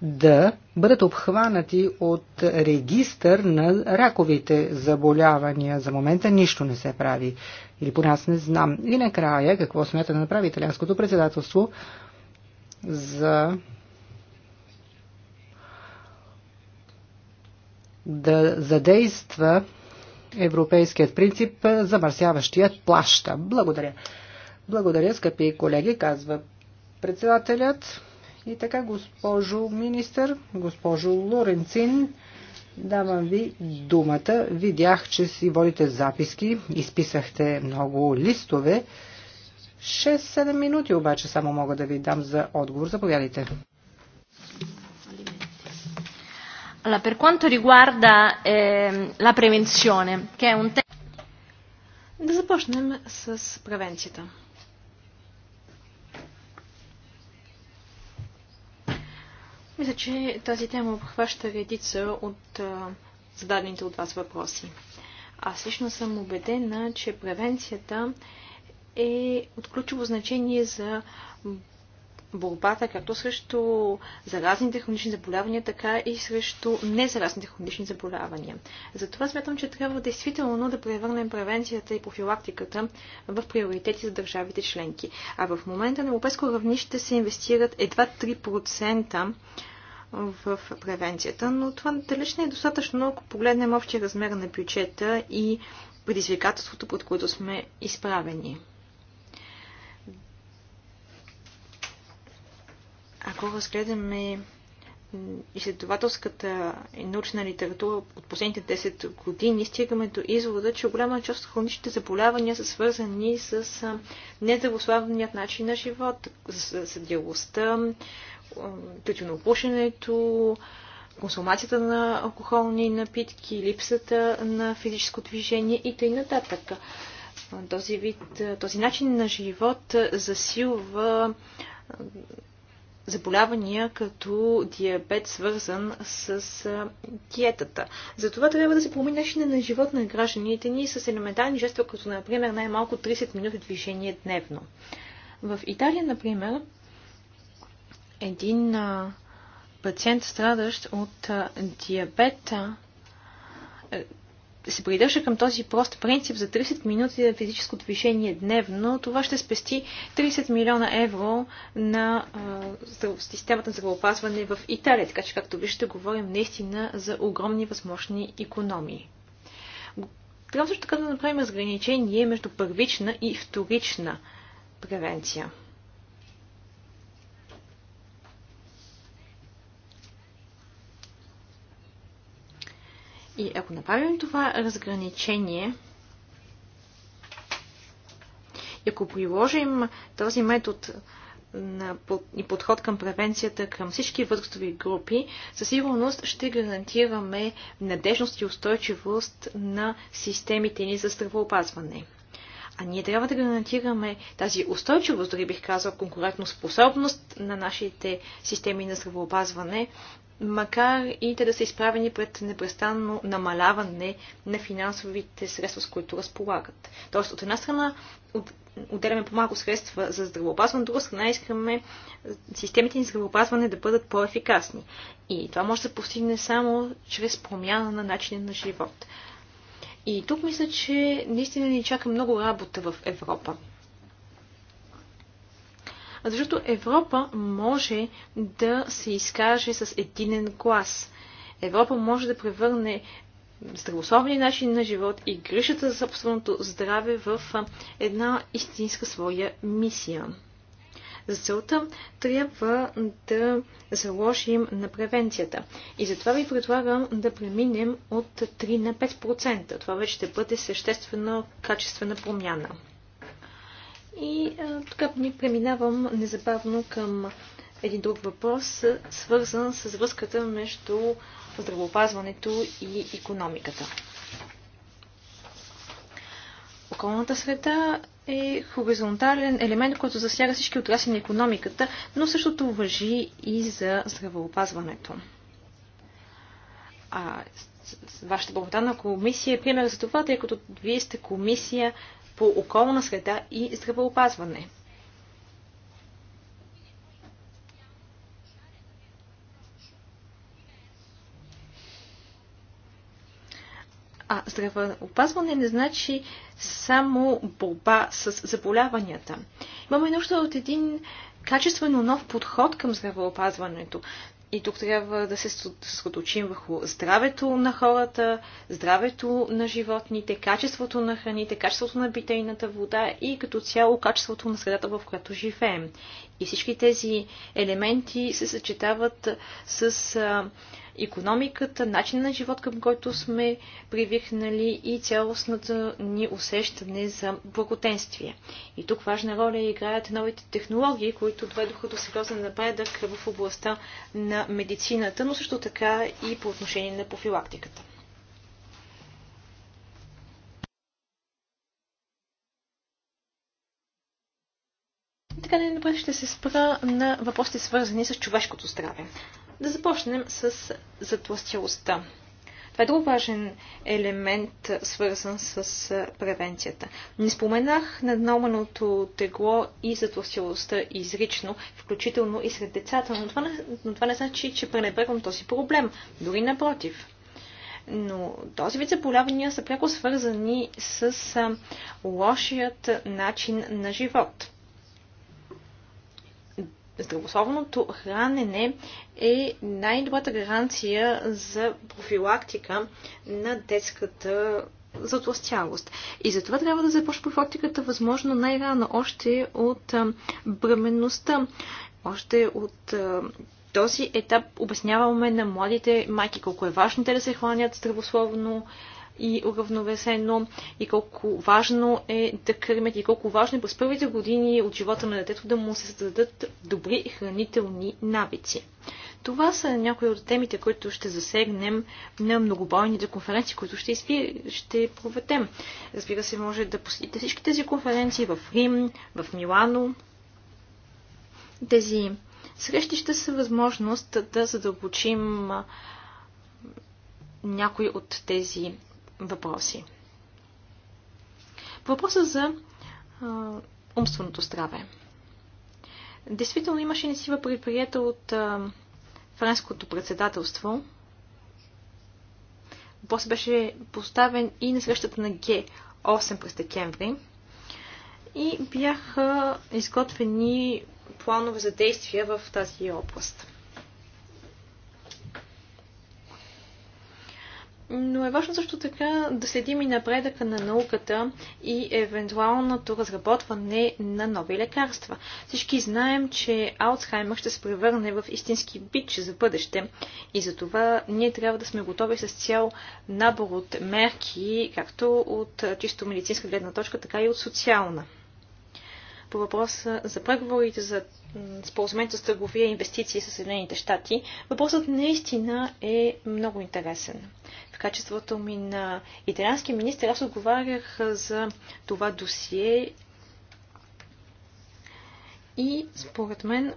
S3: да бъдат обхванати от регистър на раковите заболявания. За момента нищо не се прави. Или поне аз не знам. И накрая, какво смята да направи италианското председателство за да задейства европейският принцип замърсяващият плаща. Благодаря. Благодаря, скъпи колеги, казва председателят. И така, госпожо министър, госпожо Лоренцин, давам ви думата. Видях, че си водите записки, изписахте много листове. 6-7 минути обаче само мога да ви дам за отговор. Заповядайте.
S4: Allora, per quanto riguarda eh, la prevenzione, che è un tema... Да започнем с превенцията. Мисля, че тази тема обхваща редица от а, зададените от вас въпроси. Аз лично съм убедена, че превенцията е от ключово значение за борбата както срещу заразните хронични заболявания, така и срещу незаразните хронични заболявания. Затова смятам, че трябва действително да превърнем превенцията и профилактиката в приоритети за държавите членки. А в момента на европейско равнище се инвестират едва 3% в превенцията, но това далеч не е достатъчно, ако погледнем общия размер на бюджета и предизвикателството, под което сме изправени. Ако разгледаме изследователската и научна литература от последните 10 години, стигаме до извода, че голяма част от хроничните заболявания са свързани с нездравославният начин на живот, с съдялостта, тютюнопушенето, консумацията на алкохолни напитки, липсата на физическо движение и т.н. Този, вид, този начин на живот засилва заболявания като диабет, свързан с а, диетата. Затова трябва да се промени начина на живот на гражданите ни с елементарни жества, като например най-малко 30 минути движение дневно. В Италия, например, един а, пациент, страдащ от а, диабета, се придържа към този прост принцип за 30 минути на физическо движение дневно, това ще спести 30 милиона евро на а, системата на здравеопазване в Италия. Така че, както виждате, говорим наистина за огромни възможни економии. Трябва също така да направим разграничение между първична и вторична превенция. И ако направим това разграничение, и ако приложим този метод на, и подход към превенцията към всички възрастови групи, със сигурност ще гарантираме надежност и устойчивост на системите ни за здравоопазване. А ние трябва да гарантираме тази устойчивост, дори бих казал, конкурентно способност на нашите системи на здравеопазване, макар и те да са изправени пред непрестанно намаляване на финансовите средства, с които разполагат. Тоест, от една страна отделяме по-малко средства за здравеопазване, от друга страна искаме системите ни здравеопазване да бъдат по-ефикасни. И това може да постигне само чрез промяна на начина на живот. И тук мисля, че наистина ни чака много работа в Европа. Защото Европа може да се изкаже с единен глас. Европа може да превърне здравословния начин на живот и грижата за собственото здраве в една истинска своя мисия. За целта трябва да заложим на превенцията. И затова ви предлагам да преминем от 3 на 5%. Това вече ще бъде съществена качествена промяна. И а, така ни преминавам незабавно към един друг въпрос, свързан с връзката между здравеопазването и економиката. Околната среда е хоризонтален елемент, който засяга всички отрасли на економиката, но същото въжи и за здравеопазването. А вашата благодарна комисия е пример за това, тъй като вие сте комисия по околна среда и здравеопазване. А здравеопазване не значи само борба с заболяванията. Имаме нужда от един качествено нов подход към здравеопазването. И тук трябва да се съсредоточим върху здравето на хората, здравето на животните, качеството на храните, качеството на битейната вода и като цяло качеството на средата, в която живеем. И всички тези елементи се съчетават с економиката, начин на живот, към който сме привикнали и цялостната ни усещане за благотенствие. И тук важна роля играят новите технологии, които доведоха до сериозен напредък в областта на медицината, но също така и по отношение на профилактиката. Така не добре ще се спра на въпросите свързани с човешкото здраве. Да започнем с затластилостта. Това е друг важен елемент, свързан с превенцията. Не споменах наднорменото тегло и затластилостта изрично, включително и сред децата, но това, не, но това не значи, че пренебрегвам този проблем. Дори напротив. Но този вид заболявания са пряко свързани с лошият начин на живот – здравословното хранене е най-добрата гаранция за профилактика на детската затластялост. И затова трябва да започне профилактиката възможно най-рано, още от бременността, още от този етап обясняваме на младите майки колко е важно те да се хранят здравословно, и уравновесено и колко важно е да кърмят и колко важно е през първите години от живота на детето да му се създадат добри хранителни навици. Това са някои от темите, които ще засегнем на многобойните конференции, които ще, изпи... ще проведем. Разбира се, може да посетите всички тези конференции в Рим, в Милано. Тези срещи ще са възможност да задълбочим някои от тези въпроси. Въпроса за а, умственото здраве. Действително имаше инициатива предприята от а, френското председателство. Въпросът беше поставен и на срещата на Г8 през декември. И бяха изготвени планове за действия в тази област. но е важно също така да следим и напредъка на науката и евентуалното разработване на нови лекарства. Всички знаем, че Алцхаймър ще се превърне в истински бич за бъдеще и за това ние трябва да сме готови с цял набор от мерки, както от чисто медицинска гледна точка, така и от социална по въпроса за преговорите за споразумението с търговия и инвестиции с Съединените щати, въпросът наистина е много интересен. В качеството ми на италиански министр аз отговарях за това досие и според мен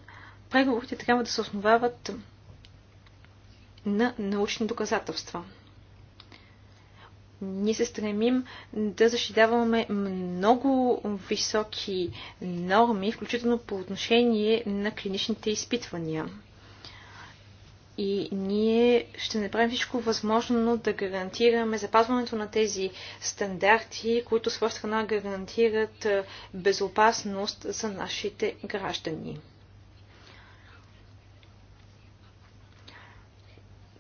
S4: преговорите трябва да се основават на научни доказателства. Ние се стремим да защитаваме много високи норми, включително по отношение на клиничните изпитвания. И ние ще направим всичко възможно да гарантираме запазването на тези стандарти, които своя страна гарантират безопасност за нашите граждани.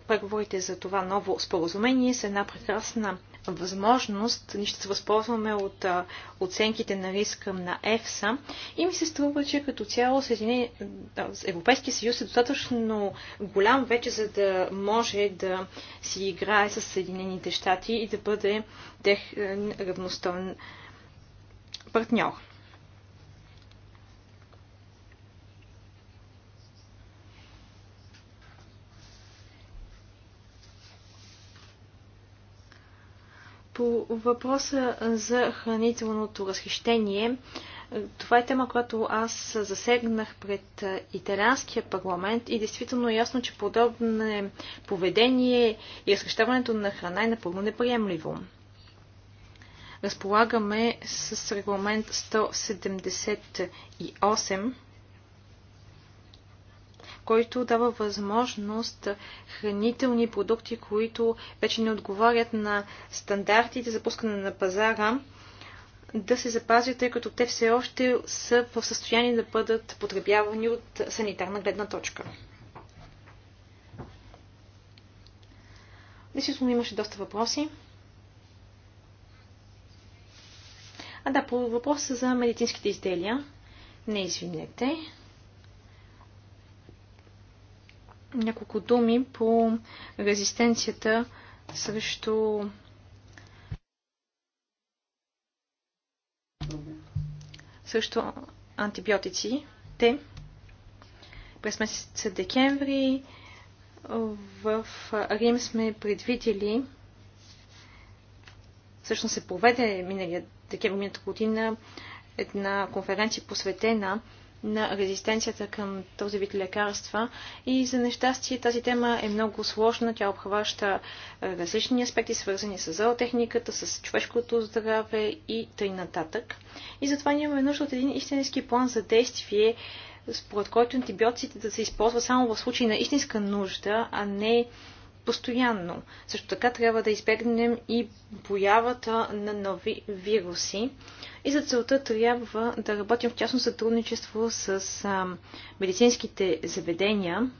S4: преговорите за това ново споразумение са една прекрасна възможност, ние ще се възползваме от а, оценките на риска на ЕФСА и ми се струва, че като цяло Съединение, Европейския съюз е достатъчно голям вече, за да може да си играе с Съединените щати и да бъде тех равностоен партньор. По въпроса за хранителното разхищение, това е тема, която аз засегнах пред италианския парламент и действително е ясно, че подобно е поведение и разхищаването на храна е напълно неприемливо. Разполагаме с регламент 178 който дава възможност хранителни продукти, които вече не отговарят на стандартите за пускане на пазара, да се запазят, тъй като те все още са в състояние да бъдат потребявани от санитарна гледна точка. Действително имаше доста въпроси. А да, по въпроса за медицинските изделия. Не извинете. няколко думи по резистенцията срещу срещу антибиотици. Те през месец декември в Рим сме предвидели всъщност се проведе миналия декември миналата година една конференция посветена на резистенцията към този вид лекарства. И за нещастие тази тема е много сложна. Тя обхваща е, различни аспекти, свързани с зоотехниката, с човешкото здраве и тъй нататък. И затова ние имаме нужда от един истински план за действие, според който антибиотиците да се използват само в случай на истинска нужда, а не постоянно. Също така трябва да избегнем и появата на нови вируси. И за целта трябва да работим в частно сътрудничество с а, медицинските заведения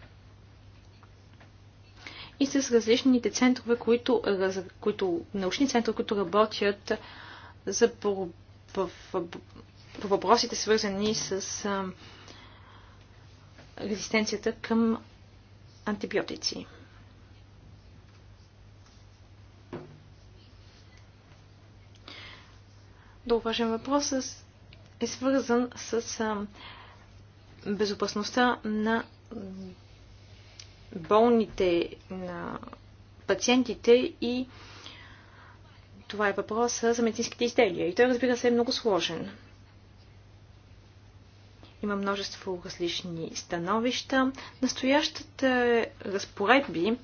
S4: и с различните центрове, които, раз, които научни центрове, които работят за, по, в, в, по въпросите свързани с а, резистенцията към антибиотици. Долважен важен въпрос е свързан с безопасността на болните, на пациентите и това е въпрос за медицинските изделия. И той, разбира се, е много сложен. Има множество различни становища. Настоящите разпоредби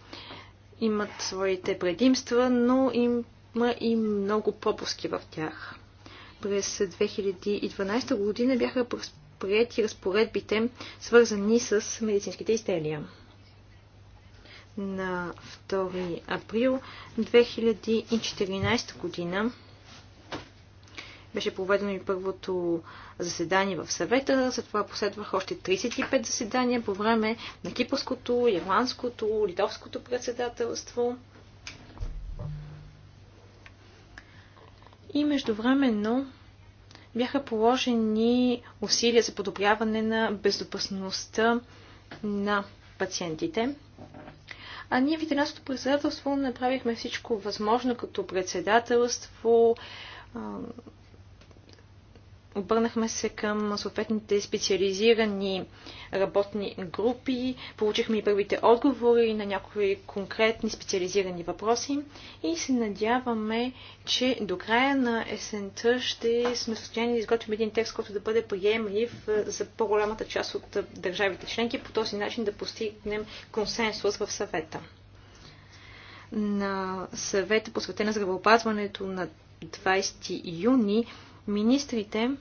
S4: имат своите предимства, но има и много пропуски в тях. През 2012 година бяха предприяти разпоредбите, свързани с медицинските изделия. На 2 април 2014 година беше проведено и първото заседание в съвета, след това последваха още 35 заседания по време на кипърското, ирландското, литовското председателство. И междувременно бяха положени усилия за подобряване на безопасността на пациентите. А ние в 11-то председателство направихме всичко възможно като председателство, Обърнахме се към съответните специализирани работни групи, получихме и първите отговори на някои конкретни специализирани въпроси и се надяваме, че до края на есента ще сме в състояние да изготвим един текст, който да бъде приемлив за по-голямата част от държавите членки, по този начин да постигнем консенсус в съвета. На съвета посветена здравеопазването на 20 юни министрите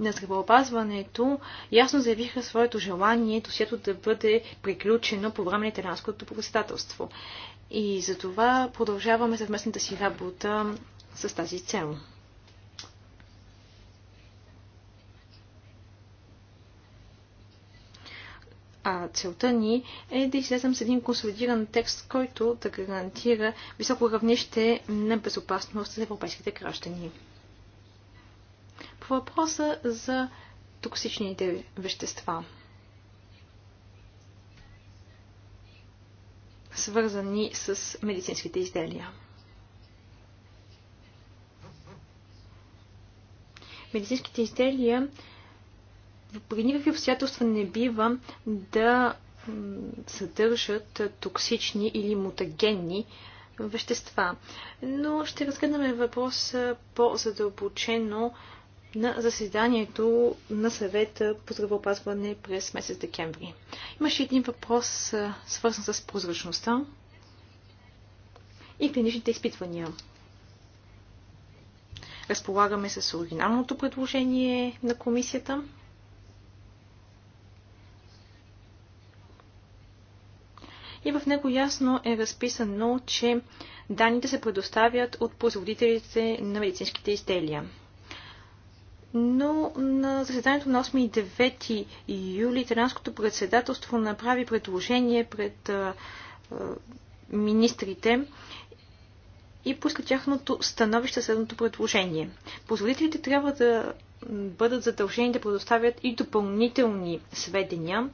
S4: на здравеопазването ясно заявиха своето желание досието да бъде приключено по време на италианското председателство. И за това продължаваме съвместната си работа с тази цел. А целта ни е да излезем с един консолидиран текст, който да гарантира високо равнище на безопасност за европейските граждани въпроса за токсичните вещества, свързани с медицинските изделия. Медицинските изделия при никакви обстоятелства не бива да съдържат токсични или мутагенни вещества. Но ще разгледаме въпроса по-задълбочено на заседанието на съвета по здравеопазване през месец декември. Имаше един въпрос, свързан с прозрачността и клиничните изпитвания. Разполагаме с оригиналното предложение на комисията. и в него ясно е разписано, че данните се предоставят от производителите на медицинските изделия но на заседанието на 8 и 9 юли италянското председателство направи предложение пред а, а, министрите и поиска тяхното становище следното предложение. Позволителите трябва да бъдат задължени да предоставят и допълнителни сведения.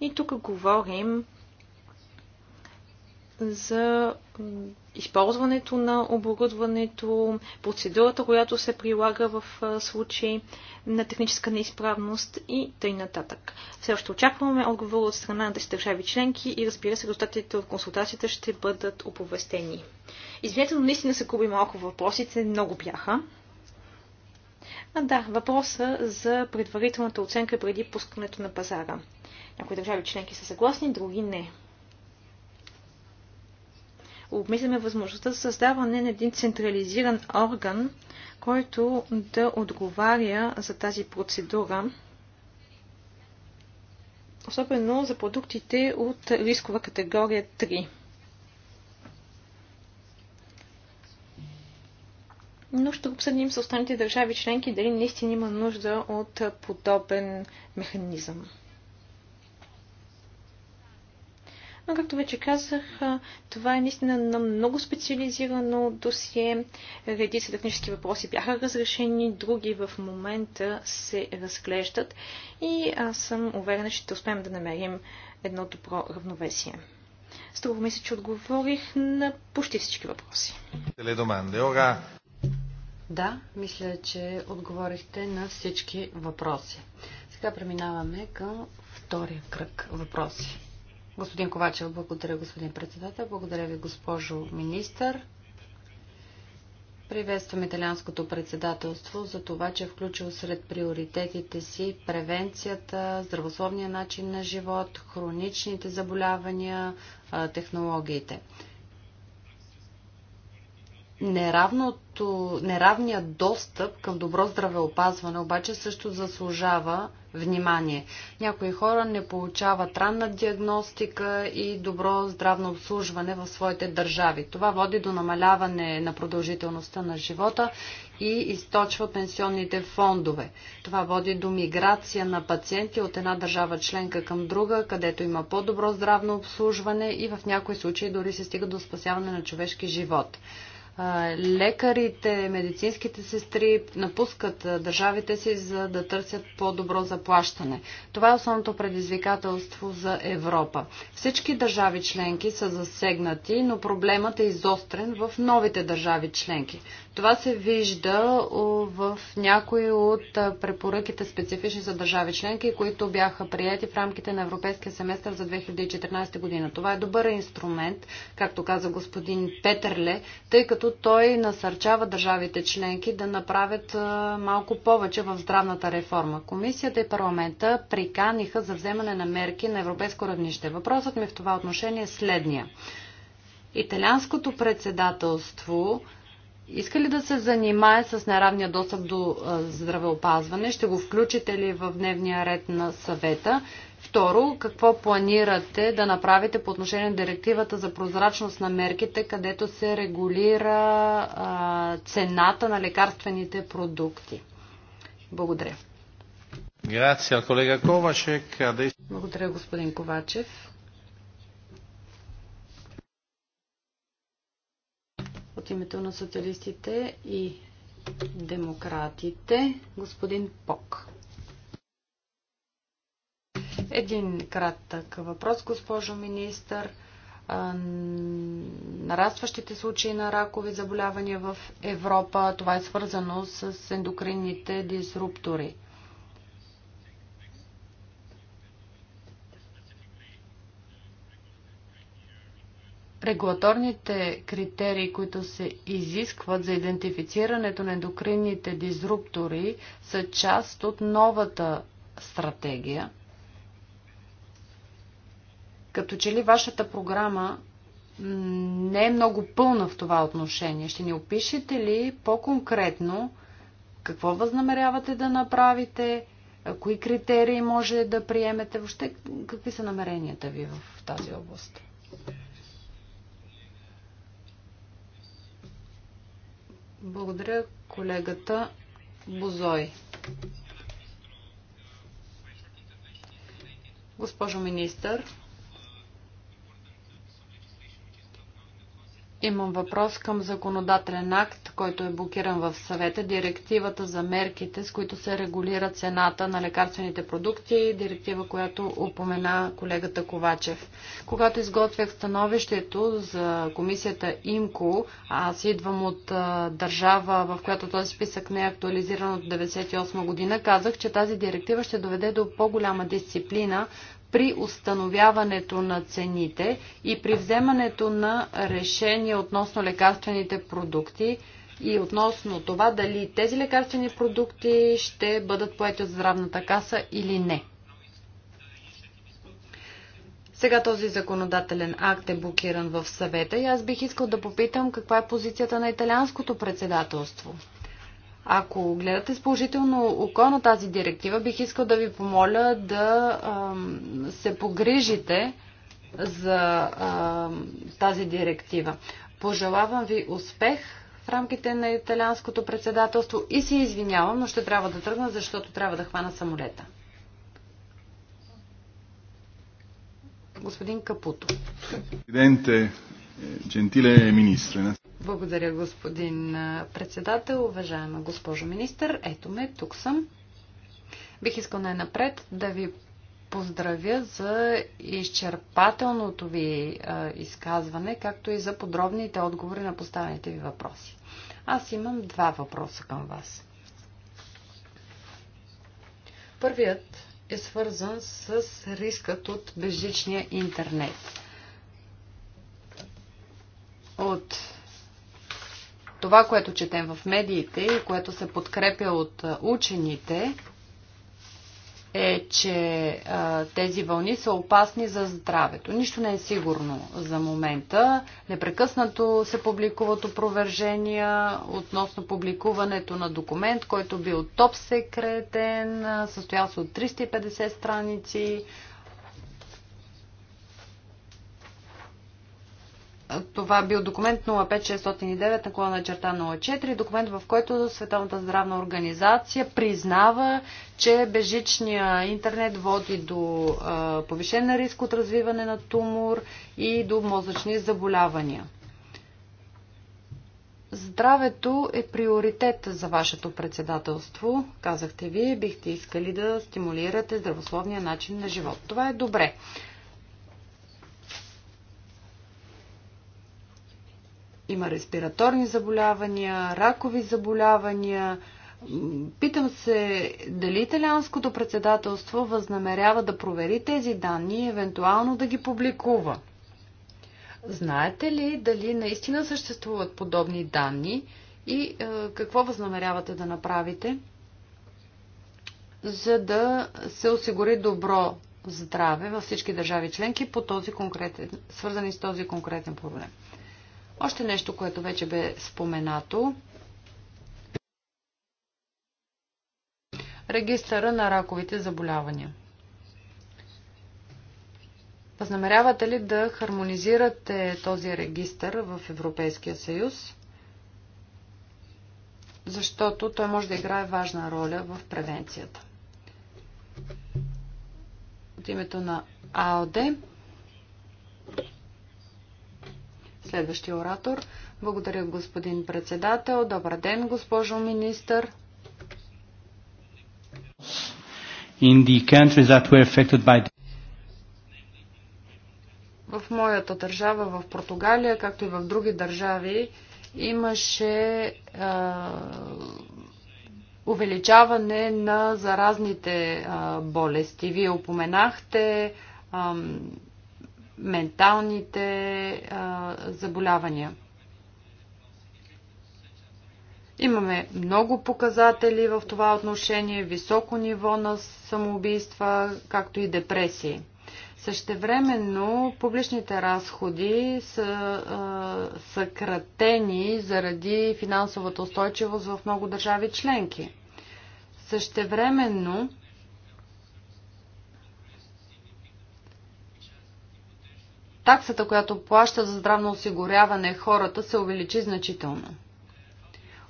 S4: И тук говорим за използването на оборудването, процедурата, която се прилага в случай на техническа неизправност и тъй нататък. Все още очакваме отговор от страна на тези държави членки и разбира се, резултатите от консултацията ще бъдат оповестени. Извинете, но наистина се губи малко въпросите, много бяха. А да, въпроса за предварителната оценка преди пускането на пазара. Някои държави членки са съгласни, други не обмисляме възможността за създаване на един централизиран орган, който да отговаря за тази процедура, особено за продуктите от рискова категория 3. но ще обсъдим с останалите държави членки дали наистина има нужда от подобен механизъм. Но, както вече казах, това е наистина на много специализирано досие. Редица технически въпроси бяха разрешени, други в момента се разглеждат и аз съм уверена, че ще успеем да намерим едно добро равновесие. Струва ми се, че отговорих на почти всички въпроси.
S2: Да, мисля, че отговорихте на всички въпроси. Сега преминаваме към втория кръг въпроси. Господин Ковачев, благодаря, господин председател. Благодаря ви, госпожо министър. Приветствам италианското председателство за това, че е включил сред приоритетите си превенцията, здравословния начин на живот, хроничните заболявания, технологиите. Неравното, неравният достъп към добро здравеопазване обаче също заслужава внимание. Някои хора не получават ранна диагностика и добро здравно обслужване в своите държави. Това води до намаляване на продължителността на живота и източва пенсионните фондове. Това води до миграция на пациенти от една държава членка към друга, където има по-добро здравно обслужване и в някои случаи дори се стига до спасяване на човешки живот лекарите, медицинските сестри напускат държавите си, за да търсят по-добро заплащане. Това е основното предизвикателство за Европа. Всички държави членки са засегнати, но проблемът е изострен в новите държави членки. Това се вижда в някои от препоръките специфични за държави членки, които бяха прияти в рамките на Европейския семестър за 2014 година. Това е добър инструмент, както каза господин Петърле, тъй като той насърчава държавите членки да направят малко повече в здравната реформа. Комисията и парламента приканиха за вземане на мерки на европейско равнище. Въпросът ми в това отношение е следния. Италианското председателство иска ли да се занимае с неравния достъп до здравеопазване? Ще го включите ли в дневния ред на съвета? Второ, какво планирате да направите по отношение на директивата за прозрачност на мерките, където се регулира а, цената на лекарствените продукти? Благодаря. Благодаря, господин Ковачев. От името на социалистите и демократите, господин Пок. Един кратък въпрос, госпожо министър. Нарастващите случаи на ракови заболявания в Европа, това е свързано с ендокринните дисруптори – регулаторните критерии, които се изискват за идентифицирането на ендокринните дизруптори, са част от новата стратегия. Като че ли вашата програма не е много пълна в това отношение. Ще ни опишете ли по-конкретно какво възнамерявате да направите, кои критерии може да приемете, въобще какви са намеренията ви в тази област? Благодаря колегата Бозой. Госпожо министър, Имам въпрос към законодателен акт, който е блокиран в съвета. Директивата за мерките, с които се регулира цената на лекарствените продукти. Директива, която упомена колегата Ковачев. Когато изготвях становището за комисията ИМКО, аз идвам от държава, в която този списък не е актуализиран от 1998 година, казах, че тази директива ще доведе до по-голяма дисциплина при установяването на цените и при вземането на решение относно лекарствените продукти и относно това дали тези лекарствени продукти ще бъдат поети от здравната каса или не. Сега този законодателен акт е блокиран в съвета и аз бих искал да попитам каква е позицията на италианското председателство. Ако гледате с положително око на тази директива, бих искал да ви помоля да се погрижите за тази директива. Пожелавам ви успех в рамките на италианското председателство и се извинявам, но ще трябва да тръгна, защото трябва да хвана самолета. Господин Капуто.
S1: Gentile министре.
S2: Благодаря, господин председател. Уважаема госпожо министр, ето ме, тук съм. Бих искал най-напред да ви поздравя за изчерпателното ви изказване, както и за подробните отговори на поставените ви въпроси. Аз имам два въпроса към вас. Първият е свързан с рискът от безжичния интернет от това, което четем в медиите и което се подкрепя от учените, е, че а, тези вълни са опасни за здравето. Нищо не е сигурно за момента. Непрекъснато се публикуват опровержения относно публикуването на документ, който бил топ секретен, състоял се от 350 страници, Това бил документ 05609 на на черта 04, документ в който Световната здравна организация признава, че бежичния интернет води до повишен риск от развиване на тумор и до мозъчни заболявания. Здравето е приоритет за вашето председателство, казахте вие, бихте искали да стимулирате здравословния начин на живот. Това е добре. Има респираторни заболявания, ракови заболявания. Питам се дали италианското председателство възнамерява да провери тези данни и евентуално да ги публикува. Знаете ли дали наистина съществуват подобни данни и е, какво възнамерявате да направите, за да се осигури добро здраве във всички държави членки по този конкретен, свързани с този конкретен проблем? Още нещо, което вече бе споменато. Регистъра на раковите заболявания. Възнамерявате ли да хармонизирате този регистър в Европейския съюз? Защото той може да играе важна роля в превенцията. От името на АОД Следващия оратор. Благодаря, господин председател. Добър ден, госпожо министър.
S1: In the countries that were affected by
S2: в моята държава, в Португалия, както и в други държави, имаше е, увеличаване на заразните е, болести. Вие упоменахте менталните а, заболявания. Имаме много показатели в това отношение, високо ниво на самоубийства, както и депресии. Същевременно публичните разходи са а, съкратени заради финансовата устойчивост в много държави членки. Същевременно таксата, която плаща за здравно осигуряване хората, се увеличи значително.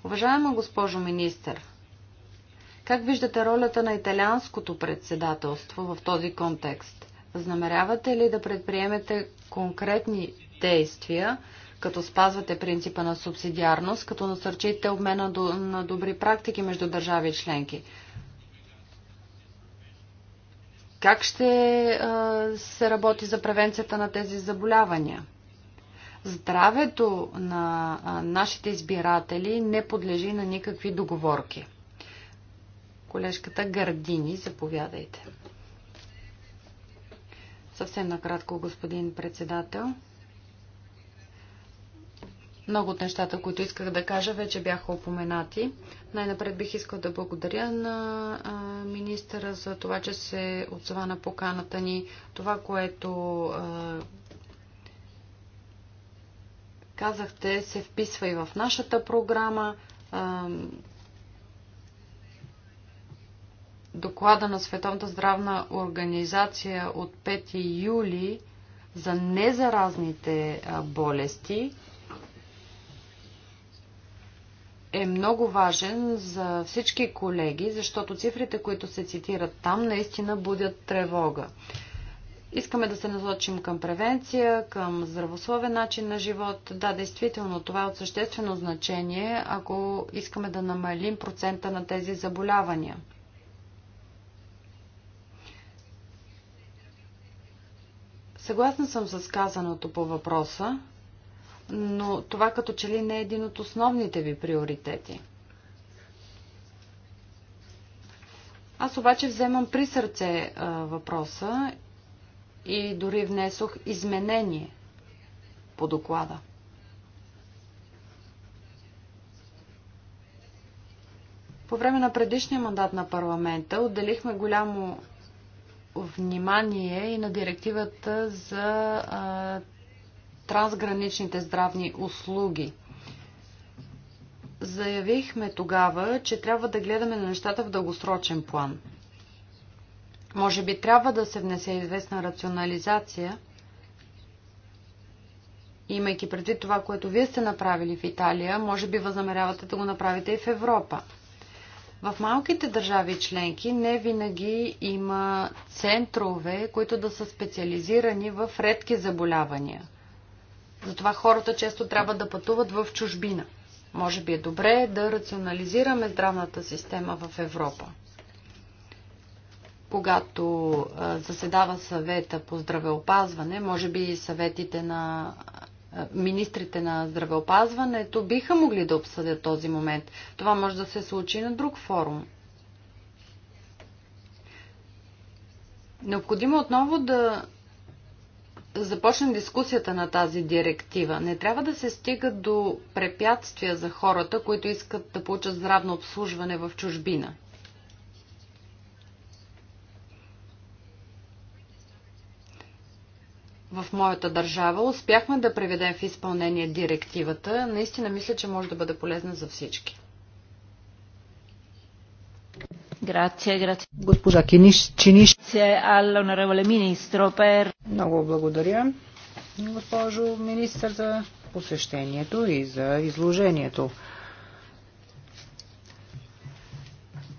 S2: Уважаема госпожо министър, как виждате ролята на италианското председателство в този контекст? Възнамерявате ли да предприемете конкретни действия, като спазвате принципа на субсидиарност, като насърчите обмена на добри практики между държави и членки? Как ще се работи за превенцията на тези заболявания? Здравето на нашите избиратели не подлежи на никакви договорки. Колежката Гардини, заповядайте. Съвсем накратко, господин председател. Много от нещата, които исках да кажа, вече бяха упоменати. Най-напред бих искал да благодаря на министъра за това, че се отзова на поканата ни. Това, което казахте, се вписва и в нашата програма. Доклада на Световната здравна организация от 5 юли за незаразните болести е много важен за всички колеги, защото цифрите, които се цитират там, наистина будят тревога. Искаме да се насочим към превенция, към здравословен начин на живот. Да, действително, това е от съществено значение, ако искаме да намалим процента на тези заболявания. Съгласна съм с казаното по въпроса но това като че ли не е един от основните ви приоритети. Аз обаче вземам при сърце а, въпроса и дори внесох изменение по доклада. По време на предишния мандат на парламента отделихме голямо внимание и на директивата за а, трансграничните здравни услуги. Заявихме тогава, че трябва да гледаме на нещата в дългосрочен план. Може би трябва да се внесе известна рационализация, имайки предвид това, което вие сте направили в Италия, може би възнамерявате да го направите и в Европа. В малките държави членки не винаги има центрове, които да са специализирани в редки заболявания – затова хората често трябва да пътуват в чужбина. Може би е добре да рационализираме здравната система в Европа. Когато заседава съвета по здравеопазване, може би съветите на министрите на здравеопазването биха могли да обсъдят този момент. Това може да се случи на друг форум. Необходимо е отново да започнем дискусията на тази директива. Не трябва да се стига до препятствия за хората, които искат да получат здравно обслужване в чужбина. в моята държава. Успяхме да преведем в изпълнение директивата. Наистина мисля, че може да бъде полезна за всички.
S4: Грация, грация.
S2: Госпожа
S3: Киниш, Чиниш.
S4: министро пер. Много благодаря, госпожо министър,
S3: за посещението и за изложението.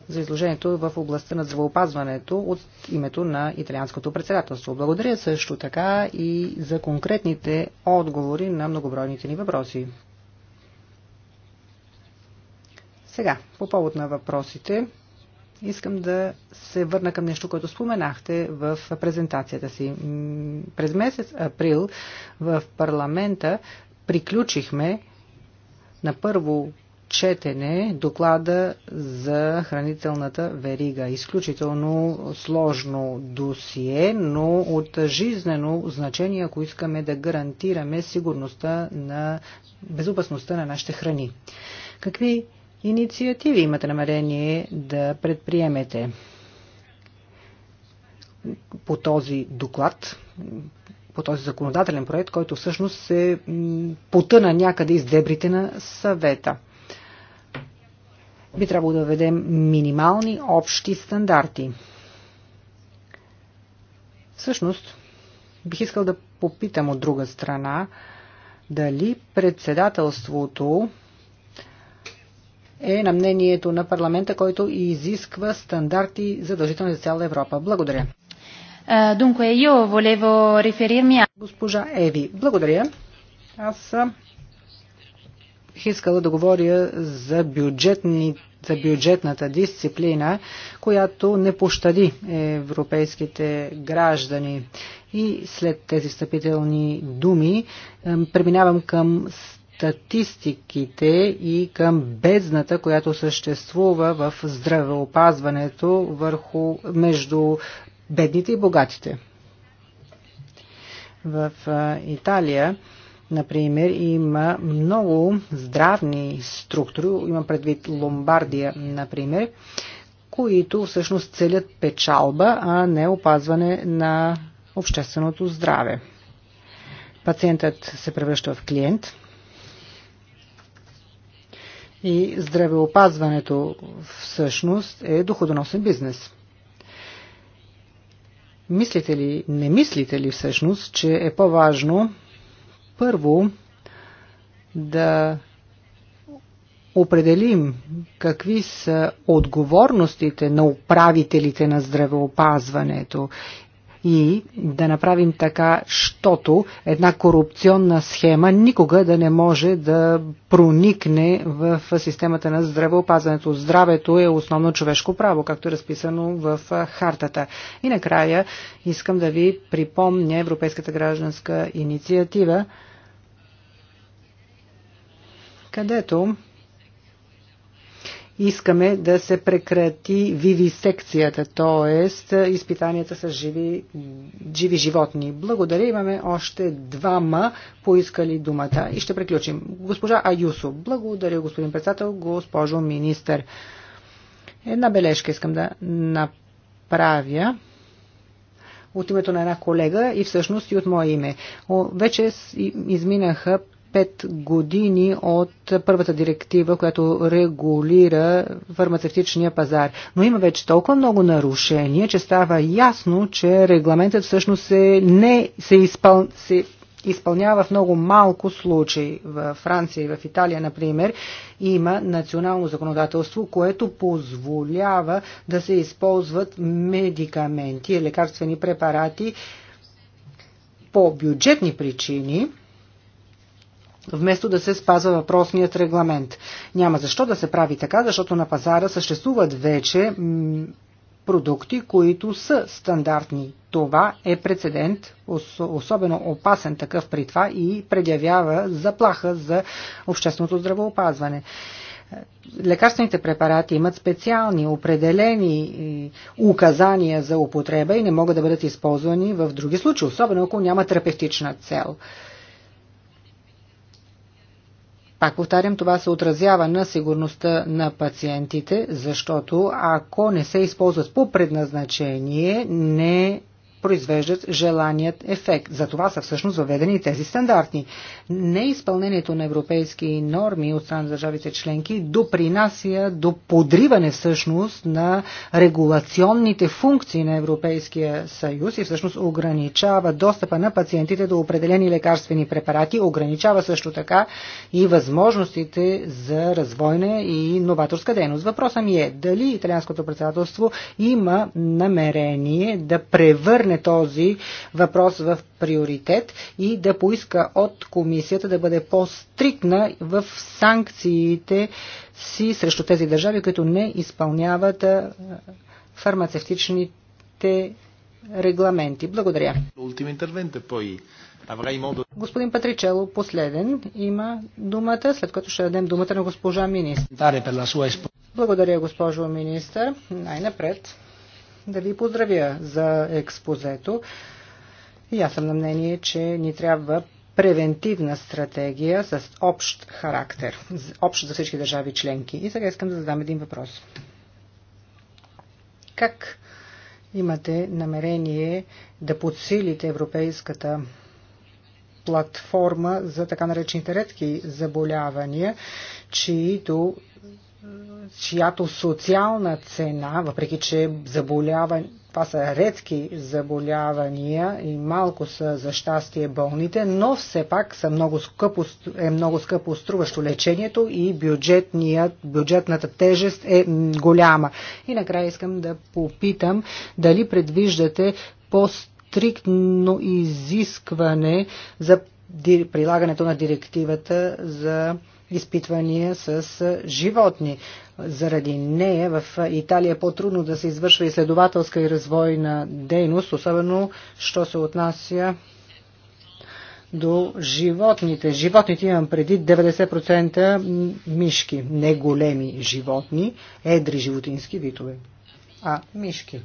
S3: за изложението в областта на здравеопазването от името на италианското председателство. Благодаря също така и за конкретните отговори на многобройните ни въпроси. Сега, по повод на въпросите, искам да се върна към нещо, което споменахте в презентацията си. През месец април в парламента приключихме на първо четене доклада за хранителната верига. Изключително сложно досие, но от жизнено значение, ако искаме да гарантираме сигурността на безопасността на нашите храни. Какви инициативи имате намерение да предприемете по този доклад, по този законодателен проект, който всъщност се потъна някъде из дебрите на съвета. Би трябвало да введем минимални общи стандарти. Всъщност, бих искал да попитам от друга страна, дали председателството е на мнението на парламента, който изисква стандарти задължителни за цяла Европа. Благодаря. Дунко io volevo riferirmi Госпожа Еви, благодаря. Аз съм искала да говоря за, бюджетни, за бюджетната дисциплина, която не пощади европейските граждани. И след тези встъпителни думи преминавам към статистиките и към бездната, която съществува в здравеопазването върху между бедните и богатите. В Италия например, има много здравни структури, има предвид Ломбардия, например, които всъщност целят печалба, а не опазване на общественото здраве. Пациентът се превръща в клиент – и здравеопазването всъщност е доходоносен бизнес. Мислите ли, не мислите ли всъщност, че е по-важно първо да определим какви са отговорностите на управителите на здравеопазването и да направим така, щото една корупционна схема никога да не може да проникне в системата на здравеопазването. Здравето е основно човешко право, както е разписано в хартата. И накрая искам да ви припомня Европейската гражданска инициатива, където искаме да се прекрати вивисекцията, т.е. изпитанията с живи, живи животни. Благодаря, имаме още двама поискали думата и ще приключим. Госпожа Аюсо, благодаря господин председател, госпожо министър. Една бележка искам да направя от името на една колега и всъщност и от мое име. Вече изминаха пет години от първата директива, която регулира фармацевтичния пазар. Но има вече толкова много нарушения, че става ясно, че регламентът всъщност се, не, се, изпъл, се изпълнява в много малко случаи. В Франция и в Италия, например, има национално законодателство, което позволява да се използват медикаменти, лекарствени препарати по бюджетни причини – вместо да се спазва въпросният регламент. Няма защо да се прави така, защото на пазара съществуват вече продукти, които са стандартни. Това е прецедент, особено опасен такъв при това и предявява заплаха за общественото здравеопазване. Лекарствените препарати имат специални, определени е, указания за употреба и не могат да бъдат използвани в други случаи, особено ако няма терапевтична цел. Пак повтарям, това се отразява на сигурността на пациентите, защото ако не се използват по предназначение, не произвеждат желаният ефект. За това са всъщност въведени тези стандарти. Неизпълнението на европейски норми от страна на държавите членки допринася до подриване всъщност на регулационните функции на Европейския съюз и всъщност ограничава достъпа на пациентите до определени лекарствени препарати, ограничава също така и възможностите за развойна и новаторска дейност. Въпросът ми е дали италианското председателство има намерение да превърне превърне този въпрос в приоритет и да поиска от комисията да бъде по-стрикна в санкциите си срещу тези държави, които не изпълняват фармацевтичните регламенти. Благодаря. Господин Патричело, последен има думата, след като ще дадем думата на госпожа министър. Благодаря, госпожо министър. Най-напред да ви поздравя за експозето. И аз съм на мнение, че ни трябва превентивна стратегия с общ характер, общ за всички държави членки. И сега искам да задам един въпрос. Как имате намерение да подсилите европейската платформа за така наречените редки заболявания, чието чиято социална цена, въпреки че заболяване, това са редки заболявания и малко са за щастие болните, но все пак са много скъпо, е много скъпо струващо лечението и бюджетната тежест е голяма. И накрая искам да попитам дали предвиждате по-стриктно изискване за прилагането на директивата за изпитвания с животни. Заради нея в Италия е по-трудно да се извършва изследователска и развойна дейност, особено що се отнася до животните. Животните имам преди 90% мишки, не големи животни, едри животински витове, а мишки.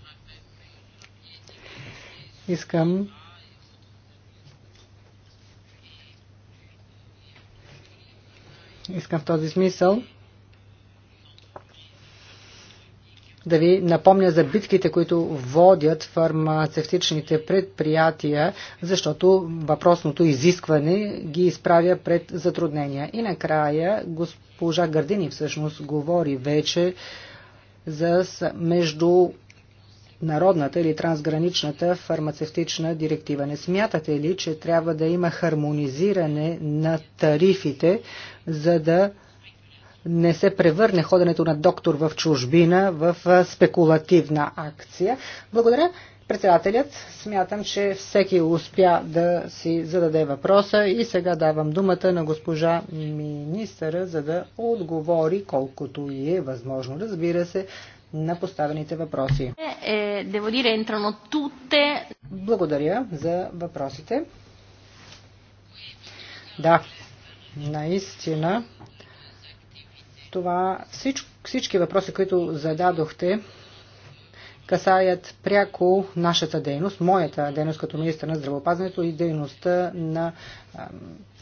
S3: Искам Искам в този смисъл да ви напомня за битките, които водят фармацевтичните предприятия, защото въпросното изискване ги изправя пред затруднения. И накрая госпожа Гърдини всъщност говори вече за между народната или трансграничната фармацевтична директива. Не смятате ли, че трябва да има хармонизиране на тарифите, за да не се превърне ходенето на доктор в чужбина в спекулативна акция? Благодаря. Председателят, смятам, че всеки успя да си зададе въпроса и сега давам думата на госпожа министъра, за да отговори колкото и е възможно. Разбира се, на поставените въпроси. Е, Благодаря за въпросите. Да, наистина това всич, всички въпроси, които зададохте, касаят пряко нашата дейност, моята дейност като министър на здравеопазването и дейността на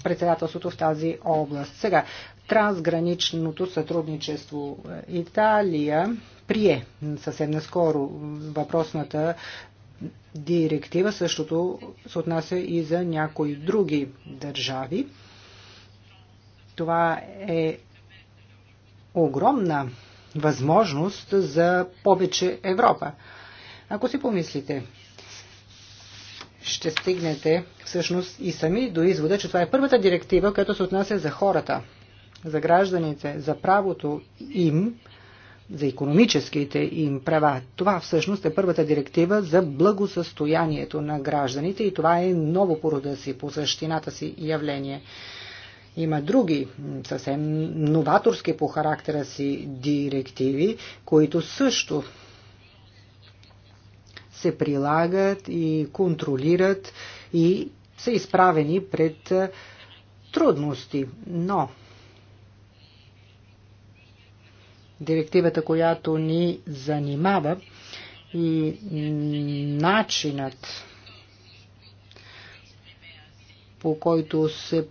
S3: председателството в тази област. Сега, трансграничното сътрудничество е, Италия прие съвсем наскоро въпросната директива. Същото се отнася и за някои други държави. Това е огромна възможност за повече Европа. Ако си помислите, ще стигнете всъщност и сами до извода, че това е първата директива, която се отнася за хората, за гражданите, за правото им за економическите им права. Това всъщност е първата директива за благосъстоянието на гражданите и това е ново по рода си, по същината си явление. Има други, съвсем новаторски по характера си директиви, които също се прилагат и контролират и са изправени пред трудности. Но директивата, която ни занимава и начинът по който се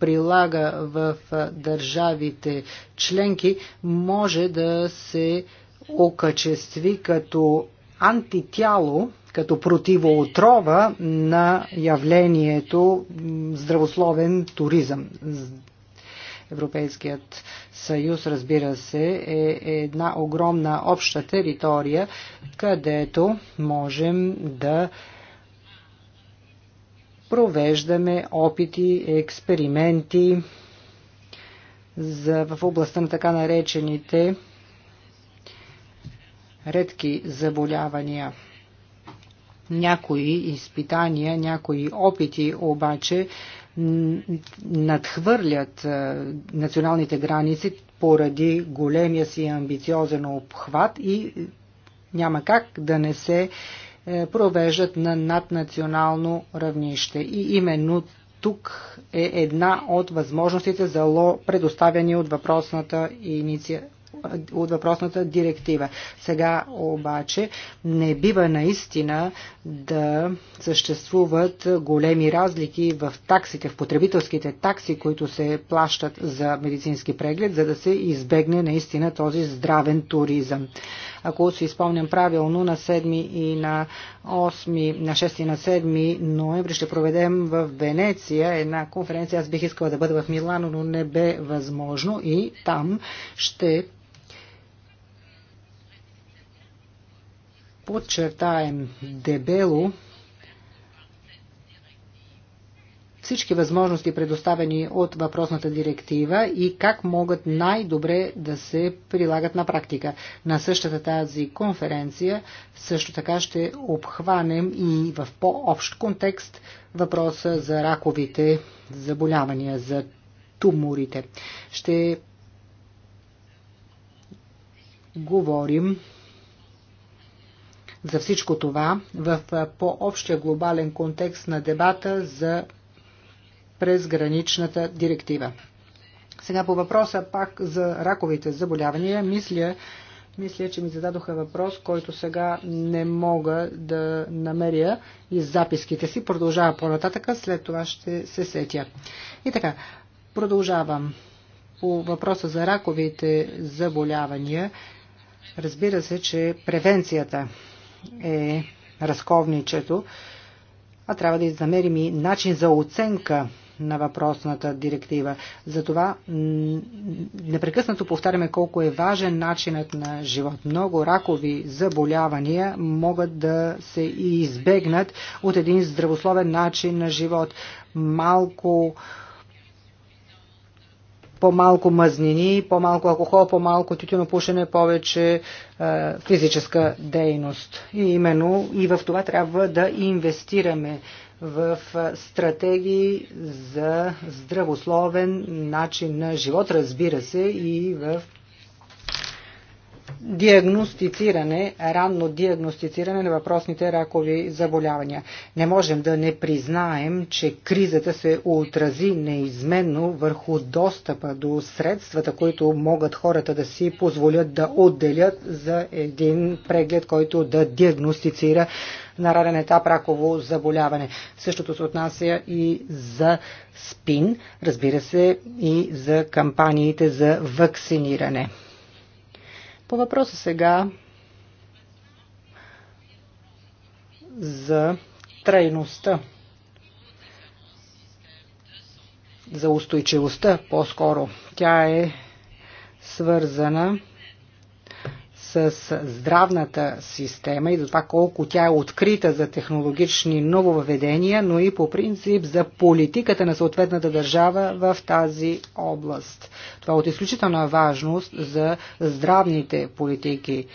S3: прилага в държавите членки, може да се окачестви като антитяло, като противоотрова на явлението здравословен туризъм. Европейският съюз, разбира се, е една огромна обща територия, където можем да провеждаме опити, експерименти за, в областта на така наречените редки заболявания. Някои изпитания, някои опити обаче надхвърлят националните граници поради големия си амбициозен обхват и няма как да не се е, провеждат на наднационално равнище. И именно тук е една от възможностите за ло, предоставени от въпросната иниция, от въпросната директива. Сега обаче не бива наистина да съществуват големи разлики в таксите, в потребителските такси, които се плащат за медицински преглед, за да се избегне наистина този здравен туризъм. Ако си изпомням правилно, на 7 и на 8, на 6 и на 7 ноември ще проведем в Венеция една конференция. Аз бих искала да бъда в Милано, но не бе възможно и там ще подчертаем дебело всички възможности предоставени от въпросната директива и как могат най-добре да се прилагат на практика. На същата тази конференция също така ще обхванем и в по-общ контекст въпроса за раковите заболявания, за туморите. Ще говорим за всичко това в по-общия глобален контекст на дебата за презграничната директива. Сега по въпроса пак за раковите заболявания, мисля, мисля, че ми зададоха въпрос, който сега не мога да намеря и записките си. Продължава по-нататъка, след това ще се сетя. И така, продължавам. По въпроса за раковите заболявания, разбира се, че превенцията е разковничето, а трябва да намерим и начин за оценка на въпросната директива. Затова непрекъснато повтаряме колко е важен начинът на живот. Много ракови заболявания могат да се избегнат от един здравословен начин на живот. Малко по-малко мазнини, по-малко алкохол, по-малко пушене, повече е, физическа дейност. И именно и в това трябва да инвестираме в е, стратегии за здравословен начин на живот, разбира се, и в диагностициране, ранно диагностициране на въпросните ракови заболявания. Не можем да не признаем, че кризата се отрази неизменно върху достъпа до средствата, които могат хората да си позволят да отделят за един преглед, който да диагностицира на ранен етап раково заболяване. Същото се отнася и за спин, разбира се, и за кампаниите за вакциниране. По въпроса сега за трайността, за устойчивостта по-скоро. Тя е свързана с здравната система и за това колко тя е открита за технологични нововведения, но и по принцип за политиката на съответната държава в тази област. Това е от изключителна важност за здравните политики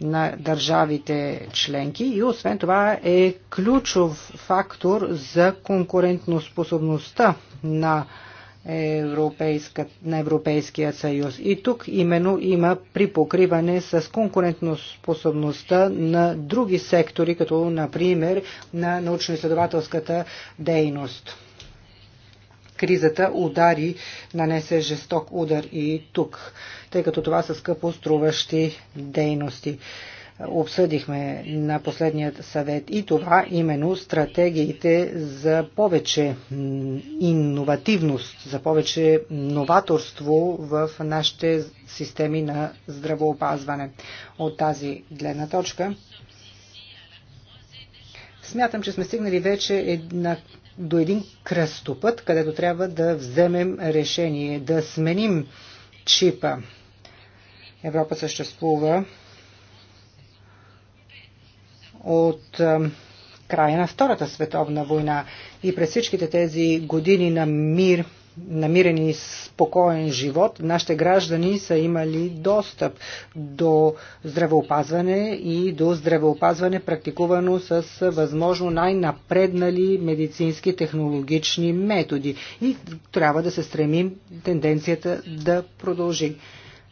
S3: на държавите членки и освен това е ключов фактор за конкурентноспособността на на Европейския съюз. И тук именно има припокриване с конкурентноспособността на други сектори, като например на научно-изследователската дейност. Кризата удари, нанесе жесток удар и тук, тъй като това са скъпо струващи дейности обсъдихме на последният съвет и това именно стратегиите за повече иновативност, за повече новаторство в нашите системи на здравоопазване. От тази гледна точка смятам, че сме стигнали вече една до един кръстопът, където трябва да вземем решение, да сменим чипа. Европа съществува от края на Втората световна война и през всичките тези години на мир, и спокоен живот, нашите граждани са имали достъп до здравеопазване и до здравеопазване практикувано с възможно най-напреднали медицински технологични методи. И трябва да се стремим тенденцията да продължи.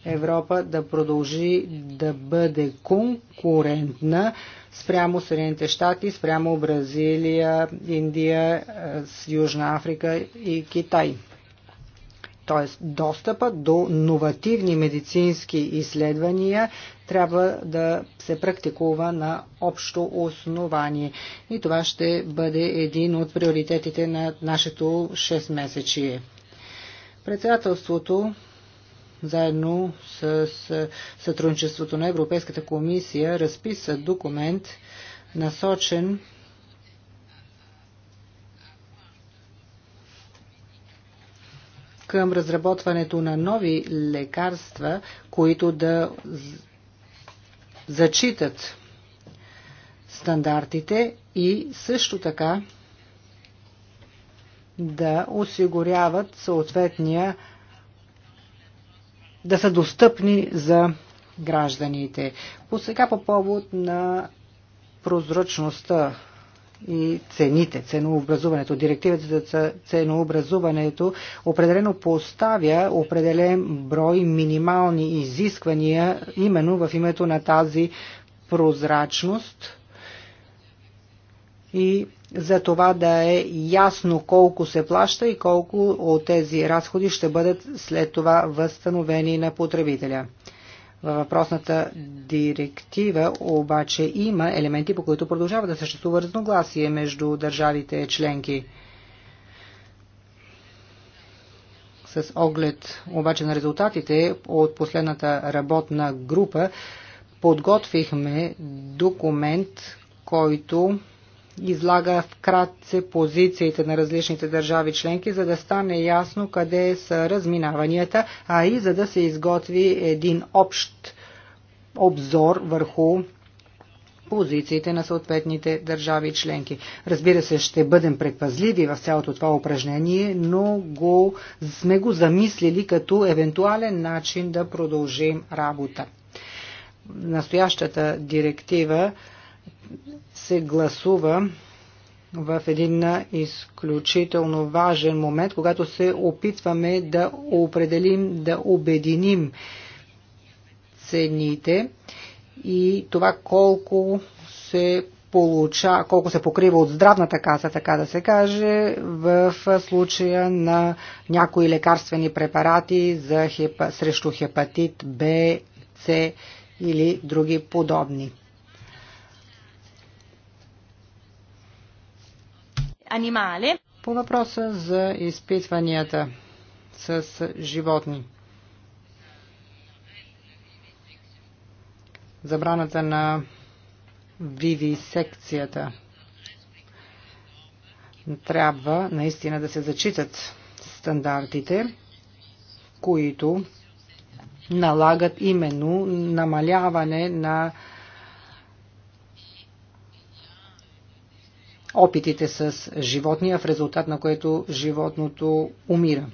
S3: Европа да продължи да бъде конкурентна спрямо Съединените щати, спрямо Бразилия, Индия, е, Южна Африка и Китай. Тоест, достъпа до новативни медицински изследвания трябва да се практикува на общо основание. И това ще бъде един от приоритетите на нашето 6-месечие. Председателството заедно с сътрудничеството на Европейската комисия разписа документ насочен към разработването на нови лекарства, които да зачитат стандартите и също така да осигуряват съответния да са достъпни за гражданите. По сега по повод на прозрачността и цените, ценообразуването. Директивата за ценообразуването определено поставя определен брой минимални изисквания именно в името на тази прозрачност и за това да е ясно колко се плаща и колко от тези разходи ще бъдат след това възстановени на потребителя. Във въпросната директива обаче има елементи, по които продължава да съществува разногласие между държавите членки. С оглед обаче на резултатите от последната работна група подготвихме документ, който излага вкратце позициите на различните държави членки, за да стане ясно къде са разминаванията, а и за да се изготви един общ обзор върху позициите на съответните държави членки. Разбира се, ще бъдем предпазливи в цялото това упражнение, но го, сме го замислили като евентуален начин да продължим работа. Настоящата директива се гласува в един изключително важен момент, когато се опитваме да определим, да обединим цените и това колко се получа, колко се покрива от здравната каса, така да се каже, в случая на някои лекарствени препарати за хепа, срещу хепатит Б, С или други подобни. animale. По въпроса за изпитванията с животни. Забраната на вивисекцията. Трябва наистина да се зачитат стандартите, които налагат именно намаляване на опитите с животния, в резултат на което животното умира.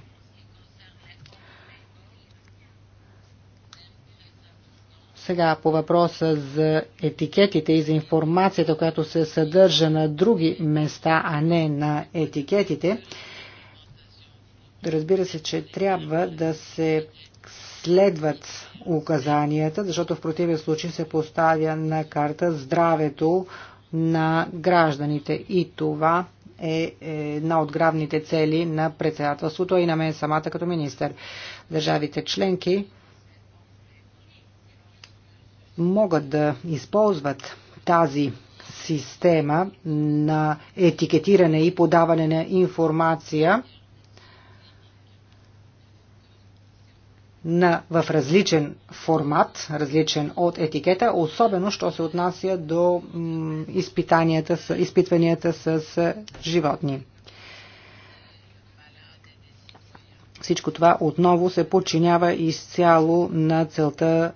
S3: Сега по въпроса за етикетите и за информацията, която се съдържа на други места, а не на етикетите, разбира се, че трябва да се следват указанията, защото в противен случай се поставя на карта здравето на гражданите. И това е една от гравните цели на председателството и на мен самата като министър. Държавите членки могат да използват тази система на етикетиране и подаване на информация на, в различен формат, различен от етикета, особено що се отнася до изпитанията, с, изпитванията с животни. Всичко това отново се подчинява изцяло на целта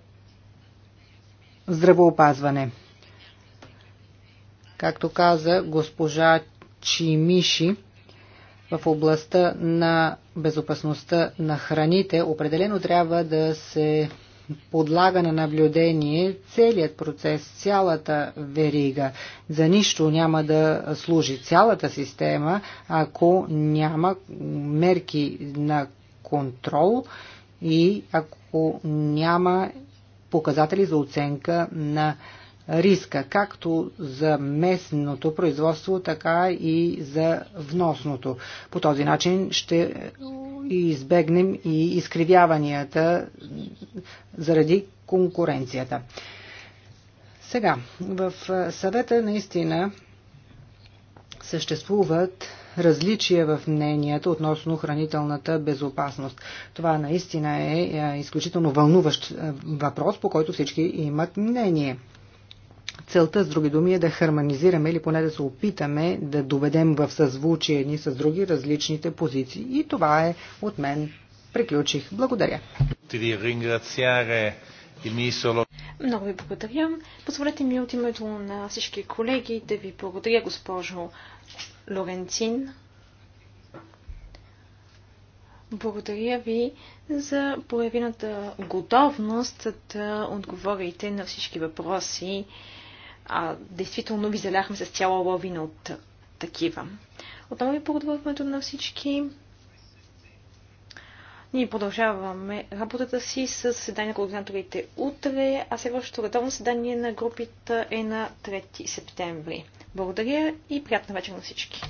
S3: здравоопазване. Както каза госпожа Чимиши, в областта на безопасността на храните, определено трябва да се подлага на наблюдение целият процес, цялата верига. За нищо няма да служи цялата система, ако няма мерки на контрол и ако няма показатели за оценка на риска, както за местното производство, така и за вносното. По този начин ще избегнем и изкривяванията заради конкуренцията. Сега, в съвета наистина съществуват различия в мненията относно хранителната безопасност. Това наистина е, е изключително вълнуващ е, въпрос, по който всички имат мнение. Целта, с други думи, е да хармонизираме или поне да се опитаме да доведем в съзвучие едни с други различните позиции. И това е от мен. Приключих. Благодаря.
S4: Много ви благодаря. Позволете ми от името на всички колеги да ви благодаря, госпожо Лоренцин. Благодаря ви за появината готовност да отговорите на всички въпроси, а действително ви заляхме с цяла лавина от такива. Отново ви благодаря на всички. Ние продължаваме работата си с седание на координаторите утре, а следващото редовно седание на групите е на 3 септември. Благодаря и приятна вечер на всички!